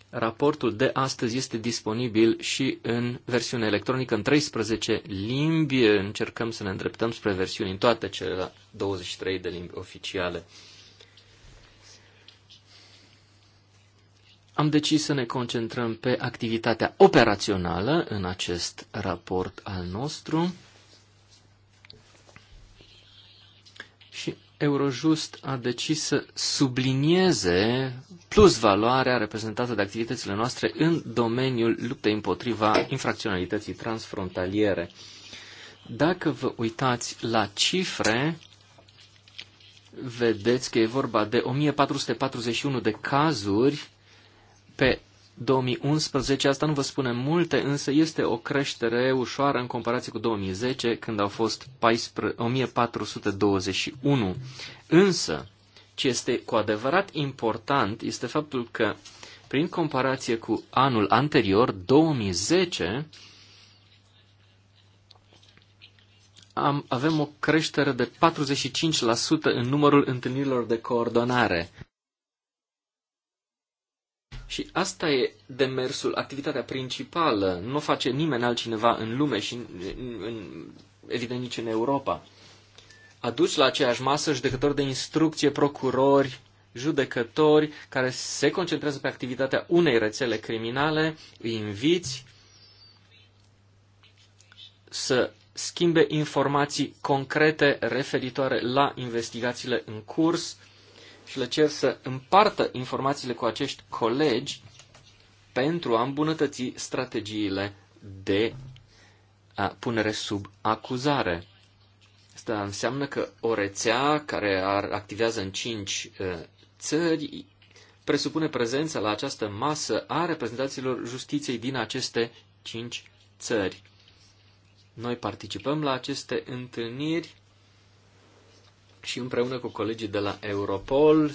Raportul de astăzi este disponibil și în versiune electronică în 13 limbi. Încercăm să ne îndreptăm spre versiuni în toate cele 23 de limbi oficiale. Am decis să ne concentrăm pe activitatea operațională în acest raport al nostru și Eurojust a decis să sublinieze plus valoarea reprezentată de activitățile noastre în domeniul luptei împotriva infracționalității transfrontaliere. Dacă vă uitați la cifre, vedeți că e vorba de 1441 de cazuri pe 2011, asta nu vă spune multe, însă este o creștere ușoară în comparație cu 2010, când au fost 14, 1421. Însă, ce este cu adevărat important este faptul că, prin comparație cu anul anterior, 2010, am, avem o creștere de 45% în numărul întâlnirilor de coordonare. Și asta e demersul, activitatea principală. Nu face nimeni altcineva în lume și, în, în, evident, nici în Europa. Aduci la aceeași masă judecători de instrucție, procurori, judecători care se concentrează pe activitatea unei rețele criminale, îi inviți să schimbe informații concrete referitoare la investigațiile în curs, și le cer să împartă informațiile cu acești colegi pentru a îmbunătăți strategiile de a, punere sub acuzare. Asta înseamnă că o rețea care ar, activează în cinci uh, țări presupune prezența la această masă a reprezentanților justiției din aceste cinci țări. Noi participăm la aceste întâlniri și împreună cu colegii de la Europol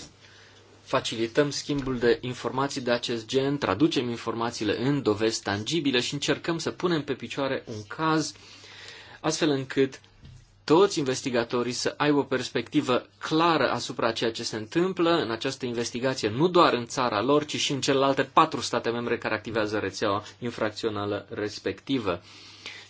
facilităm schimbul de informații de acest gen, traducem informațiile în dovezi tangibile și încercăm să punem pe picioare un caz astfel încât toți investigatorii să aibă o perspectivă clară asupra ceea ce se întâmplă în această investigație, nu doar în țara lor, ci și în celelalte patru state membre care activează rețeaua infracțională respectivă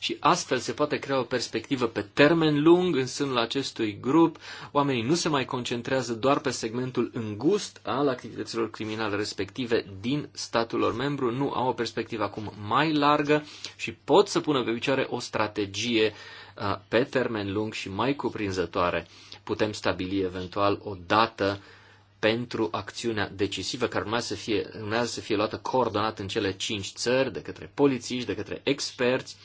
și astfel se poate crea o perspectivă pe termen lung în sânul acestui grup. Oamenii nu se mai concentrează doar pe segmentul îngust al activităților criminale respective din statul lor membru, nu au o perspectivă acum mai largă și pot să pună pe picioare o strategie uh, pe termen lung și mai cuprinzătoare. Putem stabili eventual o dată pentru acțiunea decisivă care urmează să fie, urmează să fie luată coordonat în cele cinci țări de către polițiști, de către experți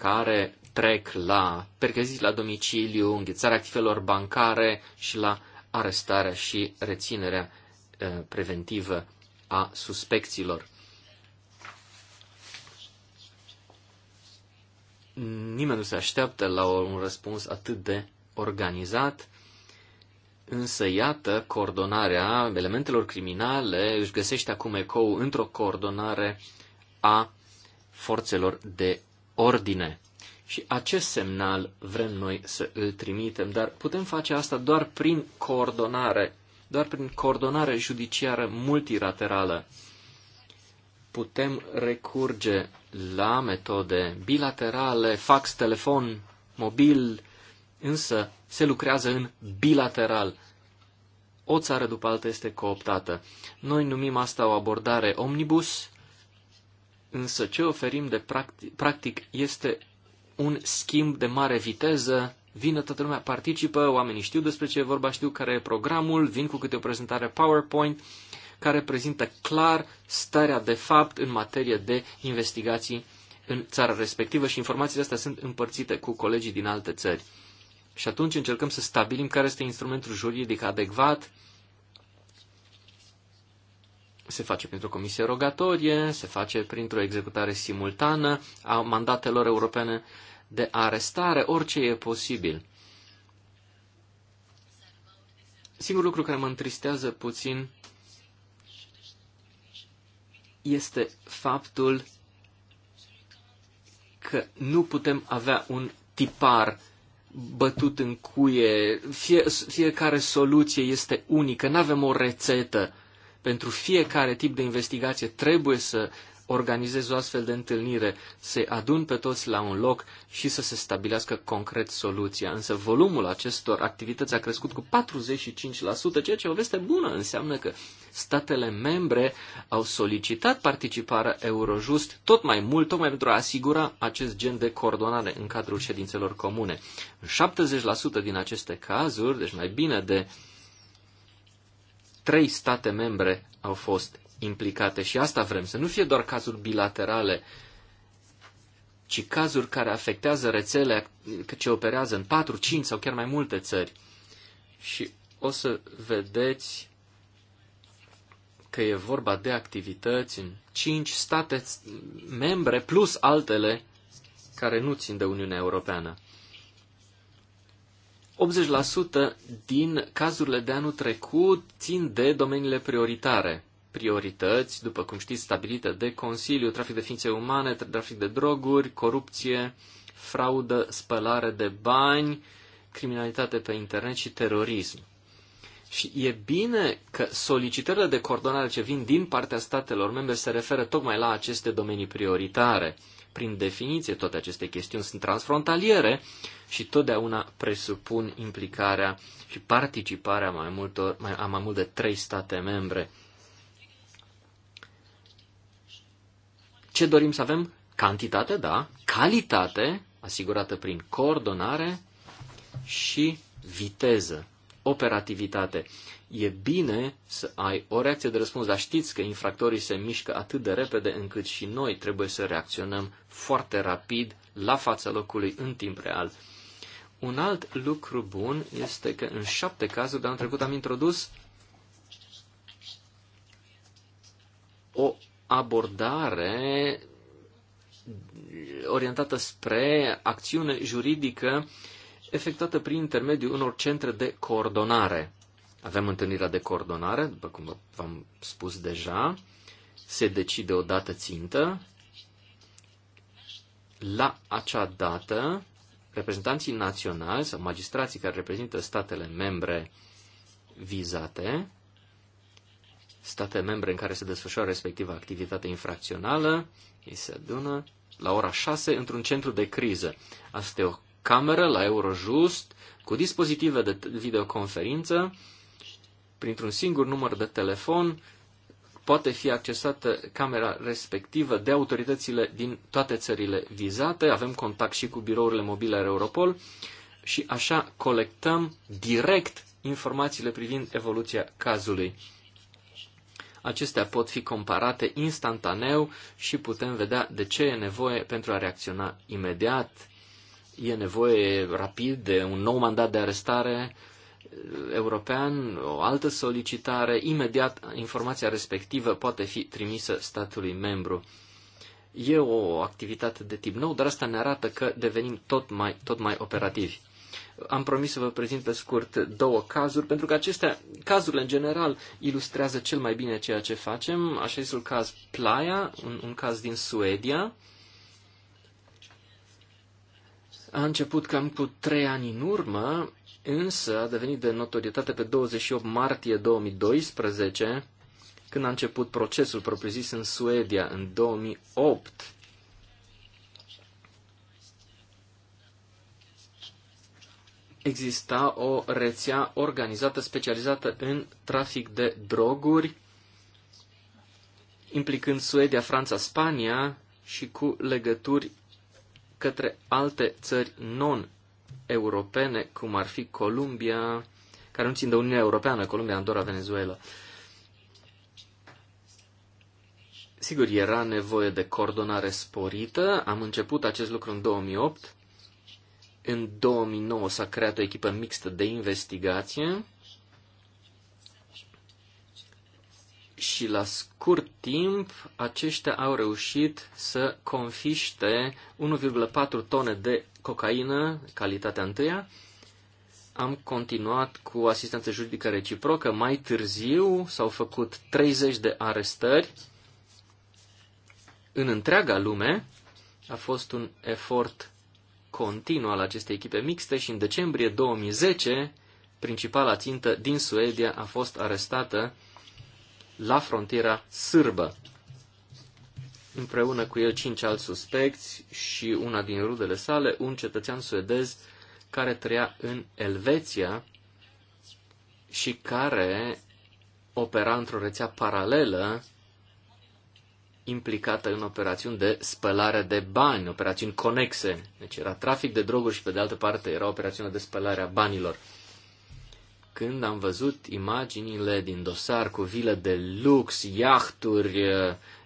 care trec la percheziții la domiciliu, înghețarea activelor bancare și la arestarea și reținerea preventivă a suspecților. Nimeni nu se așteaptă la un răspuns atât de organizat, însă iată coordonarea elementelor criminale își găsește acum ecou într-o coordonare a forțelor de ordine. Și acest semnal vrem noi să îl trimitem, dar putem face asta doar prin coordonare, doar prin coordonare judiciară multilaterală. Putem recurge la metode bilaterale, fax, telefon, mobil, însă se lucrează în bilateral. O țară după alta este cooptată. Noi numim asta o abordare omnibus, Însă ce oferim de practic, practic este un schimb de mare viteză, vine toată lumea, participă, oamenii știu despre ce e vorba, știu care e programul, vin cu câte o prezentare PowerPoint care prezintă clar starea de fapt în materie de investigații în țara respectivă și informațiile astea sunt împărțite cu colegii din alte țări. Și atunci încercăm să stabilim care este instrumentul juridic adecvat se face printr-o comisie rogatorie, se face printr-o executare simultană a mandatelor europene de arestare, orice e posibil. Singurul lucru care mă întristează puțin este faptul că nu putem avea un tipar bătut în cuie, Fie, fiecare soluție este unică, nu avem o rețetă pentru fiecare tip de investigație trebuie să organizez o astfel de întâlnire, să adun pe toți la un loc și să se stabilească concret soluția. Însă volumul acestor activități a crescut cu 45%, ceea ce e o veste bună. Înseamnă că statele membre au solicitat participarea Eurojust tot mai mult, tocmai pentru a asigura acest gen de coordonare în cadrul ședințelor comune. 70% din aceste cazuri, deci mai bine de trei state membre au fost implicate și asta vrem, să nu fie doar cazuri bilaterale, ci cazuri care afectează rețele ce operează în 4, 5 sau chiar mai multe țări. Și o să vedeți că e vorba de activități în 5 state membre plus altele care nu țin de Uniunea Europeană. 80% din cazurile de anul trecut țin de domeniile prioritare. Priorități, după cum știți, stabilite de Consiliu, trafic de ființe umane, trafic de droguri, corupție, fraudă, spălare de bani, criminalitate pe internet și terorism. Și e bine că solicitările de coordonare ce vin din partea statelor membre se referă tocmai la aceste domenii prioritare. Prin definiție, toate aceste chestiuni sunt transfrontaliere și totdeauna presupun implicarea și participarea mai multor, mai, a mai mult de trei state membre. Ce dorim să avem? Cantitate, da, calitate, asigurată prin coordonare și viteză, operativitate e bine să ai o reacție de răspuns, dar știți că infractorii se mișcă atât de repede încât și noi trebuie să reacționăm foarte rapid la fața locului în timp real. Un alt lucru bun este că în șapte cazuri de anul trecut am introdus o abordare orientată spre acțiune juridică efectuată prin intermediul unor centre de coordonare. Avem întâlnirea de coordonare, după cum v-am spus deja, se decide o dată țintă. La acea dată, reprezentanții naționali sau magistrații care reprezintă statele membre vizate, state membre în care se desfășoară respectiva activitate infracțională, ei se adună la ora 6 într-un centru de criză. Asta e o cameră la Eurojust cu dispozitive de videoconferință printr-un singur număr de telefon poate fi accesată camera respectivă de autoritățile din toate țările vizate. Avem contact și cu birourile mobile ale Europol și așa colectăm direct informațiile privind evoluția cazului. Acestea pot fi comparate instantaneu și putem vedea de ce e nevoie pentru a reacționa imediat. E nevoie rapid de un nou mandat de arestare european, o altă solicitare, imediat informația respectivă poate fi trimisă statului membru. E o activitate de tip nou, dar asta ne arată că devenim tot mai, tot mai operativi. Am promis să vă prezint pe scurt două cazuri, pentru că acestea, cazurile în general, ilustrează cel mai bine ceea ce facem. Așa este caz Playa, un, un caz din Suedia, a început cam cu trei ani în urmă însă a devenit de notorietate pe 28 martie 2012, când a început procesul propriu-zis în Suedia, în 2008. Exista o rețea organizată specializată în trafic de droguri, implicând Suedia, Franța, Spania și cu legături către alte țări non europene, cum ar fi Columbia, care nu țin de Uniunea Europeană, Columbia, Andorra, Venezuela. Sigur, era nevoie de coordonare sporită. Am început acest lucru în 2008. În 2009 s-a creat o echipă mixtă de investigație și la scurt timp aceștia au reușit să confiște 1,4 tone de cocaină, calitatea întâia. Am continuat cu asistență juridică reciprocă. Mai târziu s-au făcut 30 de arestări în întreaga lume. A fost un efort continuu al acestei echipe mixte și în decembrie 2010 principala țintă din Suedia a fost arestată la frontiera sârbă împreună cu el cinci alți suspecți și una din rudele sale, un cetățean suedez care trăia în Elveția și care opera într-o rețea paralelă implicată în operațiuni de spălare de bani, operațiuni conexe. Deci era trafic de droguri și pe de altă parte era operațiunea de spălare a banilor. Când am văzut imaginile din dosar cu vile de lux, iahturi,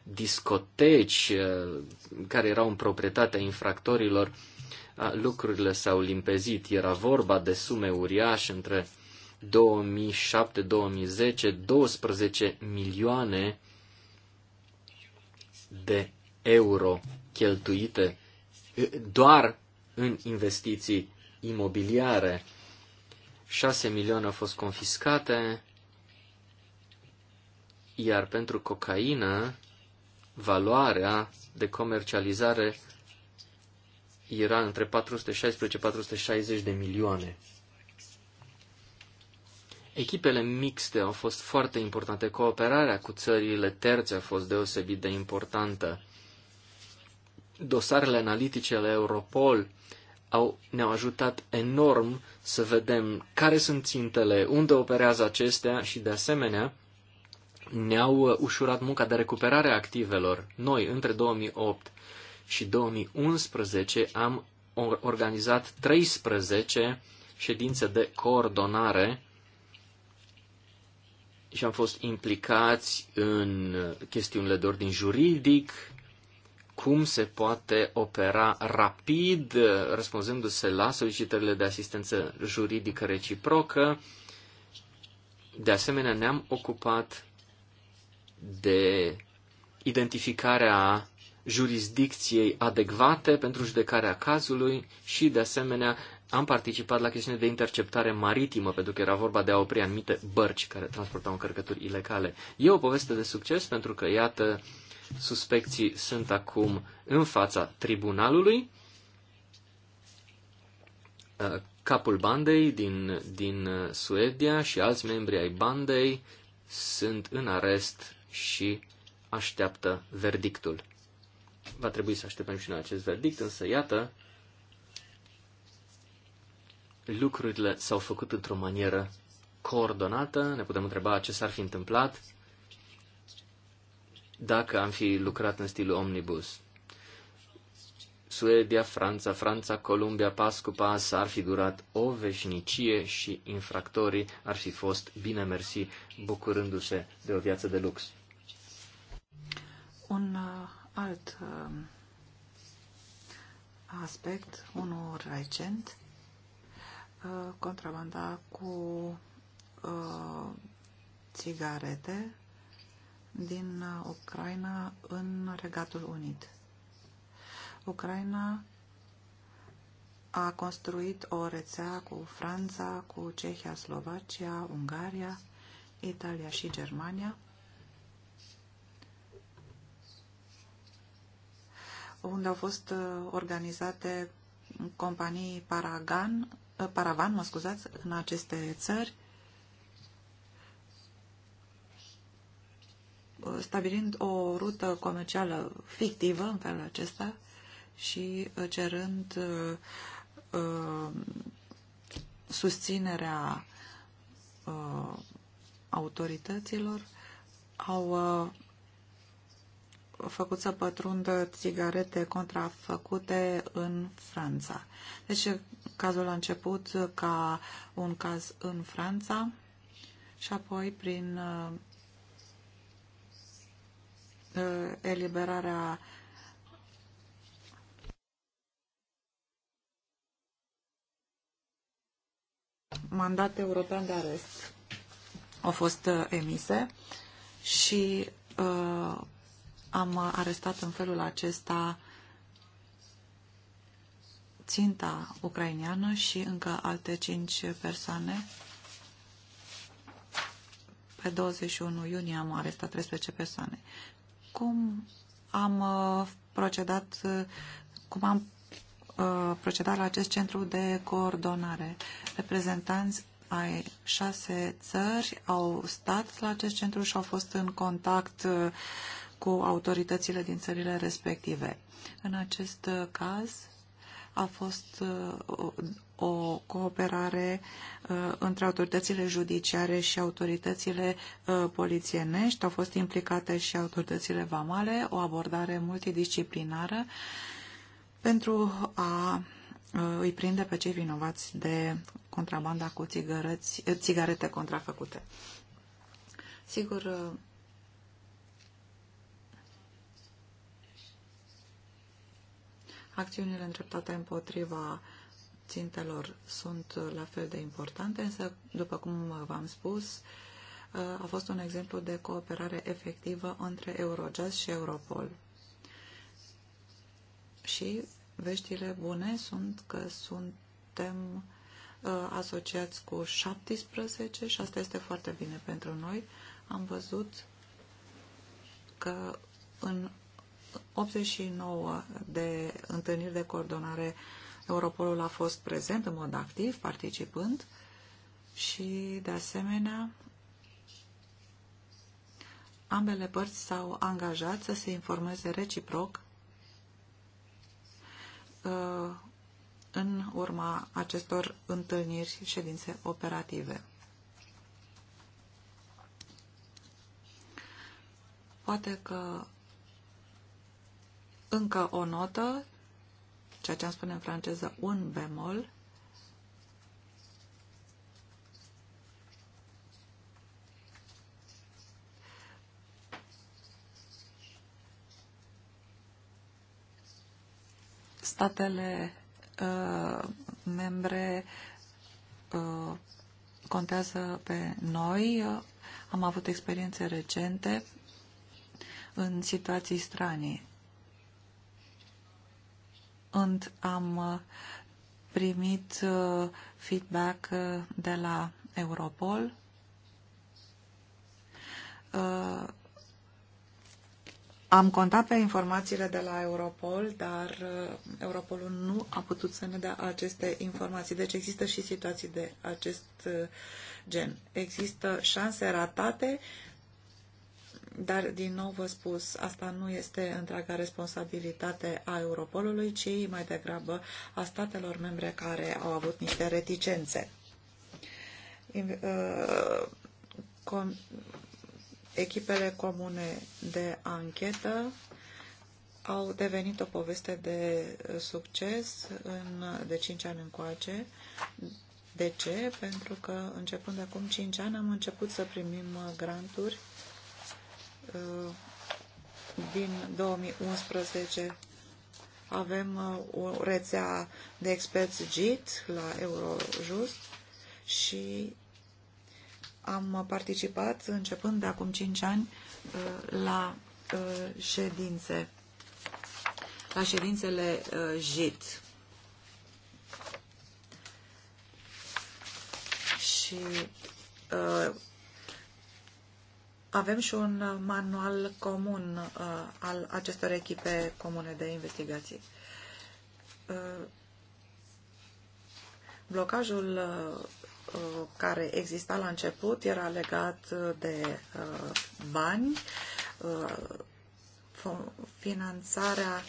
discoteci uh, care erau în proprietatea infractorilor, lucrurile s-au limpezit. Era vorba de sume uriașe între 2007-2010, 12 milioane de euro cheltuite doar în investiții imobiliare. 6 milioane au fost confiscate, iar pentru cocaină valoarea de comercializare era între 416-460 de milioane. Echipele mixte au fost foarte importante, cooperarea cu țările terțe a fost deosebit de importantă. Dosarele analitice ale Europol au, ne-au ajutat enorm să vedem care sunt țintele, unde operează acestea și, de asemenea, ne-au uh, ușurat munca de recuperare a activelor. Noi, între 2008 și 2011, am organizat 13 ședințe de coordonare și am fost implicați în chestiunile de ordin juridic, cum se poate opera rapid, uh, răspunzându-se la solicitările de asistență juridică reciprocă. De asemenea, ne-am ocupat de identificarea jurisdicției adecvate pentru judecarea cazului și, de asemenea, am participat la chestiune de interceptare maritimă, pentru că era vorba de a opri anumite bărci care transportau încărcături ilegale. E o poveste de succes pentru că, iată, suspecții sunt acum în fața tribunalului. Uh, capul bandei din, din uh, Suedia și alți membri ai bandei sunt în arest și așteaptă verdictul. Va trebui să așteptăm și noi acest verdict, însă iată, lucrurile s-au făcut într-o manieră coordonată, ne putem întreba ce s-ar fi întâmplat dacă am fi lucrat în stilul omnibus. Suedia, Franța, Franța, Columbia, pas cu pas, ar fi durat o veșnicie și infractorii ar fi fost bine mersi, bucurându-se de o viață de lux. Un uh, alt uh, aspect, unul recent, uh, contrabanda cu țigarete din Ucraina în Regatul Unit. Ucraina a construit o rețea cu Franța, cu Cehia, Slovacia, Ungaria, Italia și Germania unde au fost uh, organizate companii Paragan, uh, Paravan, mă scuzați, în aceste țări, uh, stabilind o rută comercială fictivă în felul acesta și cerând uh, susținerea uh, autorităților, au uh, făcut să pătrundă țigarete contrafăcute în Franța. Deci cazul a început ca un caz în Franța și apoi prin uh, eliberarea mandat european de arest au fost uh, emise și uh, am arestat în felul acesta ținta ucraineană și încă alte cinci persoane. Pe 21 iunie am arestat 13 persoane. Cum am uh, procedat, uh, cum am uh, procedat la acest centru de coordonare? Reprezentanți ai șase țări au stat la acest centru și au fost în contact cu autoritățile din țările respective. În acest uh, caz a fost uh, o cooperare uh, între autoritățile judiciare și autoritățile polițienești, au fost implicate și autoritățile vamale, o abordare multidisciplinară pentru a îi prinde pe cei vinovați de contrabanda cu țigarete contrafăcute. Sigur, Acțiunile îndreptate împotriva țintelor sunt la fel de importante, însă, după cum v-am spus, a fost un exemplu de cooperare efectivă între Eurojust și Europol. Și veștile bune sunt că suntem uh, asociați cu 17 și asta este foarte bine pentru noi. Am văzut că în 89 de întâlniri de coordonare Europolul a fost prezent în mod activ, participând și, de asemenea, ambele părți s-au angajat să se informeze reciproc uh, în urma acestor întâlniri și ședințe operative. Poate că încă o notă, ceea ce am spune în franceză, un bemol, statele uh, membre uh, contează pe noi. Am avut experiențe recente în situații stranii und am uh, primit uh, feedback uh, de la Europol, am contat pe informațiile de la Europol, dar Europolul nu a putut să ne dea aceste informații. Deci există și situații de acest gen. Există șanse ratate dar, din nou vă spus, asta nu este întreaga responsabilitate a Europolului, ci mai degrabă a statelor membre care au avut niște reticențe. Uh, com echipele comune de anchetă au devenit o poveste de succes în, de 5 ani încoace. De ce? Pentru că începând de acum 5 ani am început să primim granturi Uh, din 2011 avem uh, o rețea de experți JIT la Eurojust și am participat începând de acum 5 ani uh, la ședințe la ședințele JIT și avem și un uh, manual comun uh, al acestor echipe comune de investigații. Uh, blocajul uh, uh care exista la început era legat de uh, bani, uh, finanțarea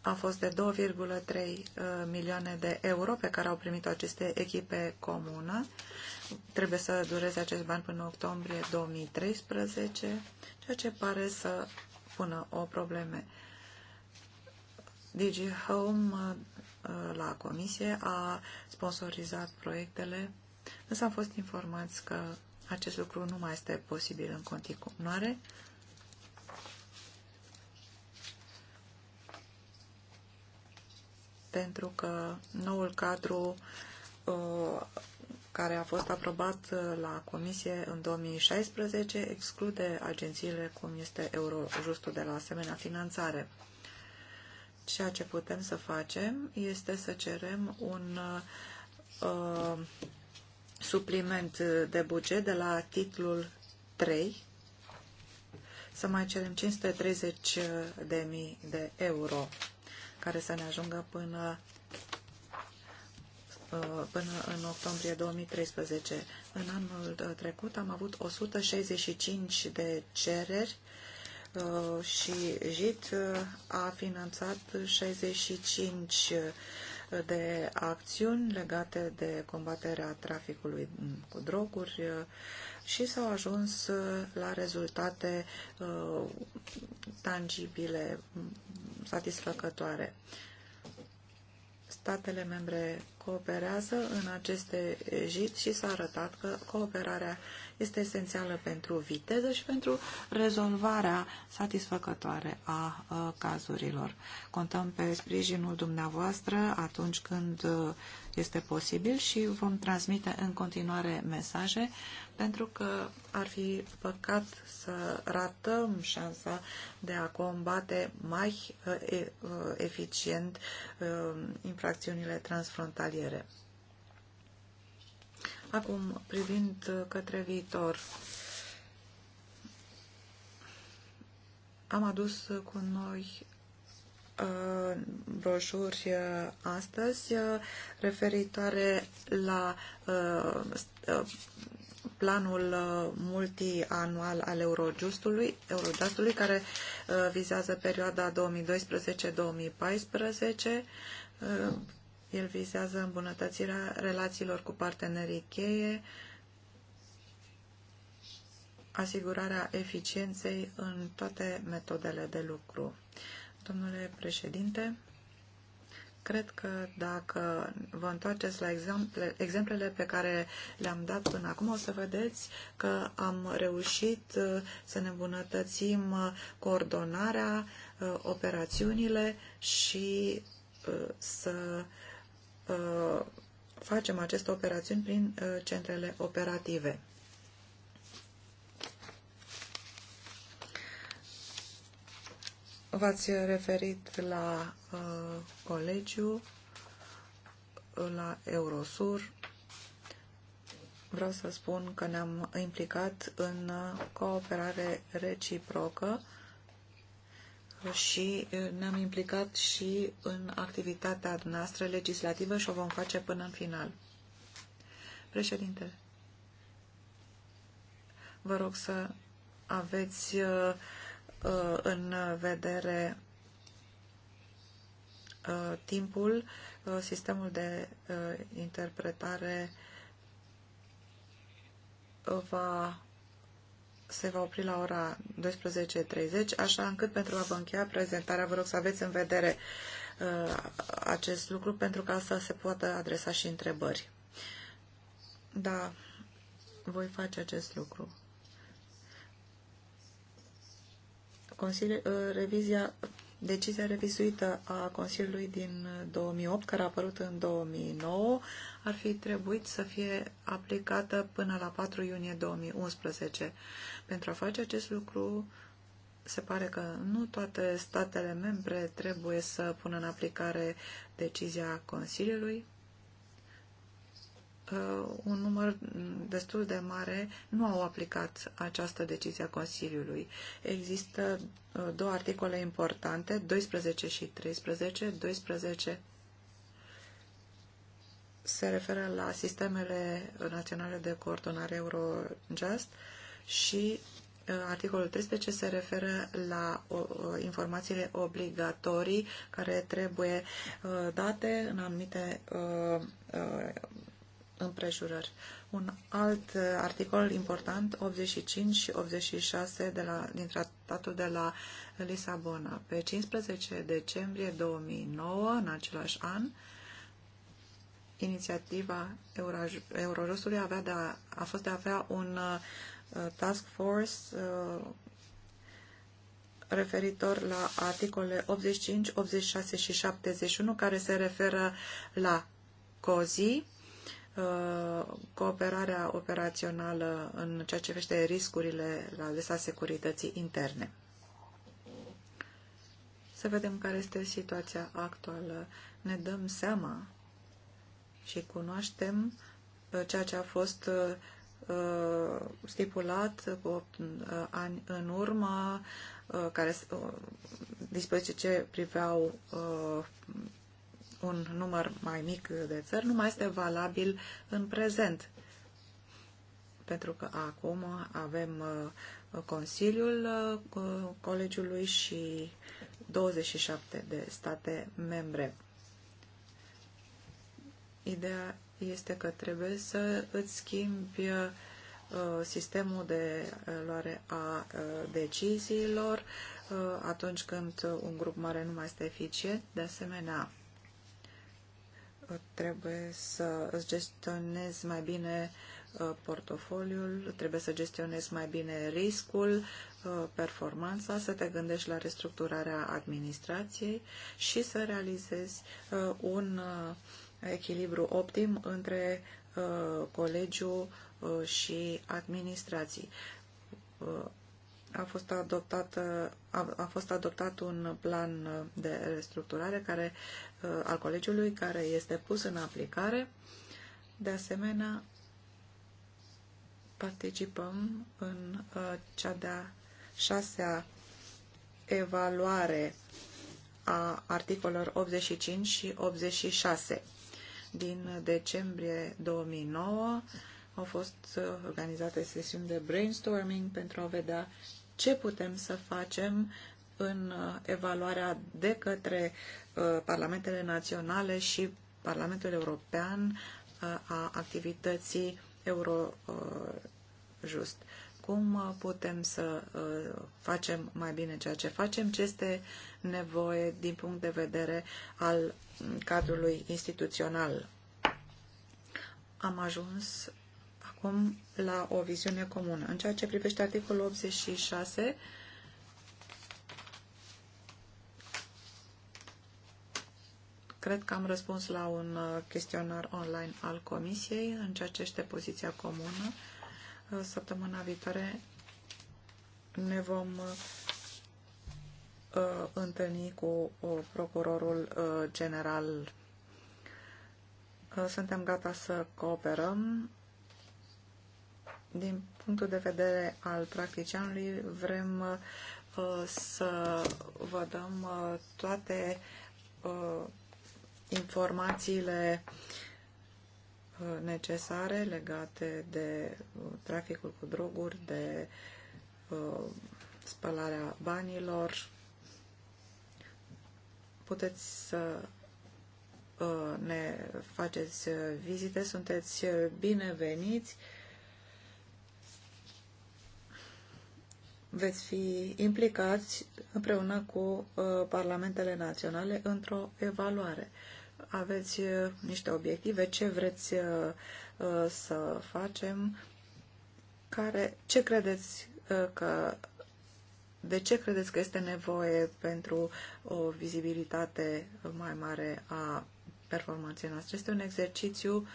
a fost de 2,3 uh, milioane de euro pe care au primit aceste echipe comune Trebuie să dureze acest ban până octombrie 2013, ceea ce pare să pună o probleme. Digi Home uh, la comisie a sponsorizat proiectele, însă am fost informați că acest lucru nu mai este posibil în continuare. pentru că noul cadru uh, care a fost aprobat uh, la Comisie în 2016 exclude agențiile cum este Eurojustul de la asemenea finanțare. Ceea ce putem să facem este să cerem un uh, supliment de buget de la titlul 3 să mai cerem 530.000 de euro care să ne ajungă până Uh, până în octombrie 2013. În anul uh, trecut am avut 165 de cereri uh, și JIT a finanțat 65 de acțiuni legate de combaterea traficului mm, cu droguri și s-au ajuns la rezultate tangibile, mm, satisfăcătoare statele membre cooperează în aceste JIT și s-a arătat că cooperarea este esențială pentru viteză și pentru rezolvarea satisfăcătoare a cazurilor. Contăm pe sprijinul dumneavoastră atunci când este posibil și vom transmite în continuare mesaje pentru că ar fi păcat să ratăm șansa de a combate mai uh, uh, eficient uh, infracțiunile transfrontaliere. Acum, privind către viitor, am adus cu noi broșuri astăzi referitoare la planul uh, multianual al Eurojustului, Eurojustului care uh, vizează perioada 2012-2014. Uh, el vizează îmbunătățirea relațiilor cu partenerii cheie, asigurarea eficienței în toate metodele de lucru. Domnule președinte, Cred că dacă vă întoarceți la exemple, exemplele pe care le-am dat până acum, o să vedeți că am reușit uh, să ne îmbunătățim uh, coordonarea, uh, operațiunile și să facem aceste operațiuni prin centrele operative. V-ați referit la uh, colegiu, la Eurosur. Vreau să spun că ne-am implicat în uh, cooperare reciprocă și uh, ne-am implicat și în activitatea noastră legislativă și o vom face până în final. Președinte. vă rog să aveți uh, Uh, în vedere uh, timpul, uh, sistemul de interpretare va, se va opri la ora 12.30, așa încât pentru a vă încheia prezentarea, vă rog să aveți în vedere acest lucru pentru ca să se poată adresa și întrebări. Da, voi face acest lucru. Consili, uh, revizia, decizia revizuită a Consiliului din 2008, uh, care a apărut în 2009, ar fi trebuit să fie aplicată până la 4 iunie 2011. Pentru a face acest lucru, se pare că nu toate statele membre trebuie să pună în aplicare decizia Consiliului, un număr destul de mare nu au aplicat această decizie a Consiliului. Există uh, două articole importante, 12 și 13. 12 se referă la sistemele naționale de coordonare Eurojust și uh, articolul 13 se referă la informațiile obligatorii care trebuie uh, date în anumite împrejurări. Un alt uh, articol important, 85 și 86 de la, din tratatul de la Lisabona. Pe 15 decembrie 2009, în același an, inițiativa Eurorusului avea de a, a fost de a avea un uh, task force uh, referitor la articolele 85, 86 și 71 care se referă la COZI, cooperarea operațională în ceea ce vește riscurile la adresa securității interne. Să vedem care este situația actuală. Ne dăm seama și cunoaștem uh, ceea ce a fost uh, uh, stipulat cu 8 ani în urmă, care dispoziții ce priveau un număr mai mic de țări nu mai este valabil în prezent. Pentru că acum avem uh, Consiliul uh, Colegiului și 27 de state membre. Ideea este că trebuie să îți schimbi uh, sistemul de luare a deciziilor atunci când un grup mare nu mai este eficient. De asemenea, trebuie să îți gestionezi mai bine uh, portofoliul, trebuie să gestionezi mai bine riscul, uh, performanța, să te gândești la restructurarea administrației și să realizezi uh, un echilibru optim între colegiu și administrații a fost, adoptat, a, a fost adoptat un plan de restructurare care, uh, al colegiului care este pus în aplicare. De asemenea, participăm în uh, cea de-a șasea evaluare a articolelor 85 și 86 din decembrie 2009 au fost uh, organizate sesiuni de brainstorming pentru a vedea ce putem să facem în uh, evaluarea de către uh, parlamentele naționale și Parlamentul European a activității Eurojust. Cum putem să facem mai bine ceea ce facem, ce este nevoie din punct de vedere al mm, cadrului instituțional. Am ajuns acum la o viziune comună. În ceea ce privește articolul 86, cred că am răspuns la un uh, chestionar online al Comisiei în ceea ce este poziția comună. Uh, săptămâna viitoare ne vom uh, uh, întâlni cu uh, procurorul uh, general. Uh, suntem gata să cooperăm din punctul de vedere al practicianului, vrem uh, să vă dăm uh, toate uh, informațiile uh, necesare legate de uh, traficul cu droguri, de uh, spălarea banilor. Puteți să ne faceți vizite, sunteți bineveniți veți fi implicați împreună cu uh, parlamentele naționale într-o evaluare. Aveți uh, niște obiective, ce vreți uh, să facem, care, ce credeți că de ce credeți că este nevoie pentru o vizibilitate mai mare a performanței noastre? Este un exercițiu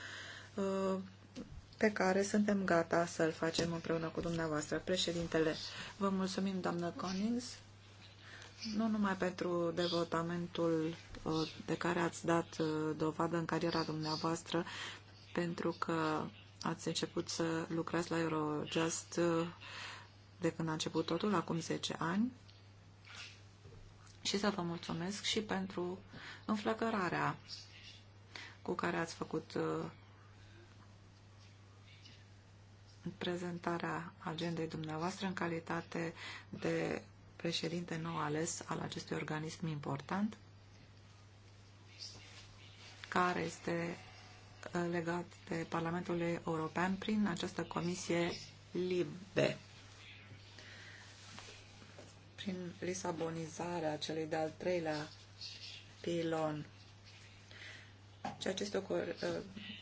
pe care suntem gata să-l facem împreună cu dumneavoastră, președintele. Vă mulțumim, doamnă Conings, nu numai pentru devotamentul uh, de care ați dat uh, dovadă în cariera dumneavoastră, pentru că ați început să lucrați la Eurojust uh, de când a început totul, acum 10 ani, și să vă mulțumesc și pentru înflăcărarea cu care ați făcut prezentarea agendei dumneavoastră în calitate de președinte nou ales al acestui organism important, care este uh, legat de Parlamentul European prin această comisie LIBE. Prin lisabonizarea celui de-al treilea pilon ceea ce este o co- uh,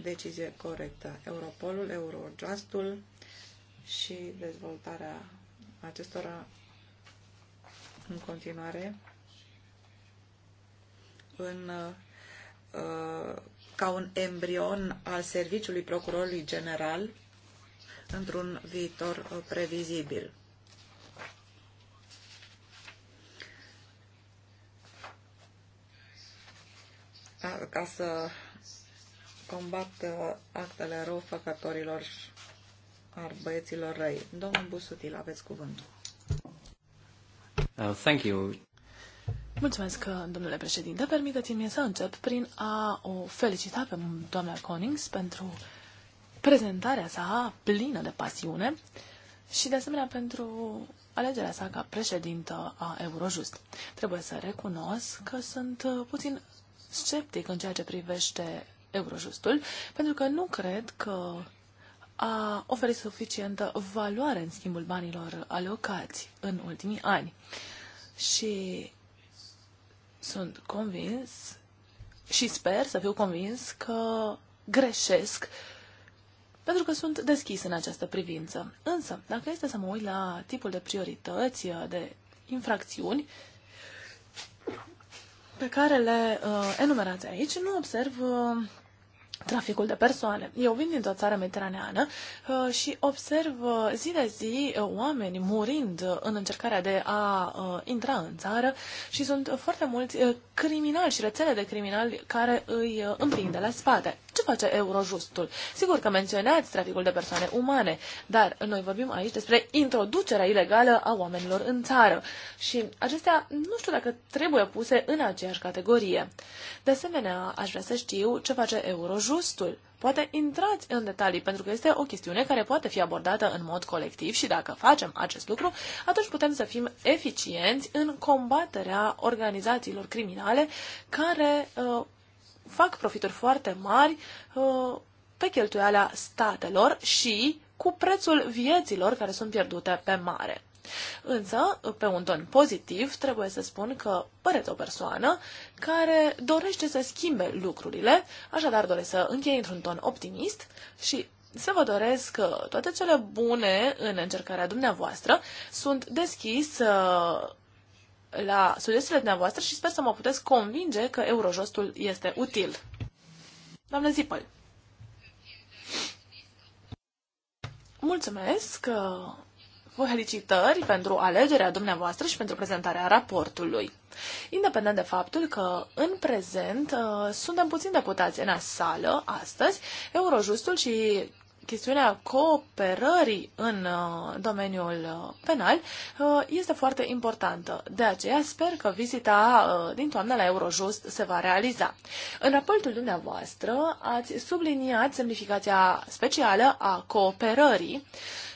decizie corectă. Europolul, Eurojustul și dezvoltarea acestora în continuare în, uh, ca un embrion al serviciului procurorului general într-un viitor uh, previzibil. ca să combat uh, actele răufăcătorilor ar băieților răi. Domnul Busutil, aveți cuvântul. Uh, thank you. Mulțumesc, uh, domnule președinte. Permiteți-mi să încep prin a o felicita pe doamna Conings pentru prezentarea sa plină de pasiune și, de asemenea, pentru alegerea sa ca președintă a Eurojust. Trebuie să recunosc că sunt uh, puțin sceptic în ceea ce privește Eurojustul, pentru că nu cred că a oferit suficientă valoare în schimbul banilor alocați în ultimii ani. Și sunt convins și sper să fiu convins că greșesc pentru că sunt deschis în această privință. Însă, dacă este să mă uit la tipul de priorități, de infracțiuni, pe care le uh, enumerați aici, nu observ uh, traficul de persoane. Eu vin dintr-o țară mediteraneană uh, și observ uh, zi de zi uh, oameni murind uh, în încercarea de a uh, intra în țară și sunt uh, foarte mulți uh, criminali și rețele de criminali care îi uh, împing de la spate. Ce face Eurojustul? Sigur că menționați traficul de persoane umane, dar noi vorbim aici despre introducerea ilegală a oamenilor în țară și acestea nu știu dacă trebuie puse în aceeași categorie. De asemenea, aș vrea să știu ce face Eurojustul. Poate intrați în detalii, pentru că este o chestiune care poate fi abordată în mod colectiv și dacă facem acest lucru, atunci putem să fim eficienți în combaterea organizațiilor criminale care uh, fac profituri foarte mari uh, pe cheltuiala statelor și cu prețul vieților care sunt pierdute pe mare. Însă, pe un ton pozitiv, trebuie să spun că păreți o persoană care dorește să schimbe lucrurile, așadar doresc să încheie într-un ton optimist și să vă doresc că toate cele bune în încercarea dumneavoastră sunt deschis uh, la sugestiile dumneavoastră și sper să mă puteți convinge că Eurojustul este util. Doamne Zipăl! Mulțumesc! Uh, vă felicitări pentru alegerea dumneavoastră și pentru prezentarea raportului. Independent de faptul că în prezent uh, suntem puțin deputați în sală astăzi, Eurojustul și chestiunea cooperării în uh, domeniul uh, penal uh, este foarte importantă. De aceea sper că vizita din toamnă la Eurojust se va realiza. În raportul dumneavoastră ați subliniat semnificația specială a cooperării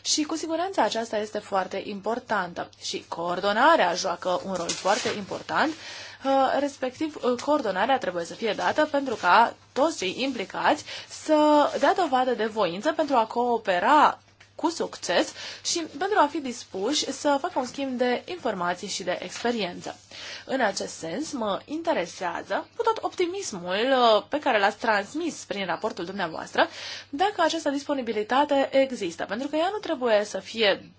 și cu siguranță aceasta este foarte importantă și coordonarea joacă un rol foarte important respectiv uh, coordonarea trebuie să fie dată pentru ca toți cei implicați să dea dovadă de voință pentru a coopera cu succes și pentru a fi dispuși să facă un schimb de informații și de experiență. În acest sens, mă interesează, cu tot optimismul uh, pe care l-ați transmis prin raportul dumneavoastră, dacă această disponibilitate există, pentru că ea nu trebuie să fie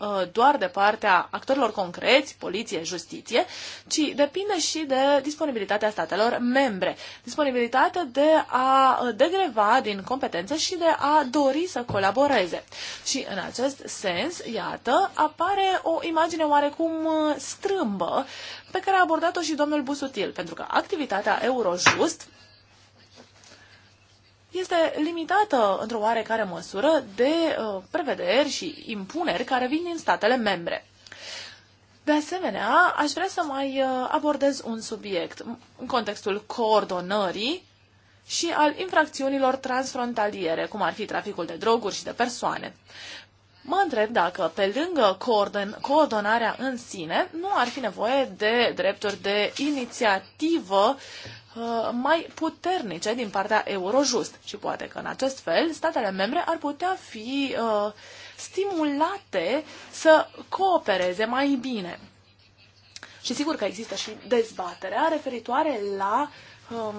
Uh, doar de partea actorilor concreți, poliție, justiție, ci depinde și de disponibilitatea statelor membre. Disponibilitatea de a degreva din competențe și de a dori să colaboreze. Și în acest sens, iată, apare o imagine oarecum uh, strâmbă pe care a abordat-o și domnul Busutil, pentru că activitatea Eurojust este limitată într-o oarecare măsură de uh, prevederi și impuneri care vin din statele membre. De asemenea, aș vrea să mai uh, abordez un subiect în contextul coordonării și al infracțiunilor transfrontaliere, cum ar fi traficul de droguri și de persoane. Mă întreb dacă, pe lângă coordon- coordonarea în sine, nu ar fi nevoie de drepturi de inițiativă uh, Uh, mai puternice din partea Eurojust și poate că în acest fel statele membre ar putea fi uh, stimulate să coopereze mai bine. Și sigur că există și dezbaterea referitoare la um,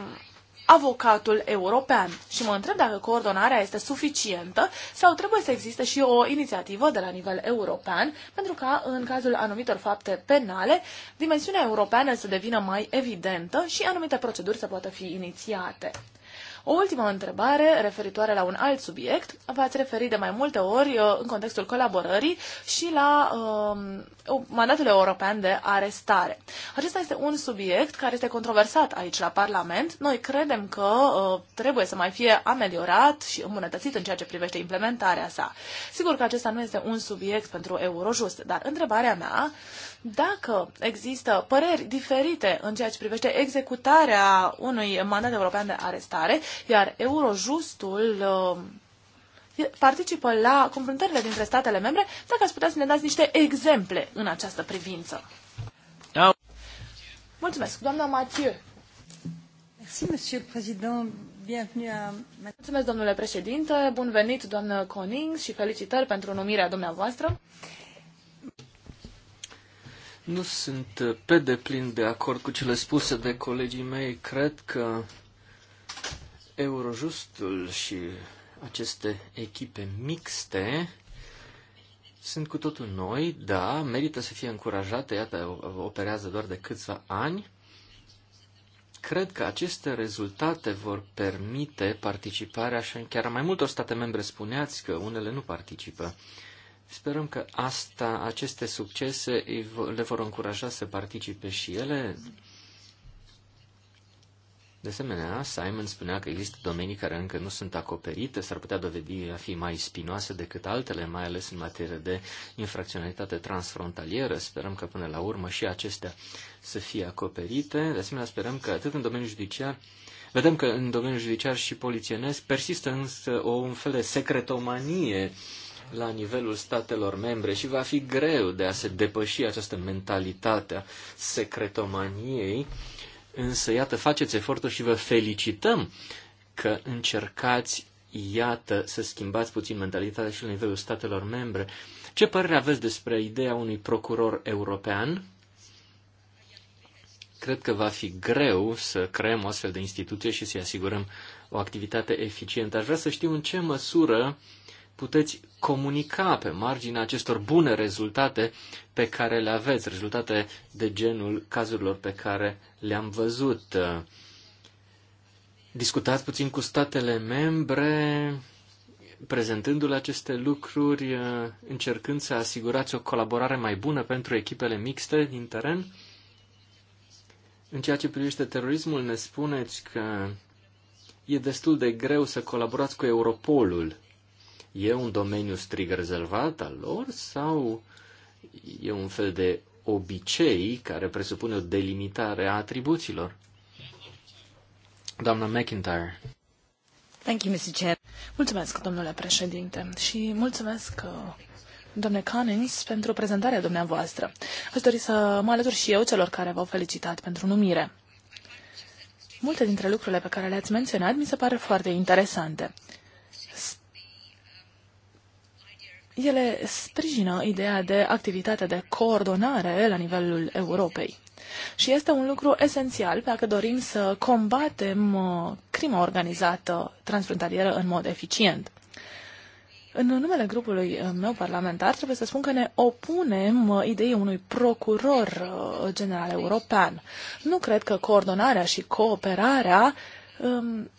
avocatul european. Și mă întreb dacă coordonarea este suficientă sau trebuie să existe și o inițiativă de la nivel european, pentru ca, în cazul anumitor fapte penale, dimensiunea europeană să devină mai evidentă și anumite proceduri să poată fi inițiate. O ultimă întrebare referitoare la un alt subiect. V-ați referit de mai multe ori uh, în contextul colaborării și la um, mandatul european de arestare. Acesta este un subiect care este controversat aici la Parlament. Noi credem că uh, trebuie să mai fie ameliorat și îmbunătățit în ceea ce privește implementarea sa. Sigur că acesta nu este un subiect pentru Eurojust, dar întrebarea mea uh, dacă există păreri diferite în ceea ce privește executarea unui mandat european de arestare, iar Eurojustul uh, participă la confruntările dintre statele membre, dacă ați putea să ne dați niște exemple în această privință. Da. Mulțumesc, doamna Mathieu. Merci, monsieur le président. Mulțumesc, domnule președinte. Bun venit, doamnă Conings, și felicitări pentru numirea dumneavoastră. Nu sunt uh, pe deplin de acord cu cele spuse de colegii mei. Cred că Eurojustul și aceste echipe mixte sunt cu totul noi, da, merită să fie încurajate, iată, operează doar de câțiva ani. Cred că aceste rezultate vor permite participarea și chiar mai multor state membre spuneați că unele nu participă. Uh, Sperăm că asta, aceste succese le vor încuraja să participe și ele. De asemenea, Simon spunea că există domenii care încă nu sunt acoperite, s-ar putea dovedi a fi mai spinoase decât altele, mai ales în materie de infracționalitate transfrontalieră. Sperăm că până la urmă și acestea să fie acoperite. De asemenea, sperăm că atât în domeniul judiciar, vedem că în domeniul judiciar și polițienesc persistă însă o un fel de secretomanie uh, la nivelul statelor membre și va fi greu de a se depăși această mentalitate a secretomaniei, însă iată, faceți efortul și vă felicităm că încercați, iată, să schimbați puțin mentalitatea și la nivelul statelor membre. Ce părere aveți despre ideea unui procuror european? Cred că va fi greu să creăm o astfel de instituție și să-i asigurăm o activitate eficientă. Aș vrea să știu în ce măsură puteți comunica pe marginea acestor bune rezultate pe care le aveți, rezultate de genul cazurilor pe care le-am văzut. Discutați puțin cu statele membre, prezentându-le aceste lucruri, încercând să asigurați o colaborare mai bună pentru echipele mixte din teren. În ceea ce privește terorismul, ne spuneți că e destul de greu să colaborați cu Europolul E un domeniu strig rezervat al lor sau e un fel de obicei care presupune o delimitare a atribuțiilor? Doamna McIntyre. Thank you, Mr. Chair. Mulțumesc, domnule președinte, și mulțumesc uh, Domnule Cunnings, pentru prezentarea dumneavoastră. Aș dori să mă alătur și eu celor care v-au felicitat pentru numire. Multe dintre lucrurile pe care le-ați menționat mi se pare foarte interesante. Ele sprijină ideea de activitate de coordonare la nivelul Europei. Și este un lucru esențial dacă dorim să combatem uh, crima organizată transfrontalieră în mod eficient. În numele grupului uh, meu parlamentar trebuie să spun că ne opunem uh, ideii unui procuror general european. Nu cred că coordonarea și cooperarea um,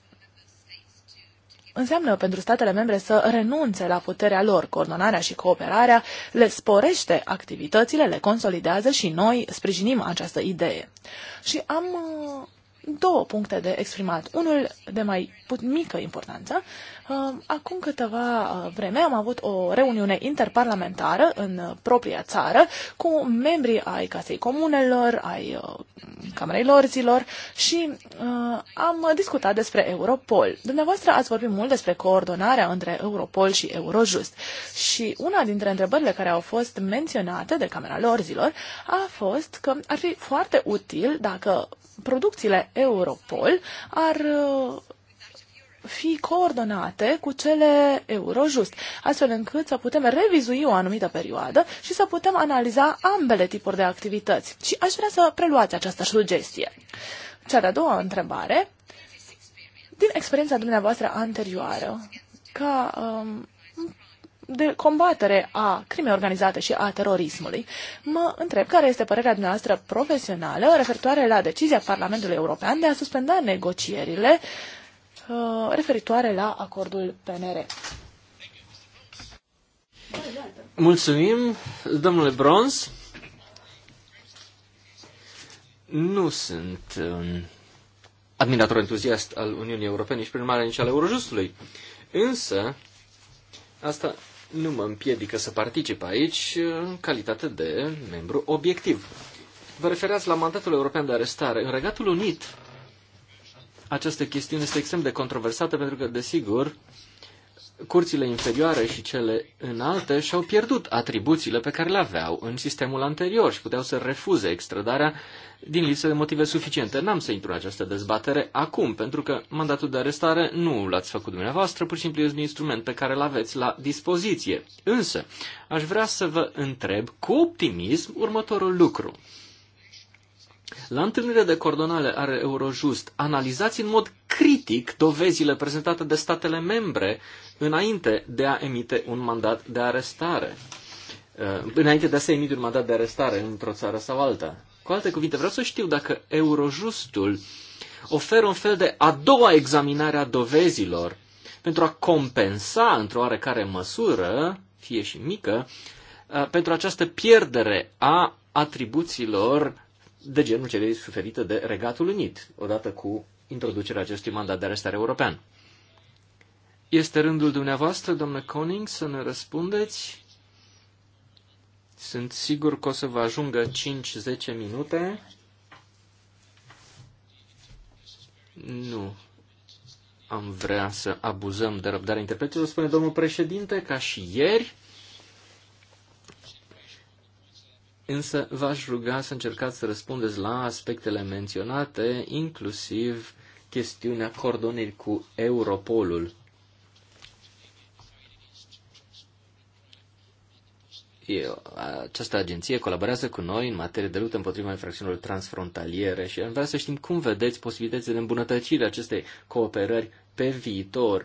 înseamnă pentru statele membre să renunțe la puterea lor. Coordonarea și cooperarea le sporește activitățile, le consolidează și noi sprijinim această idee. Și am uh, două puncte de exprimat. Unul de mai mică importanță, Uh, acum câteva uh, vreme am avut o reuniune interparlamentară în uh, propria țară cu membrii ai Casei Comunelor, ai Camerei Lorzilor și am discutat despre Europol. Dumneavoastră ați vorbit mult despre coordonarea între Europol și Eurojust și una dintre întrebările care au fost menționate de Camera Lorzilor a fost că ar fi foarte util dacă producțiile Europol ar fi coordonate cu cele Eurojust, astfel încât să putem revizui o anumită perioadă și să putem analiza ambele tipuri de activități. Și aș vrea să preluați această sugestie. Cea de-a doua întrebare, din experiența dumneavoastră anterioară, ca um, de combatere a crimei organizate și a terorismului. Mă întreb care este părerea dumneavoastră profesională referitoare la decizia Parlamentului European de a suspenda negocierile uh, Uh, referitoare la acordul PNR. Mulțumim, domnule Bronz. Nu sunt um, admirator entuziast al Uniunii Europene, și prin mare, nici al Eurojustului. Însă, asta nu mă împiedică să particip aici în calitate de membru obiectiv. Vă referați la mandatul european de arestare. În Regatul Unit, această chestiune este extrem de controversată pentru că, desigur, curțile inferioare și cele înalte și-au pierdut atribuțiile pe care le aveau în sistemul anterior și puteau să refuze extradarea din lipsă de motive suficiente. N-am să intru în această dezbatere acum, pentru că mandatul de arestare nu l-ați făcut dumneavoastră, pur și simplu este un instrument pe care îl aveți la dispoziție. Însă, aș vrea să vă întreb cu optimism următorul lucru. La întâlnirea de coordonare are Eurojust, analizați în mod critic dovezile prezentate de statele membre înainte de a emite un mandat de arestare. Uh, înainte de a se emite un mandat de arestare într-o țară sau alta. Cu alte cuvinte, vreau să știu dacă Eurojustul oferă un fel de a doua examinare a dovezilor pentru a compensa într-o oarecare măsură, fie și mică, uh, pentru această pierdere a atribuțiilor de genul celei suferite de Regatul Unit, odată cu introducerea acestui mandat de arestare european. Este rândul dumneavoastră, domnule Coning, să ne răspundeți. Sunt sigur că o să vă ajungă 5-10 minute. Nu. Am vrea să abuzăm de răbdarea interpreților, spune domnul președinte, ca și ieri. însă v-aș ruga să încercați să răspundeți la aspectele menționate, inclusiv chestiunea coordonării cu Europolul. Această agenție colaborează cu noi în materie de luptă împotriva infracțiunilor transfrontaliere și am vrea să știm cum vedeți posibilitățile de îmbunătățire acestei cooperări pe viitor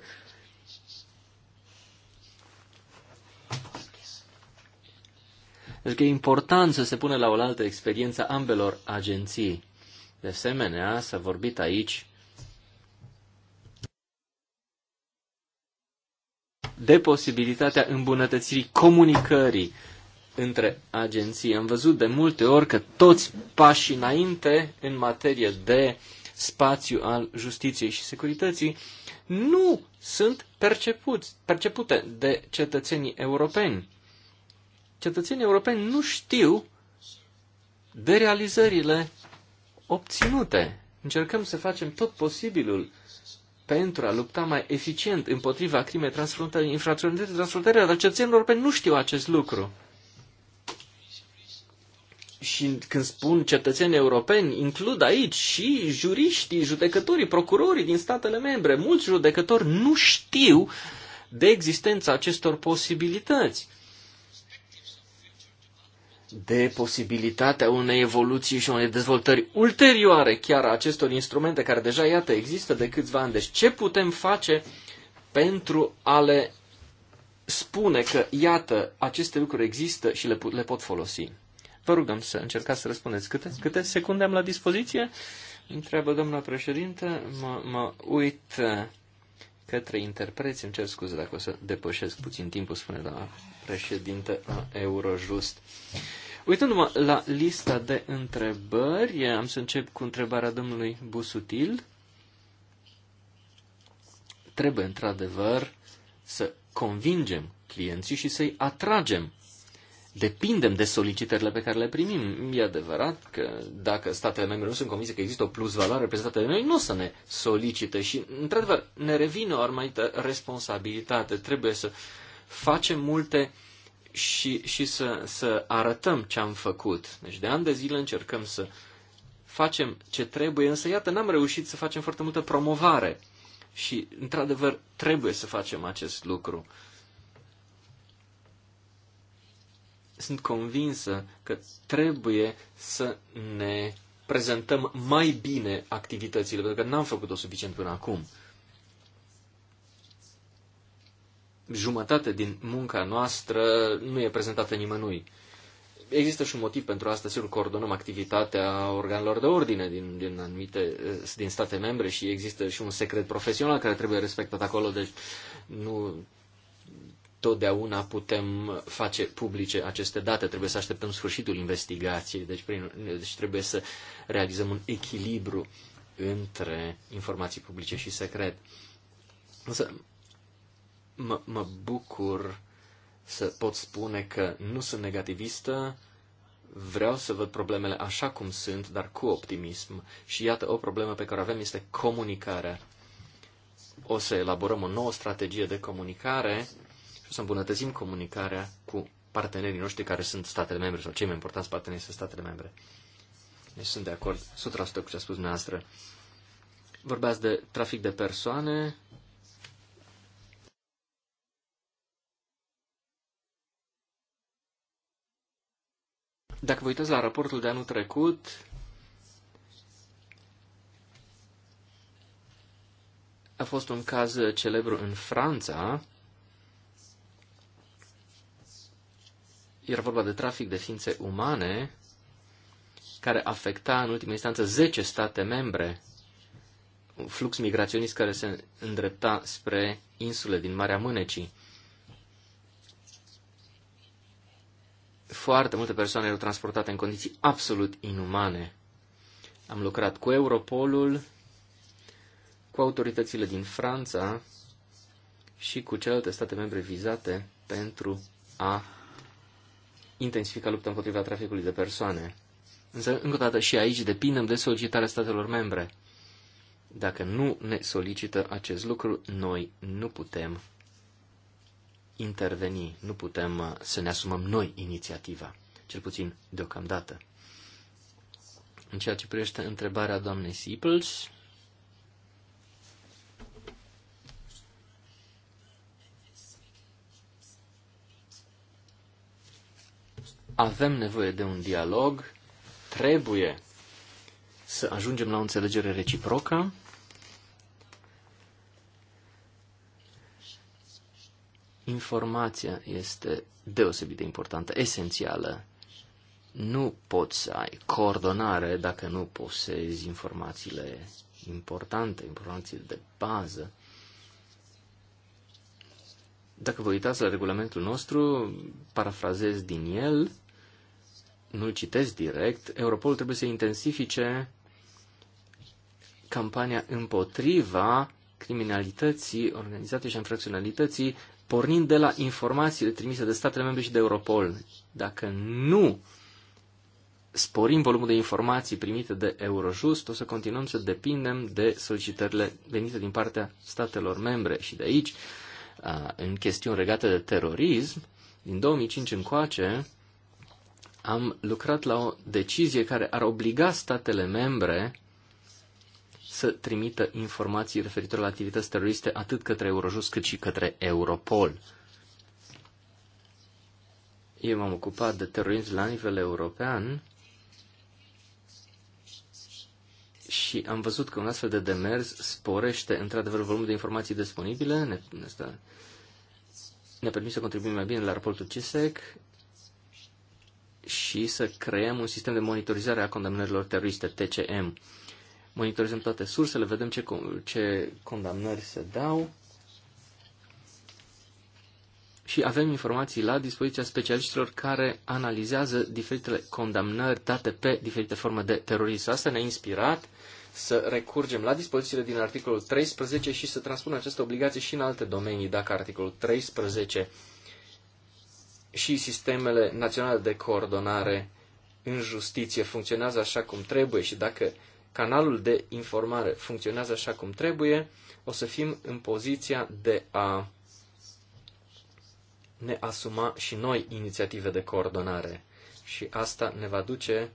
Deci că e important să se pune la oaltă experiența ambelor agenții. De asemenea, s-a vorbit aici de posibilitatea îmbunătățirii comunicării între agenții. Am văzut de multe ori că toți pașii înainte în materie de spațiu al justiției și securității nu sunt percepuți, percepute de cetățenii europeni cetățenii europeni nu știu de realizările obținute. Încercăm să facem tot posibilul pentru a lupta mai eficient împotriva crimei transfrontale, infracționalității transfrontaliere, dar cetățenii europeni nu știu acest lucru. Și când spun cetățenii europeni, includ aici și juriștii, judecătorii, procurorii din statele membre. Mulți judecători nu știu de existența acestor posibilități de posibilitatea unei evoluții și unei dezvoltări ulterioare chiar a acestor instrumente care deja, iată, există de câțiva ani. Deci ce putem face pentru a le spune că, iată, aceste lucruri există și le, le pot folosi? Vă rugăm să încercați să răspundeți. Câte, câte secunde am la dispoziție? Întreabă doamna președinte, mă, mă uit către interpreți. Îmi cer scuze dacă o să depășesc puțin timpul, spune la președinte la Eurojust. Uitându-mă la lista de întrebări, am să încep cu întrebarea domnului Busutil. Trebuie, într-adevăr, să convingem clienții și să-i atragem depindem de solicitările pe care le primim. E adevărat că dacă statele membre nu sunt convinse că există o plus valoare reprezentată de noi, nu o să ne solicite și, într-adevăr, ne revine o armată responsabilitate. Trebuie să facem multe și, și să, să arătăm ce am făcut. Deci de ani de zile încercăm să facem ce trebuie, însă iată, n-am reușit să facem foarte multă promovare. Și, într-adevăr, trebuie să facem acest lucru. sunt convinsă că trebuie să ne prezentăm mai bine activitățile, pentru că n-am făcut-o suficient până acum. Jumătate din munca noastră nu e prezentată nimănui. Există și un motiv pentru asta, sigur, coordonăm activitatea organelor de ordine din, din anumite din state membre și există și un secret profesional care trebuie respectat acolo, deci nu totdeauna putem face publice aceste date. Trebuie să așteptăm sfârșitul investigației, deci, prin, deci trebuie să realizăm un echilibru între informații publice și secret. Însă mă, mă bucur să pot spune că nu sunt negativistă, vreau să văd problemele așa cum sunt, dar cu optimism. Și iată, o problemă pe care o avem este comunicarea. O să elaborăm o nouă strategie de comunicare să îmbunătățim comunicarea cu partenerii noștri care sunt statele membre sau cei mai importanți parteneri sunt statele membre. Deci sunt de acord 100% cu ce a spus dumneavoastră. Vorbeați de trafic de persoane. Dacă vă uitați la raportul de anul trecut, a fost un caz celebru în Franța, Era vorba de trafic de ființe umane care afecta în ultima instanță 10 state membre, un flux migraționist care se îndrepta spre insule din Marea Mânecii. Foarte multe persoane erau transportate în condiții absolut inumane. Am lucrat cu Europolul, cu autoritățile din Franța și cu celelalte state membre vizate pentru a Intensifică lupta împotriva traficului de persoane. Însă, încă o dată, și aici depindem de solicitarea statelor membre. Dacă nu ne solicită acest lucru, noi nu putem interveni, nu putem uh, să ne asumăm noi inițiativa, cel puțin deocamdată. În ceea ce privește întrebarea doamnei Sipels, Avem nevoie de un dialog, trebuie să ajungem la o înțelegere reciprocă. Informația este deosebit de importantă, esențială. Nu poți să ai coordonare dacă nu posezi informațiile importante, informațiile de bază. Dacă vă uitați la regulamentul nostru, parafrazez din el, nu-l citesc direct, Europol trebuie să intensifice campania împotriva criminalității organizate și infracționalității, pornind de la informațiile trimise de statele membre și de Europol. Dacă nu sporim volumul de informații primite de Eurojust, o să continuăm să depindem de solicitările venite din partea statelor membre. Și de aici, în chestiuni legate de terorism, din 2005 încoace, am lucrat la o decizie care ar obliga statele membre să trimită informații referitoare la activități teroriste atât către Eurojust cât și către Europol. Eu m-am ocupat de terorism la nivel european și am văzut că un astfel de demers sporește într-adevăr volumul de informații disponibile, ne, ne, ne permite să contribuim mai bine la raportul CISEC și să creăm un sistem de monitorizare a condamnărilor teroriste, TCM. Monitorizăm toate sursele, vedem ce, ce condamnări se dau și avem informații la dispoziția specialiștilor care analizează diferitele condamnări date pe diferite forme de terorism. Asta ne-a inspirat să recurgem la dispozițiile din articolul 13 și să transpunem această obligație și în alte domenii, dacă articolul 13 și sistemele naționale de coordonare în justiție funcționează așa cum trebuie și dacă canalul de informare funcționează așa cum trebuie, o să fim în poziția de a ne asuma și noi inițiative de coordonare. Și asta ne va duce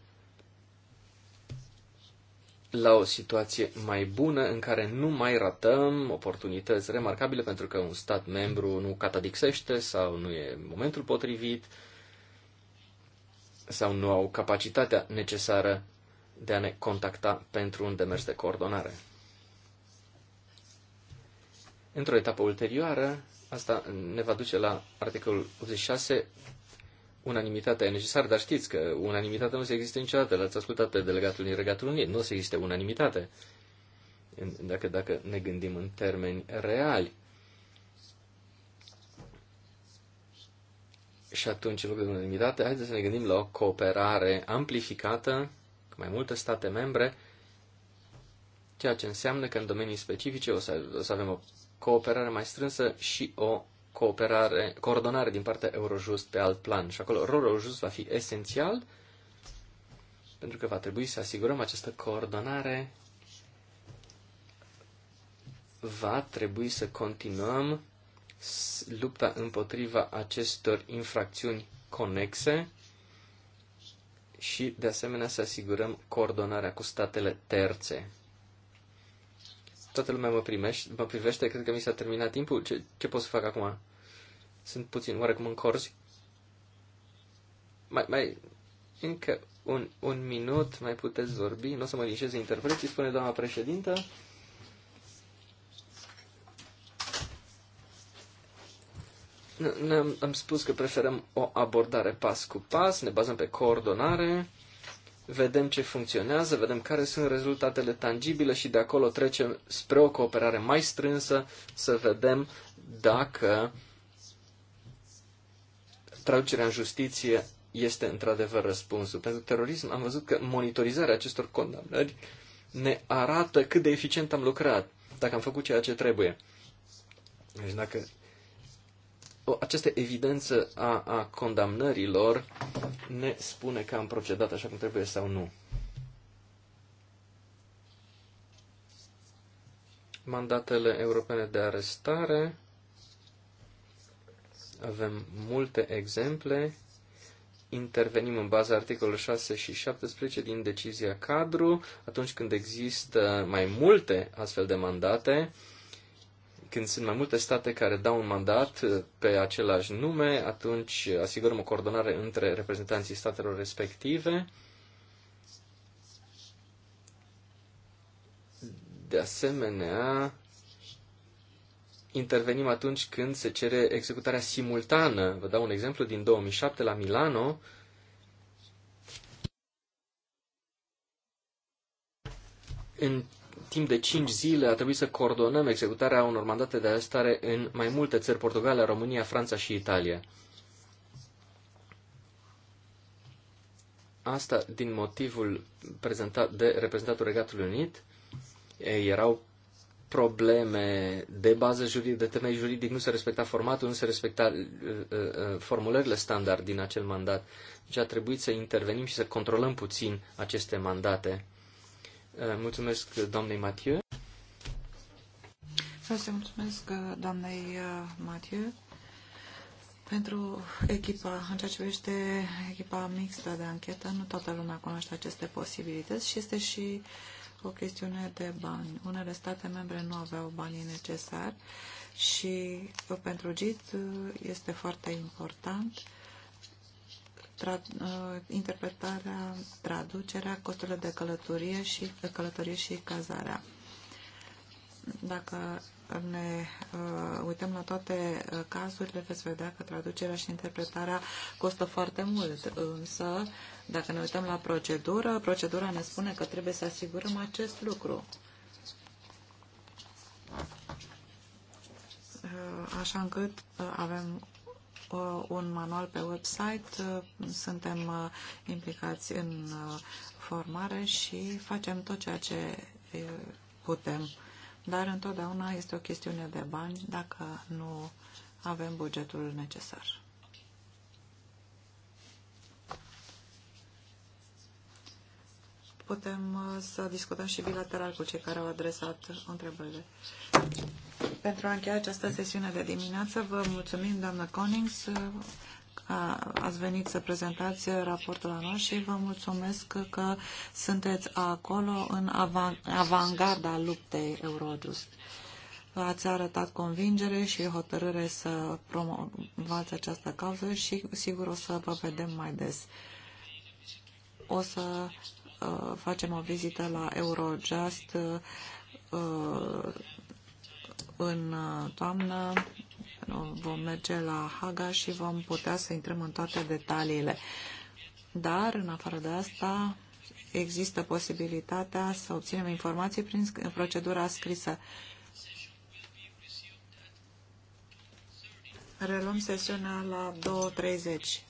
la o situație mai bună în care nu mai ratăm oportunități remarcabile pentru că un stat membru nu catadixește sau nu e momentul potrivit sau nu au capacitatea necesară de a ne contacta pentru un demers de coordonare. Într-o etapă ulterioară, asta ne va duce la articolul 86, unanimitatea e necesară, dar știți că unanimitatea nu se există niciodată. L-ați ascultat pe delegatul din Regatul Unit. Nu se există unanimitate. Dacă, dacă ne gândim în termeni reali. Și atunci, în loc de unanimitate, haideți să ne gândim la o cooperare amplificată cu mai multe state membre, ceea ce înseamnă că în domenii specifice o să, o să avem o cooperare mai strânsă și o cooperare, coordonare din partea Eurojust pe alt plan. Și acolo rolul Eurojust va fi esențial pentru că va trebui să asigurăm această coordonare. Va trebui să continuăm lupta împotriva acestor infracțiuni conexe și, de asemenea, să asigurăm coordonarea cu statele terțe. Toată lumea mă, primește, mă privește, cred că mi s-a terminat timpul. Ce, ce pot să fac acum? sunt puțin oarecum încorzi. Mai, mai, încă un, un minut, mai puteți vorbi, nu o să mă linșez interpreții, spune doamna președintă. Ne-am am spus că preferăm o abordare pas cu pas, ne bazăm pe coordonare, vedem ce funcționează, vedem care sunt rezultatele tangibile și de acolo trecem spre o cooperare mai strânsă să vedem dacă uh, traducerea în justiție este într-adevăr răspunsul. Pentru terorism am văzut că monitorizarea acestor condamnări ne arată cât de eficient am lucrat, dacă am făcut ceea ce trebuie. Deci dacă o, această evidență a, a condamnărilor ne spune că am procedat așa cum trebuie sau nu. Mandatele europene de arestare avem multe exemple. Intervenim în baza articolului 6 și 17 din decizia cadru, atunci când există mai multe astfel de mandate, când sunt mai multe state care dau un mandat uh, pe același nume, atunci asigurăm o coordonare între reprezentanții statelor respective. De asemenea, intervenim atunci când se cere executarea simultană. Vă dau un exemplu din 2007 la Milano. În timp de 5 zile a trebuit să coordonăm executarea unor mandate de arestare în mai multe țări, Portugalia, România, Franța și Italia. Asta din motivul prezentat de reprezentantul Regatului Unit. Ei erau probleme de bază juridică, de temei juridic, nu se respecta formatul, nu se respecta uh, uh, uh, formulările standard din acel mandat. Deci a trebuit să intervenim și să controlăm puțin aceste mandate. Mulțumesc doamnei Mathieu. Vreau să mulțumesc doamnei Mathieu pentru echipa, în ceea ce privește echipa mixtă de anchetă. Nu toată lumea cunoaște aceste posibilități și este și uh, o chestiune de bani. Unele state membre nu aveau banii necesari și uh, pentru GIT uh, este foarte important tra, uh, interpretarea, traducerea, costurile de călătorie și, de călătorie și cazarea. Dacă ne uh, uităm la toate uh, cazurile, veți vedea că traducerea și interpretarea costă foarte mult. Însă, dacă ne uităm la procedură, procedura ne spune că trebuie să asigurăm acest lucru. Uh, așa încât avem un manual pe website, suntem implicați în formare și facem tot ceea ce putem dar întotdeauna este o chestiune de bani dacă nu avem bugetul necesar. Putem uh, să discutăm și bilateral cu cei care au adresat întrebările. Pentru a încheia această sesiune de dimineață, vă mulțumim, doamnă Conings ați venit să prezentați raportul anual și vă mulțumesc că sunteți acolo în avangarda luptei Eurojust. Ați arătat convingere și hotărâre să promovați această cauză și sigur o să vă vedem mai des. O să uh, facem o vizită la Eurojust uh, în toamnă Vom merge la Haga și vom putea să intrăm în toate detaliile. Dar, în afară de asta, există posibilitatea să obținem informații prin procedura scrisă. Reluăm sesiunea la 2.30.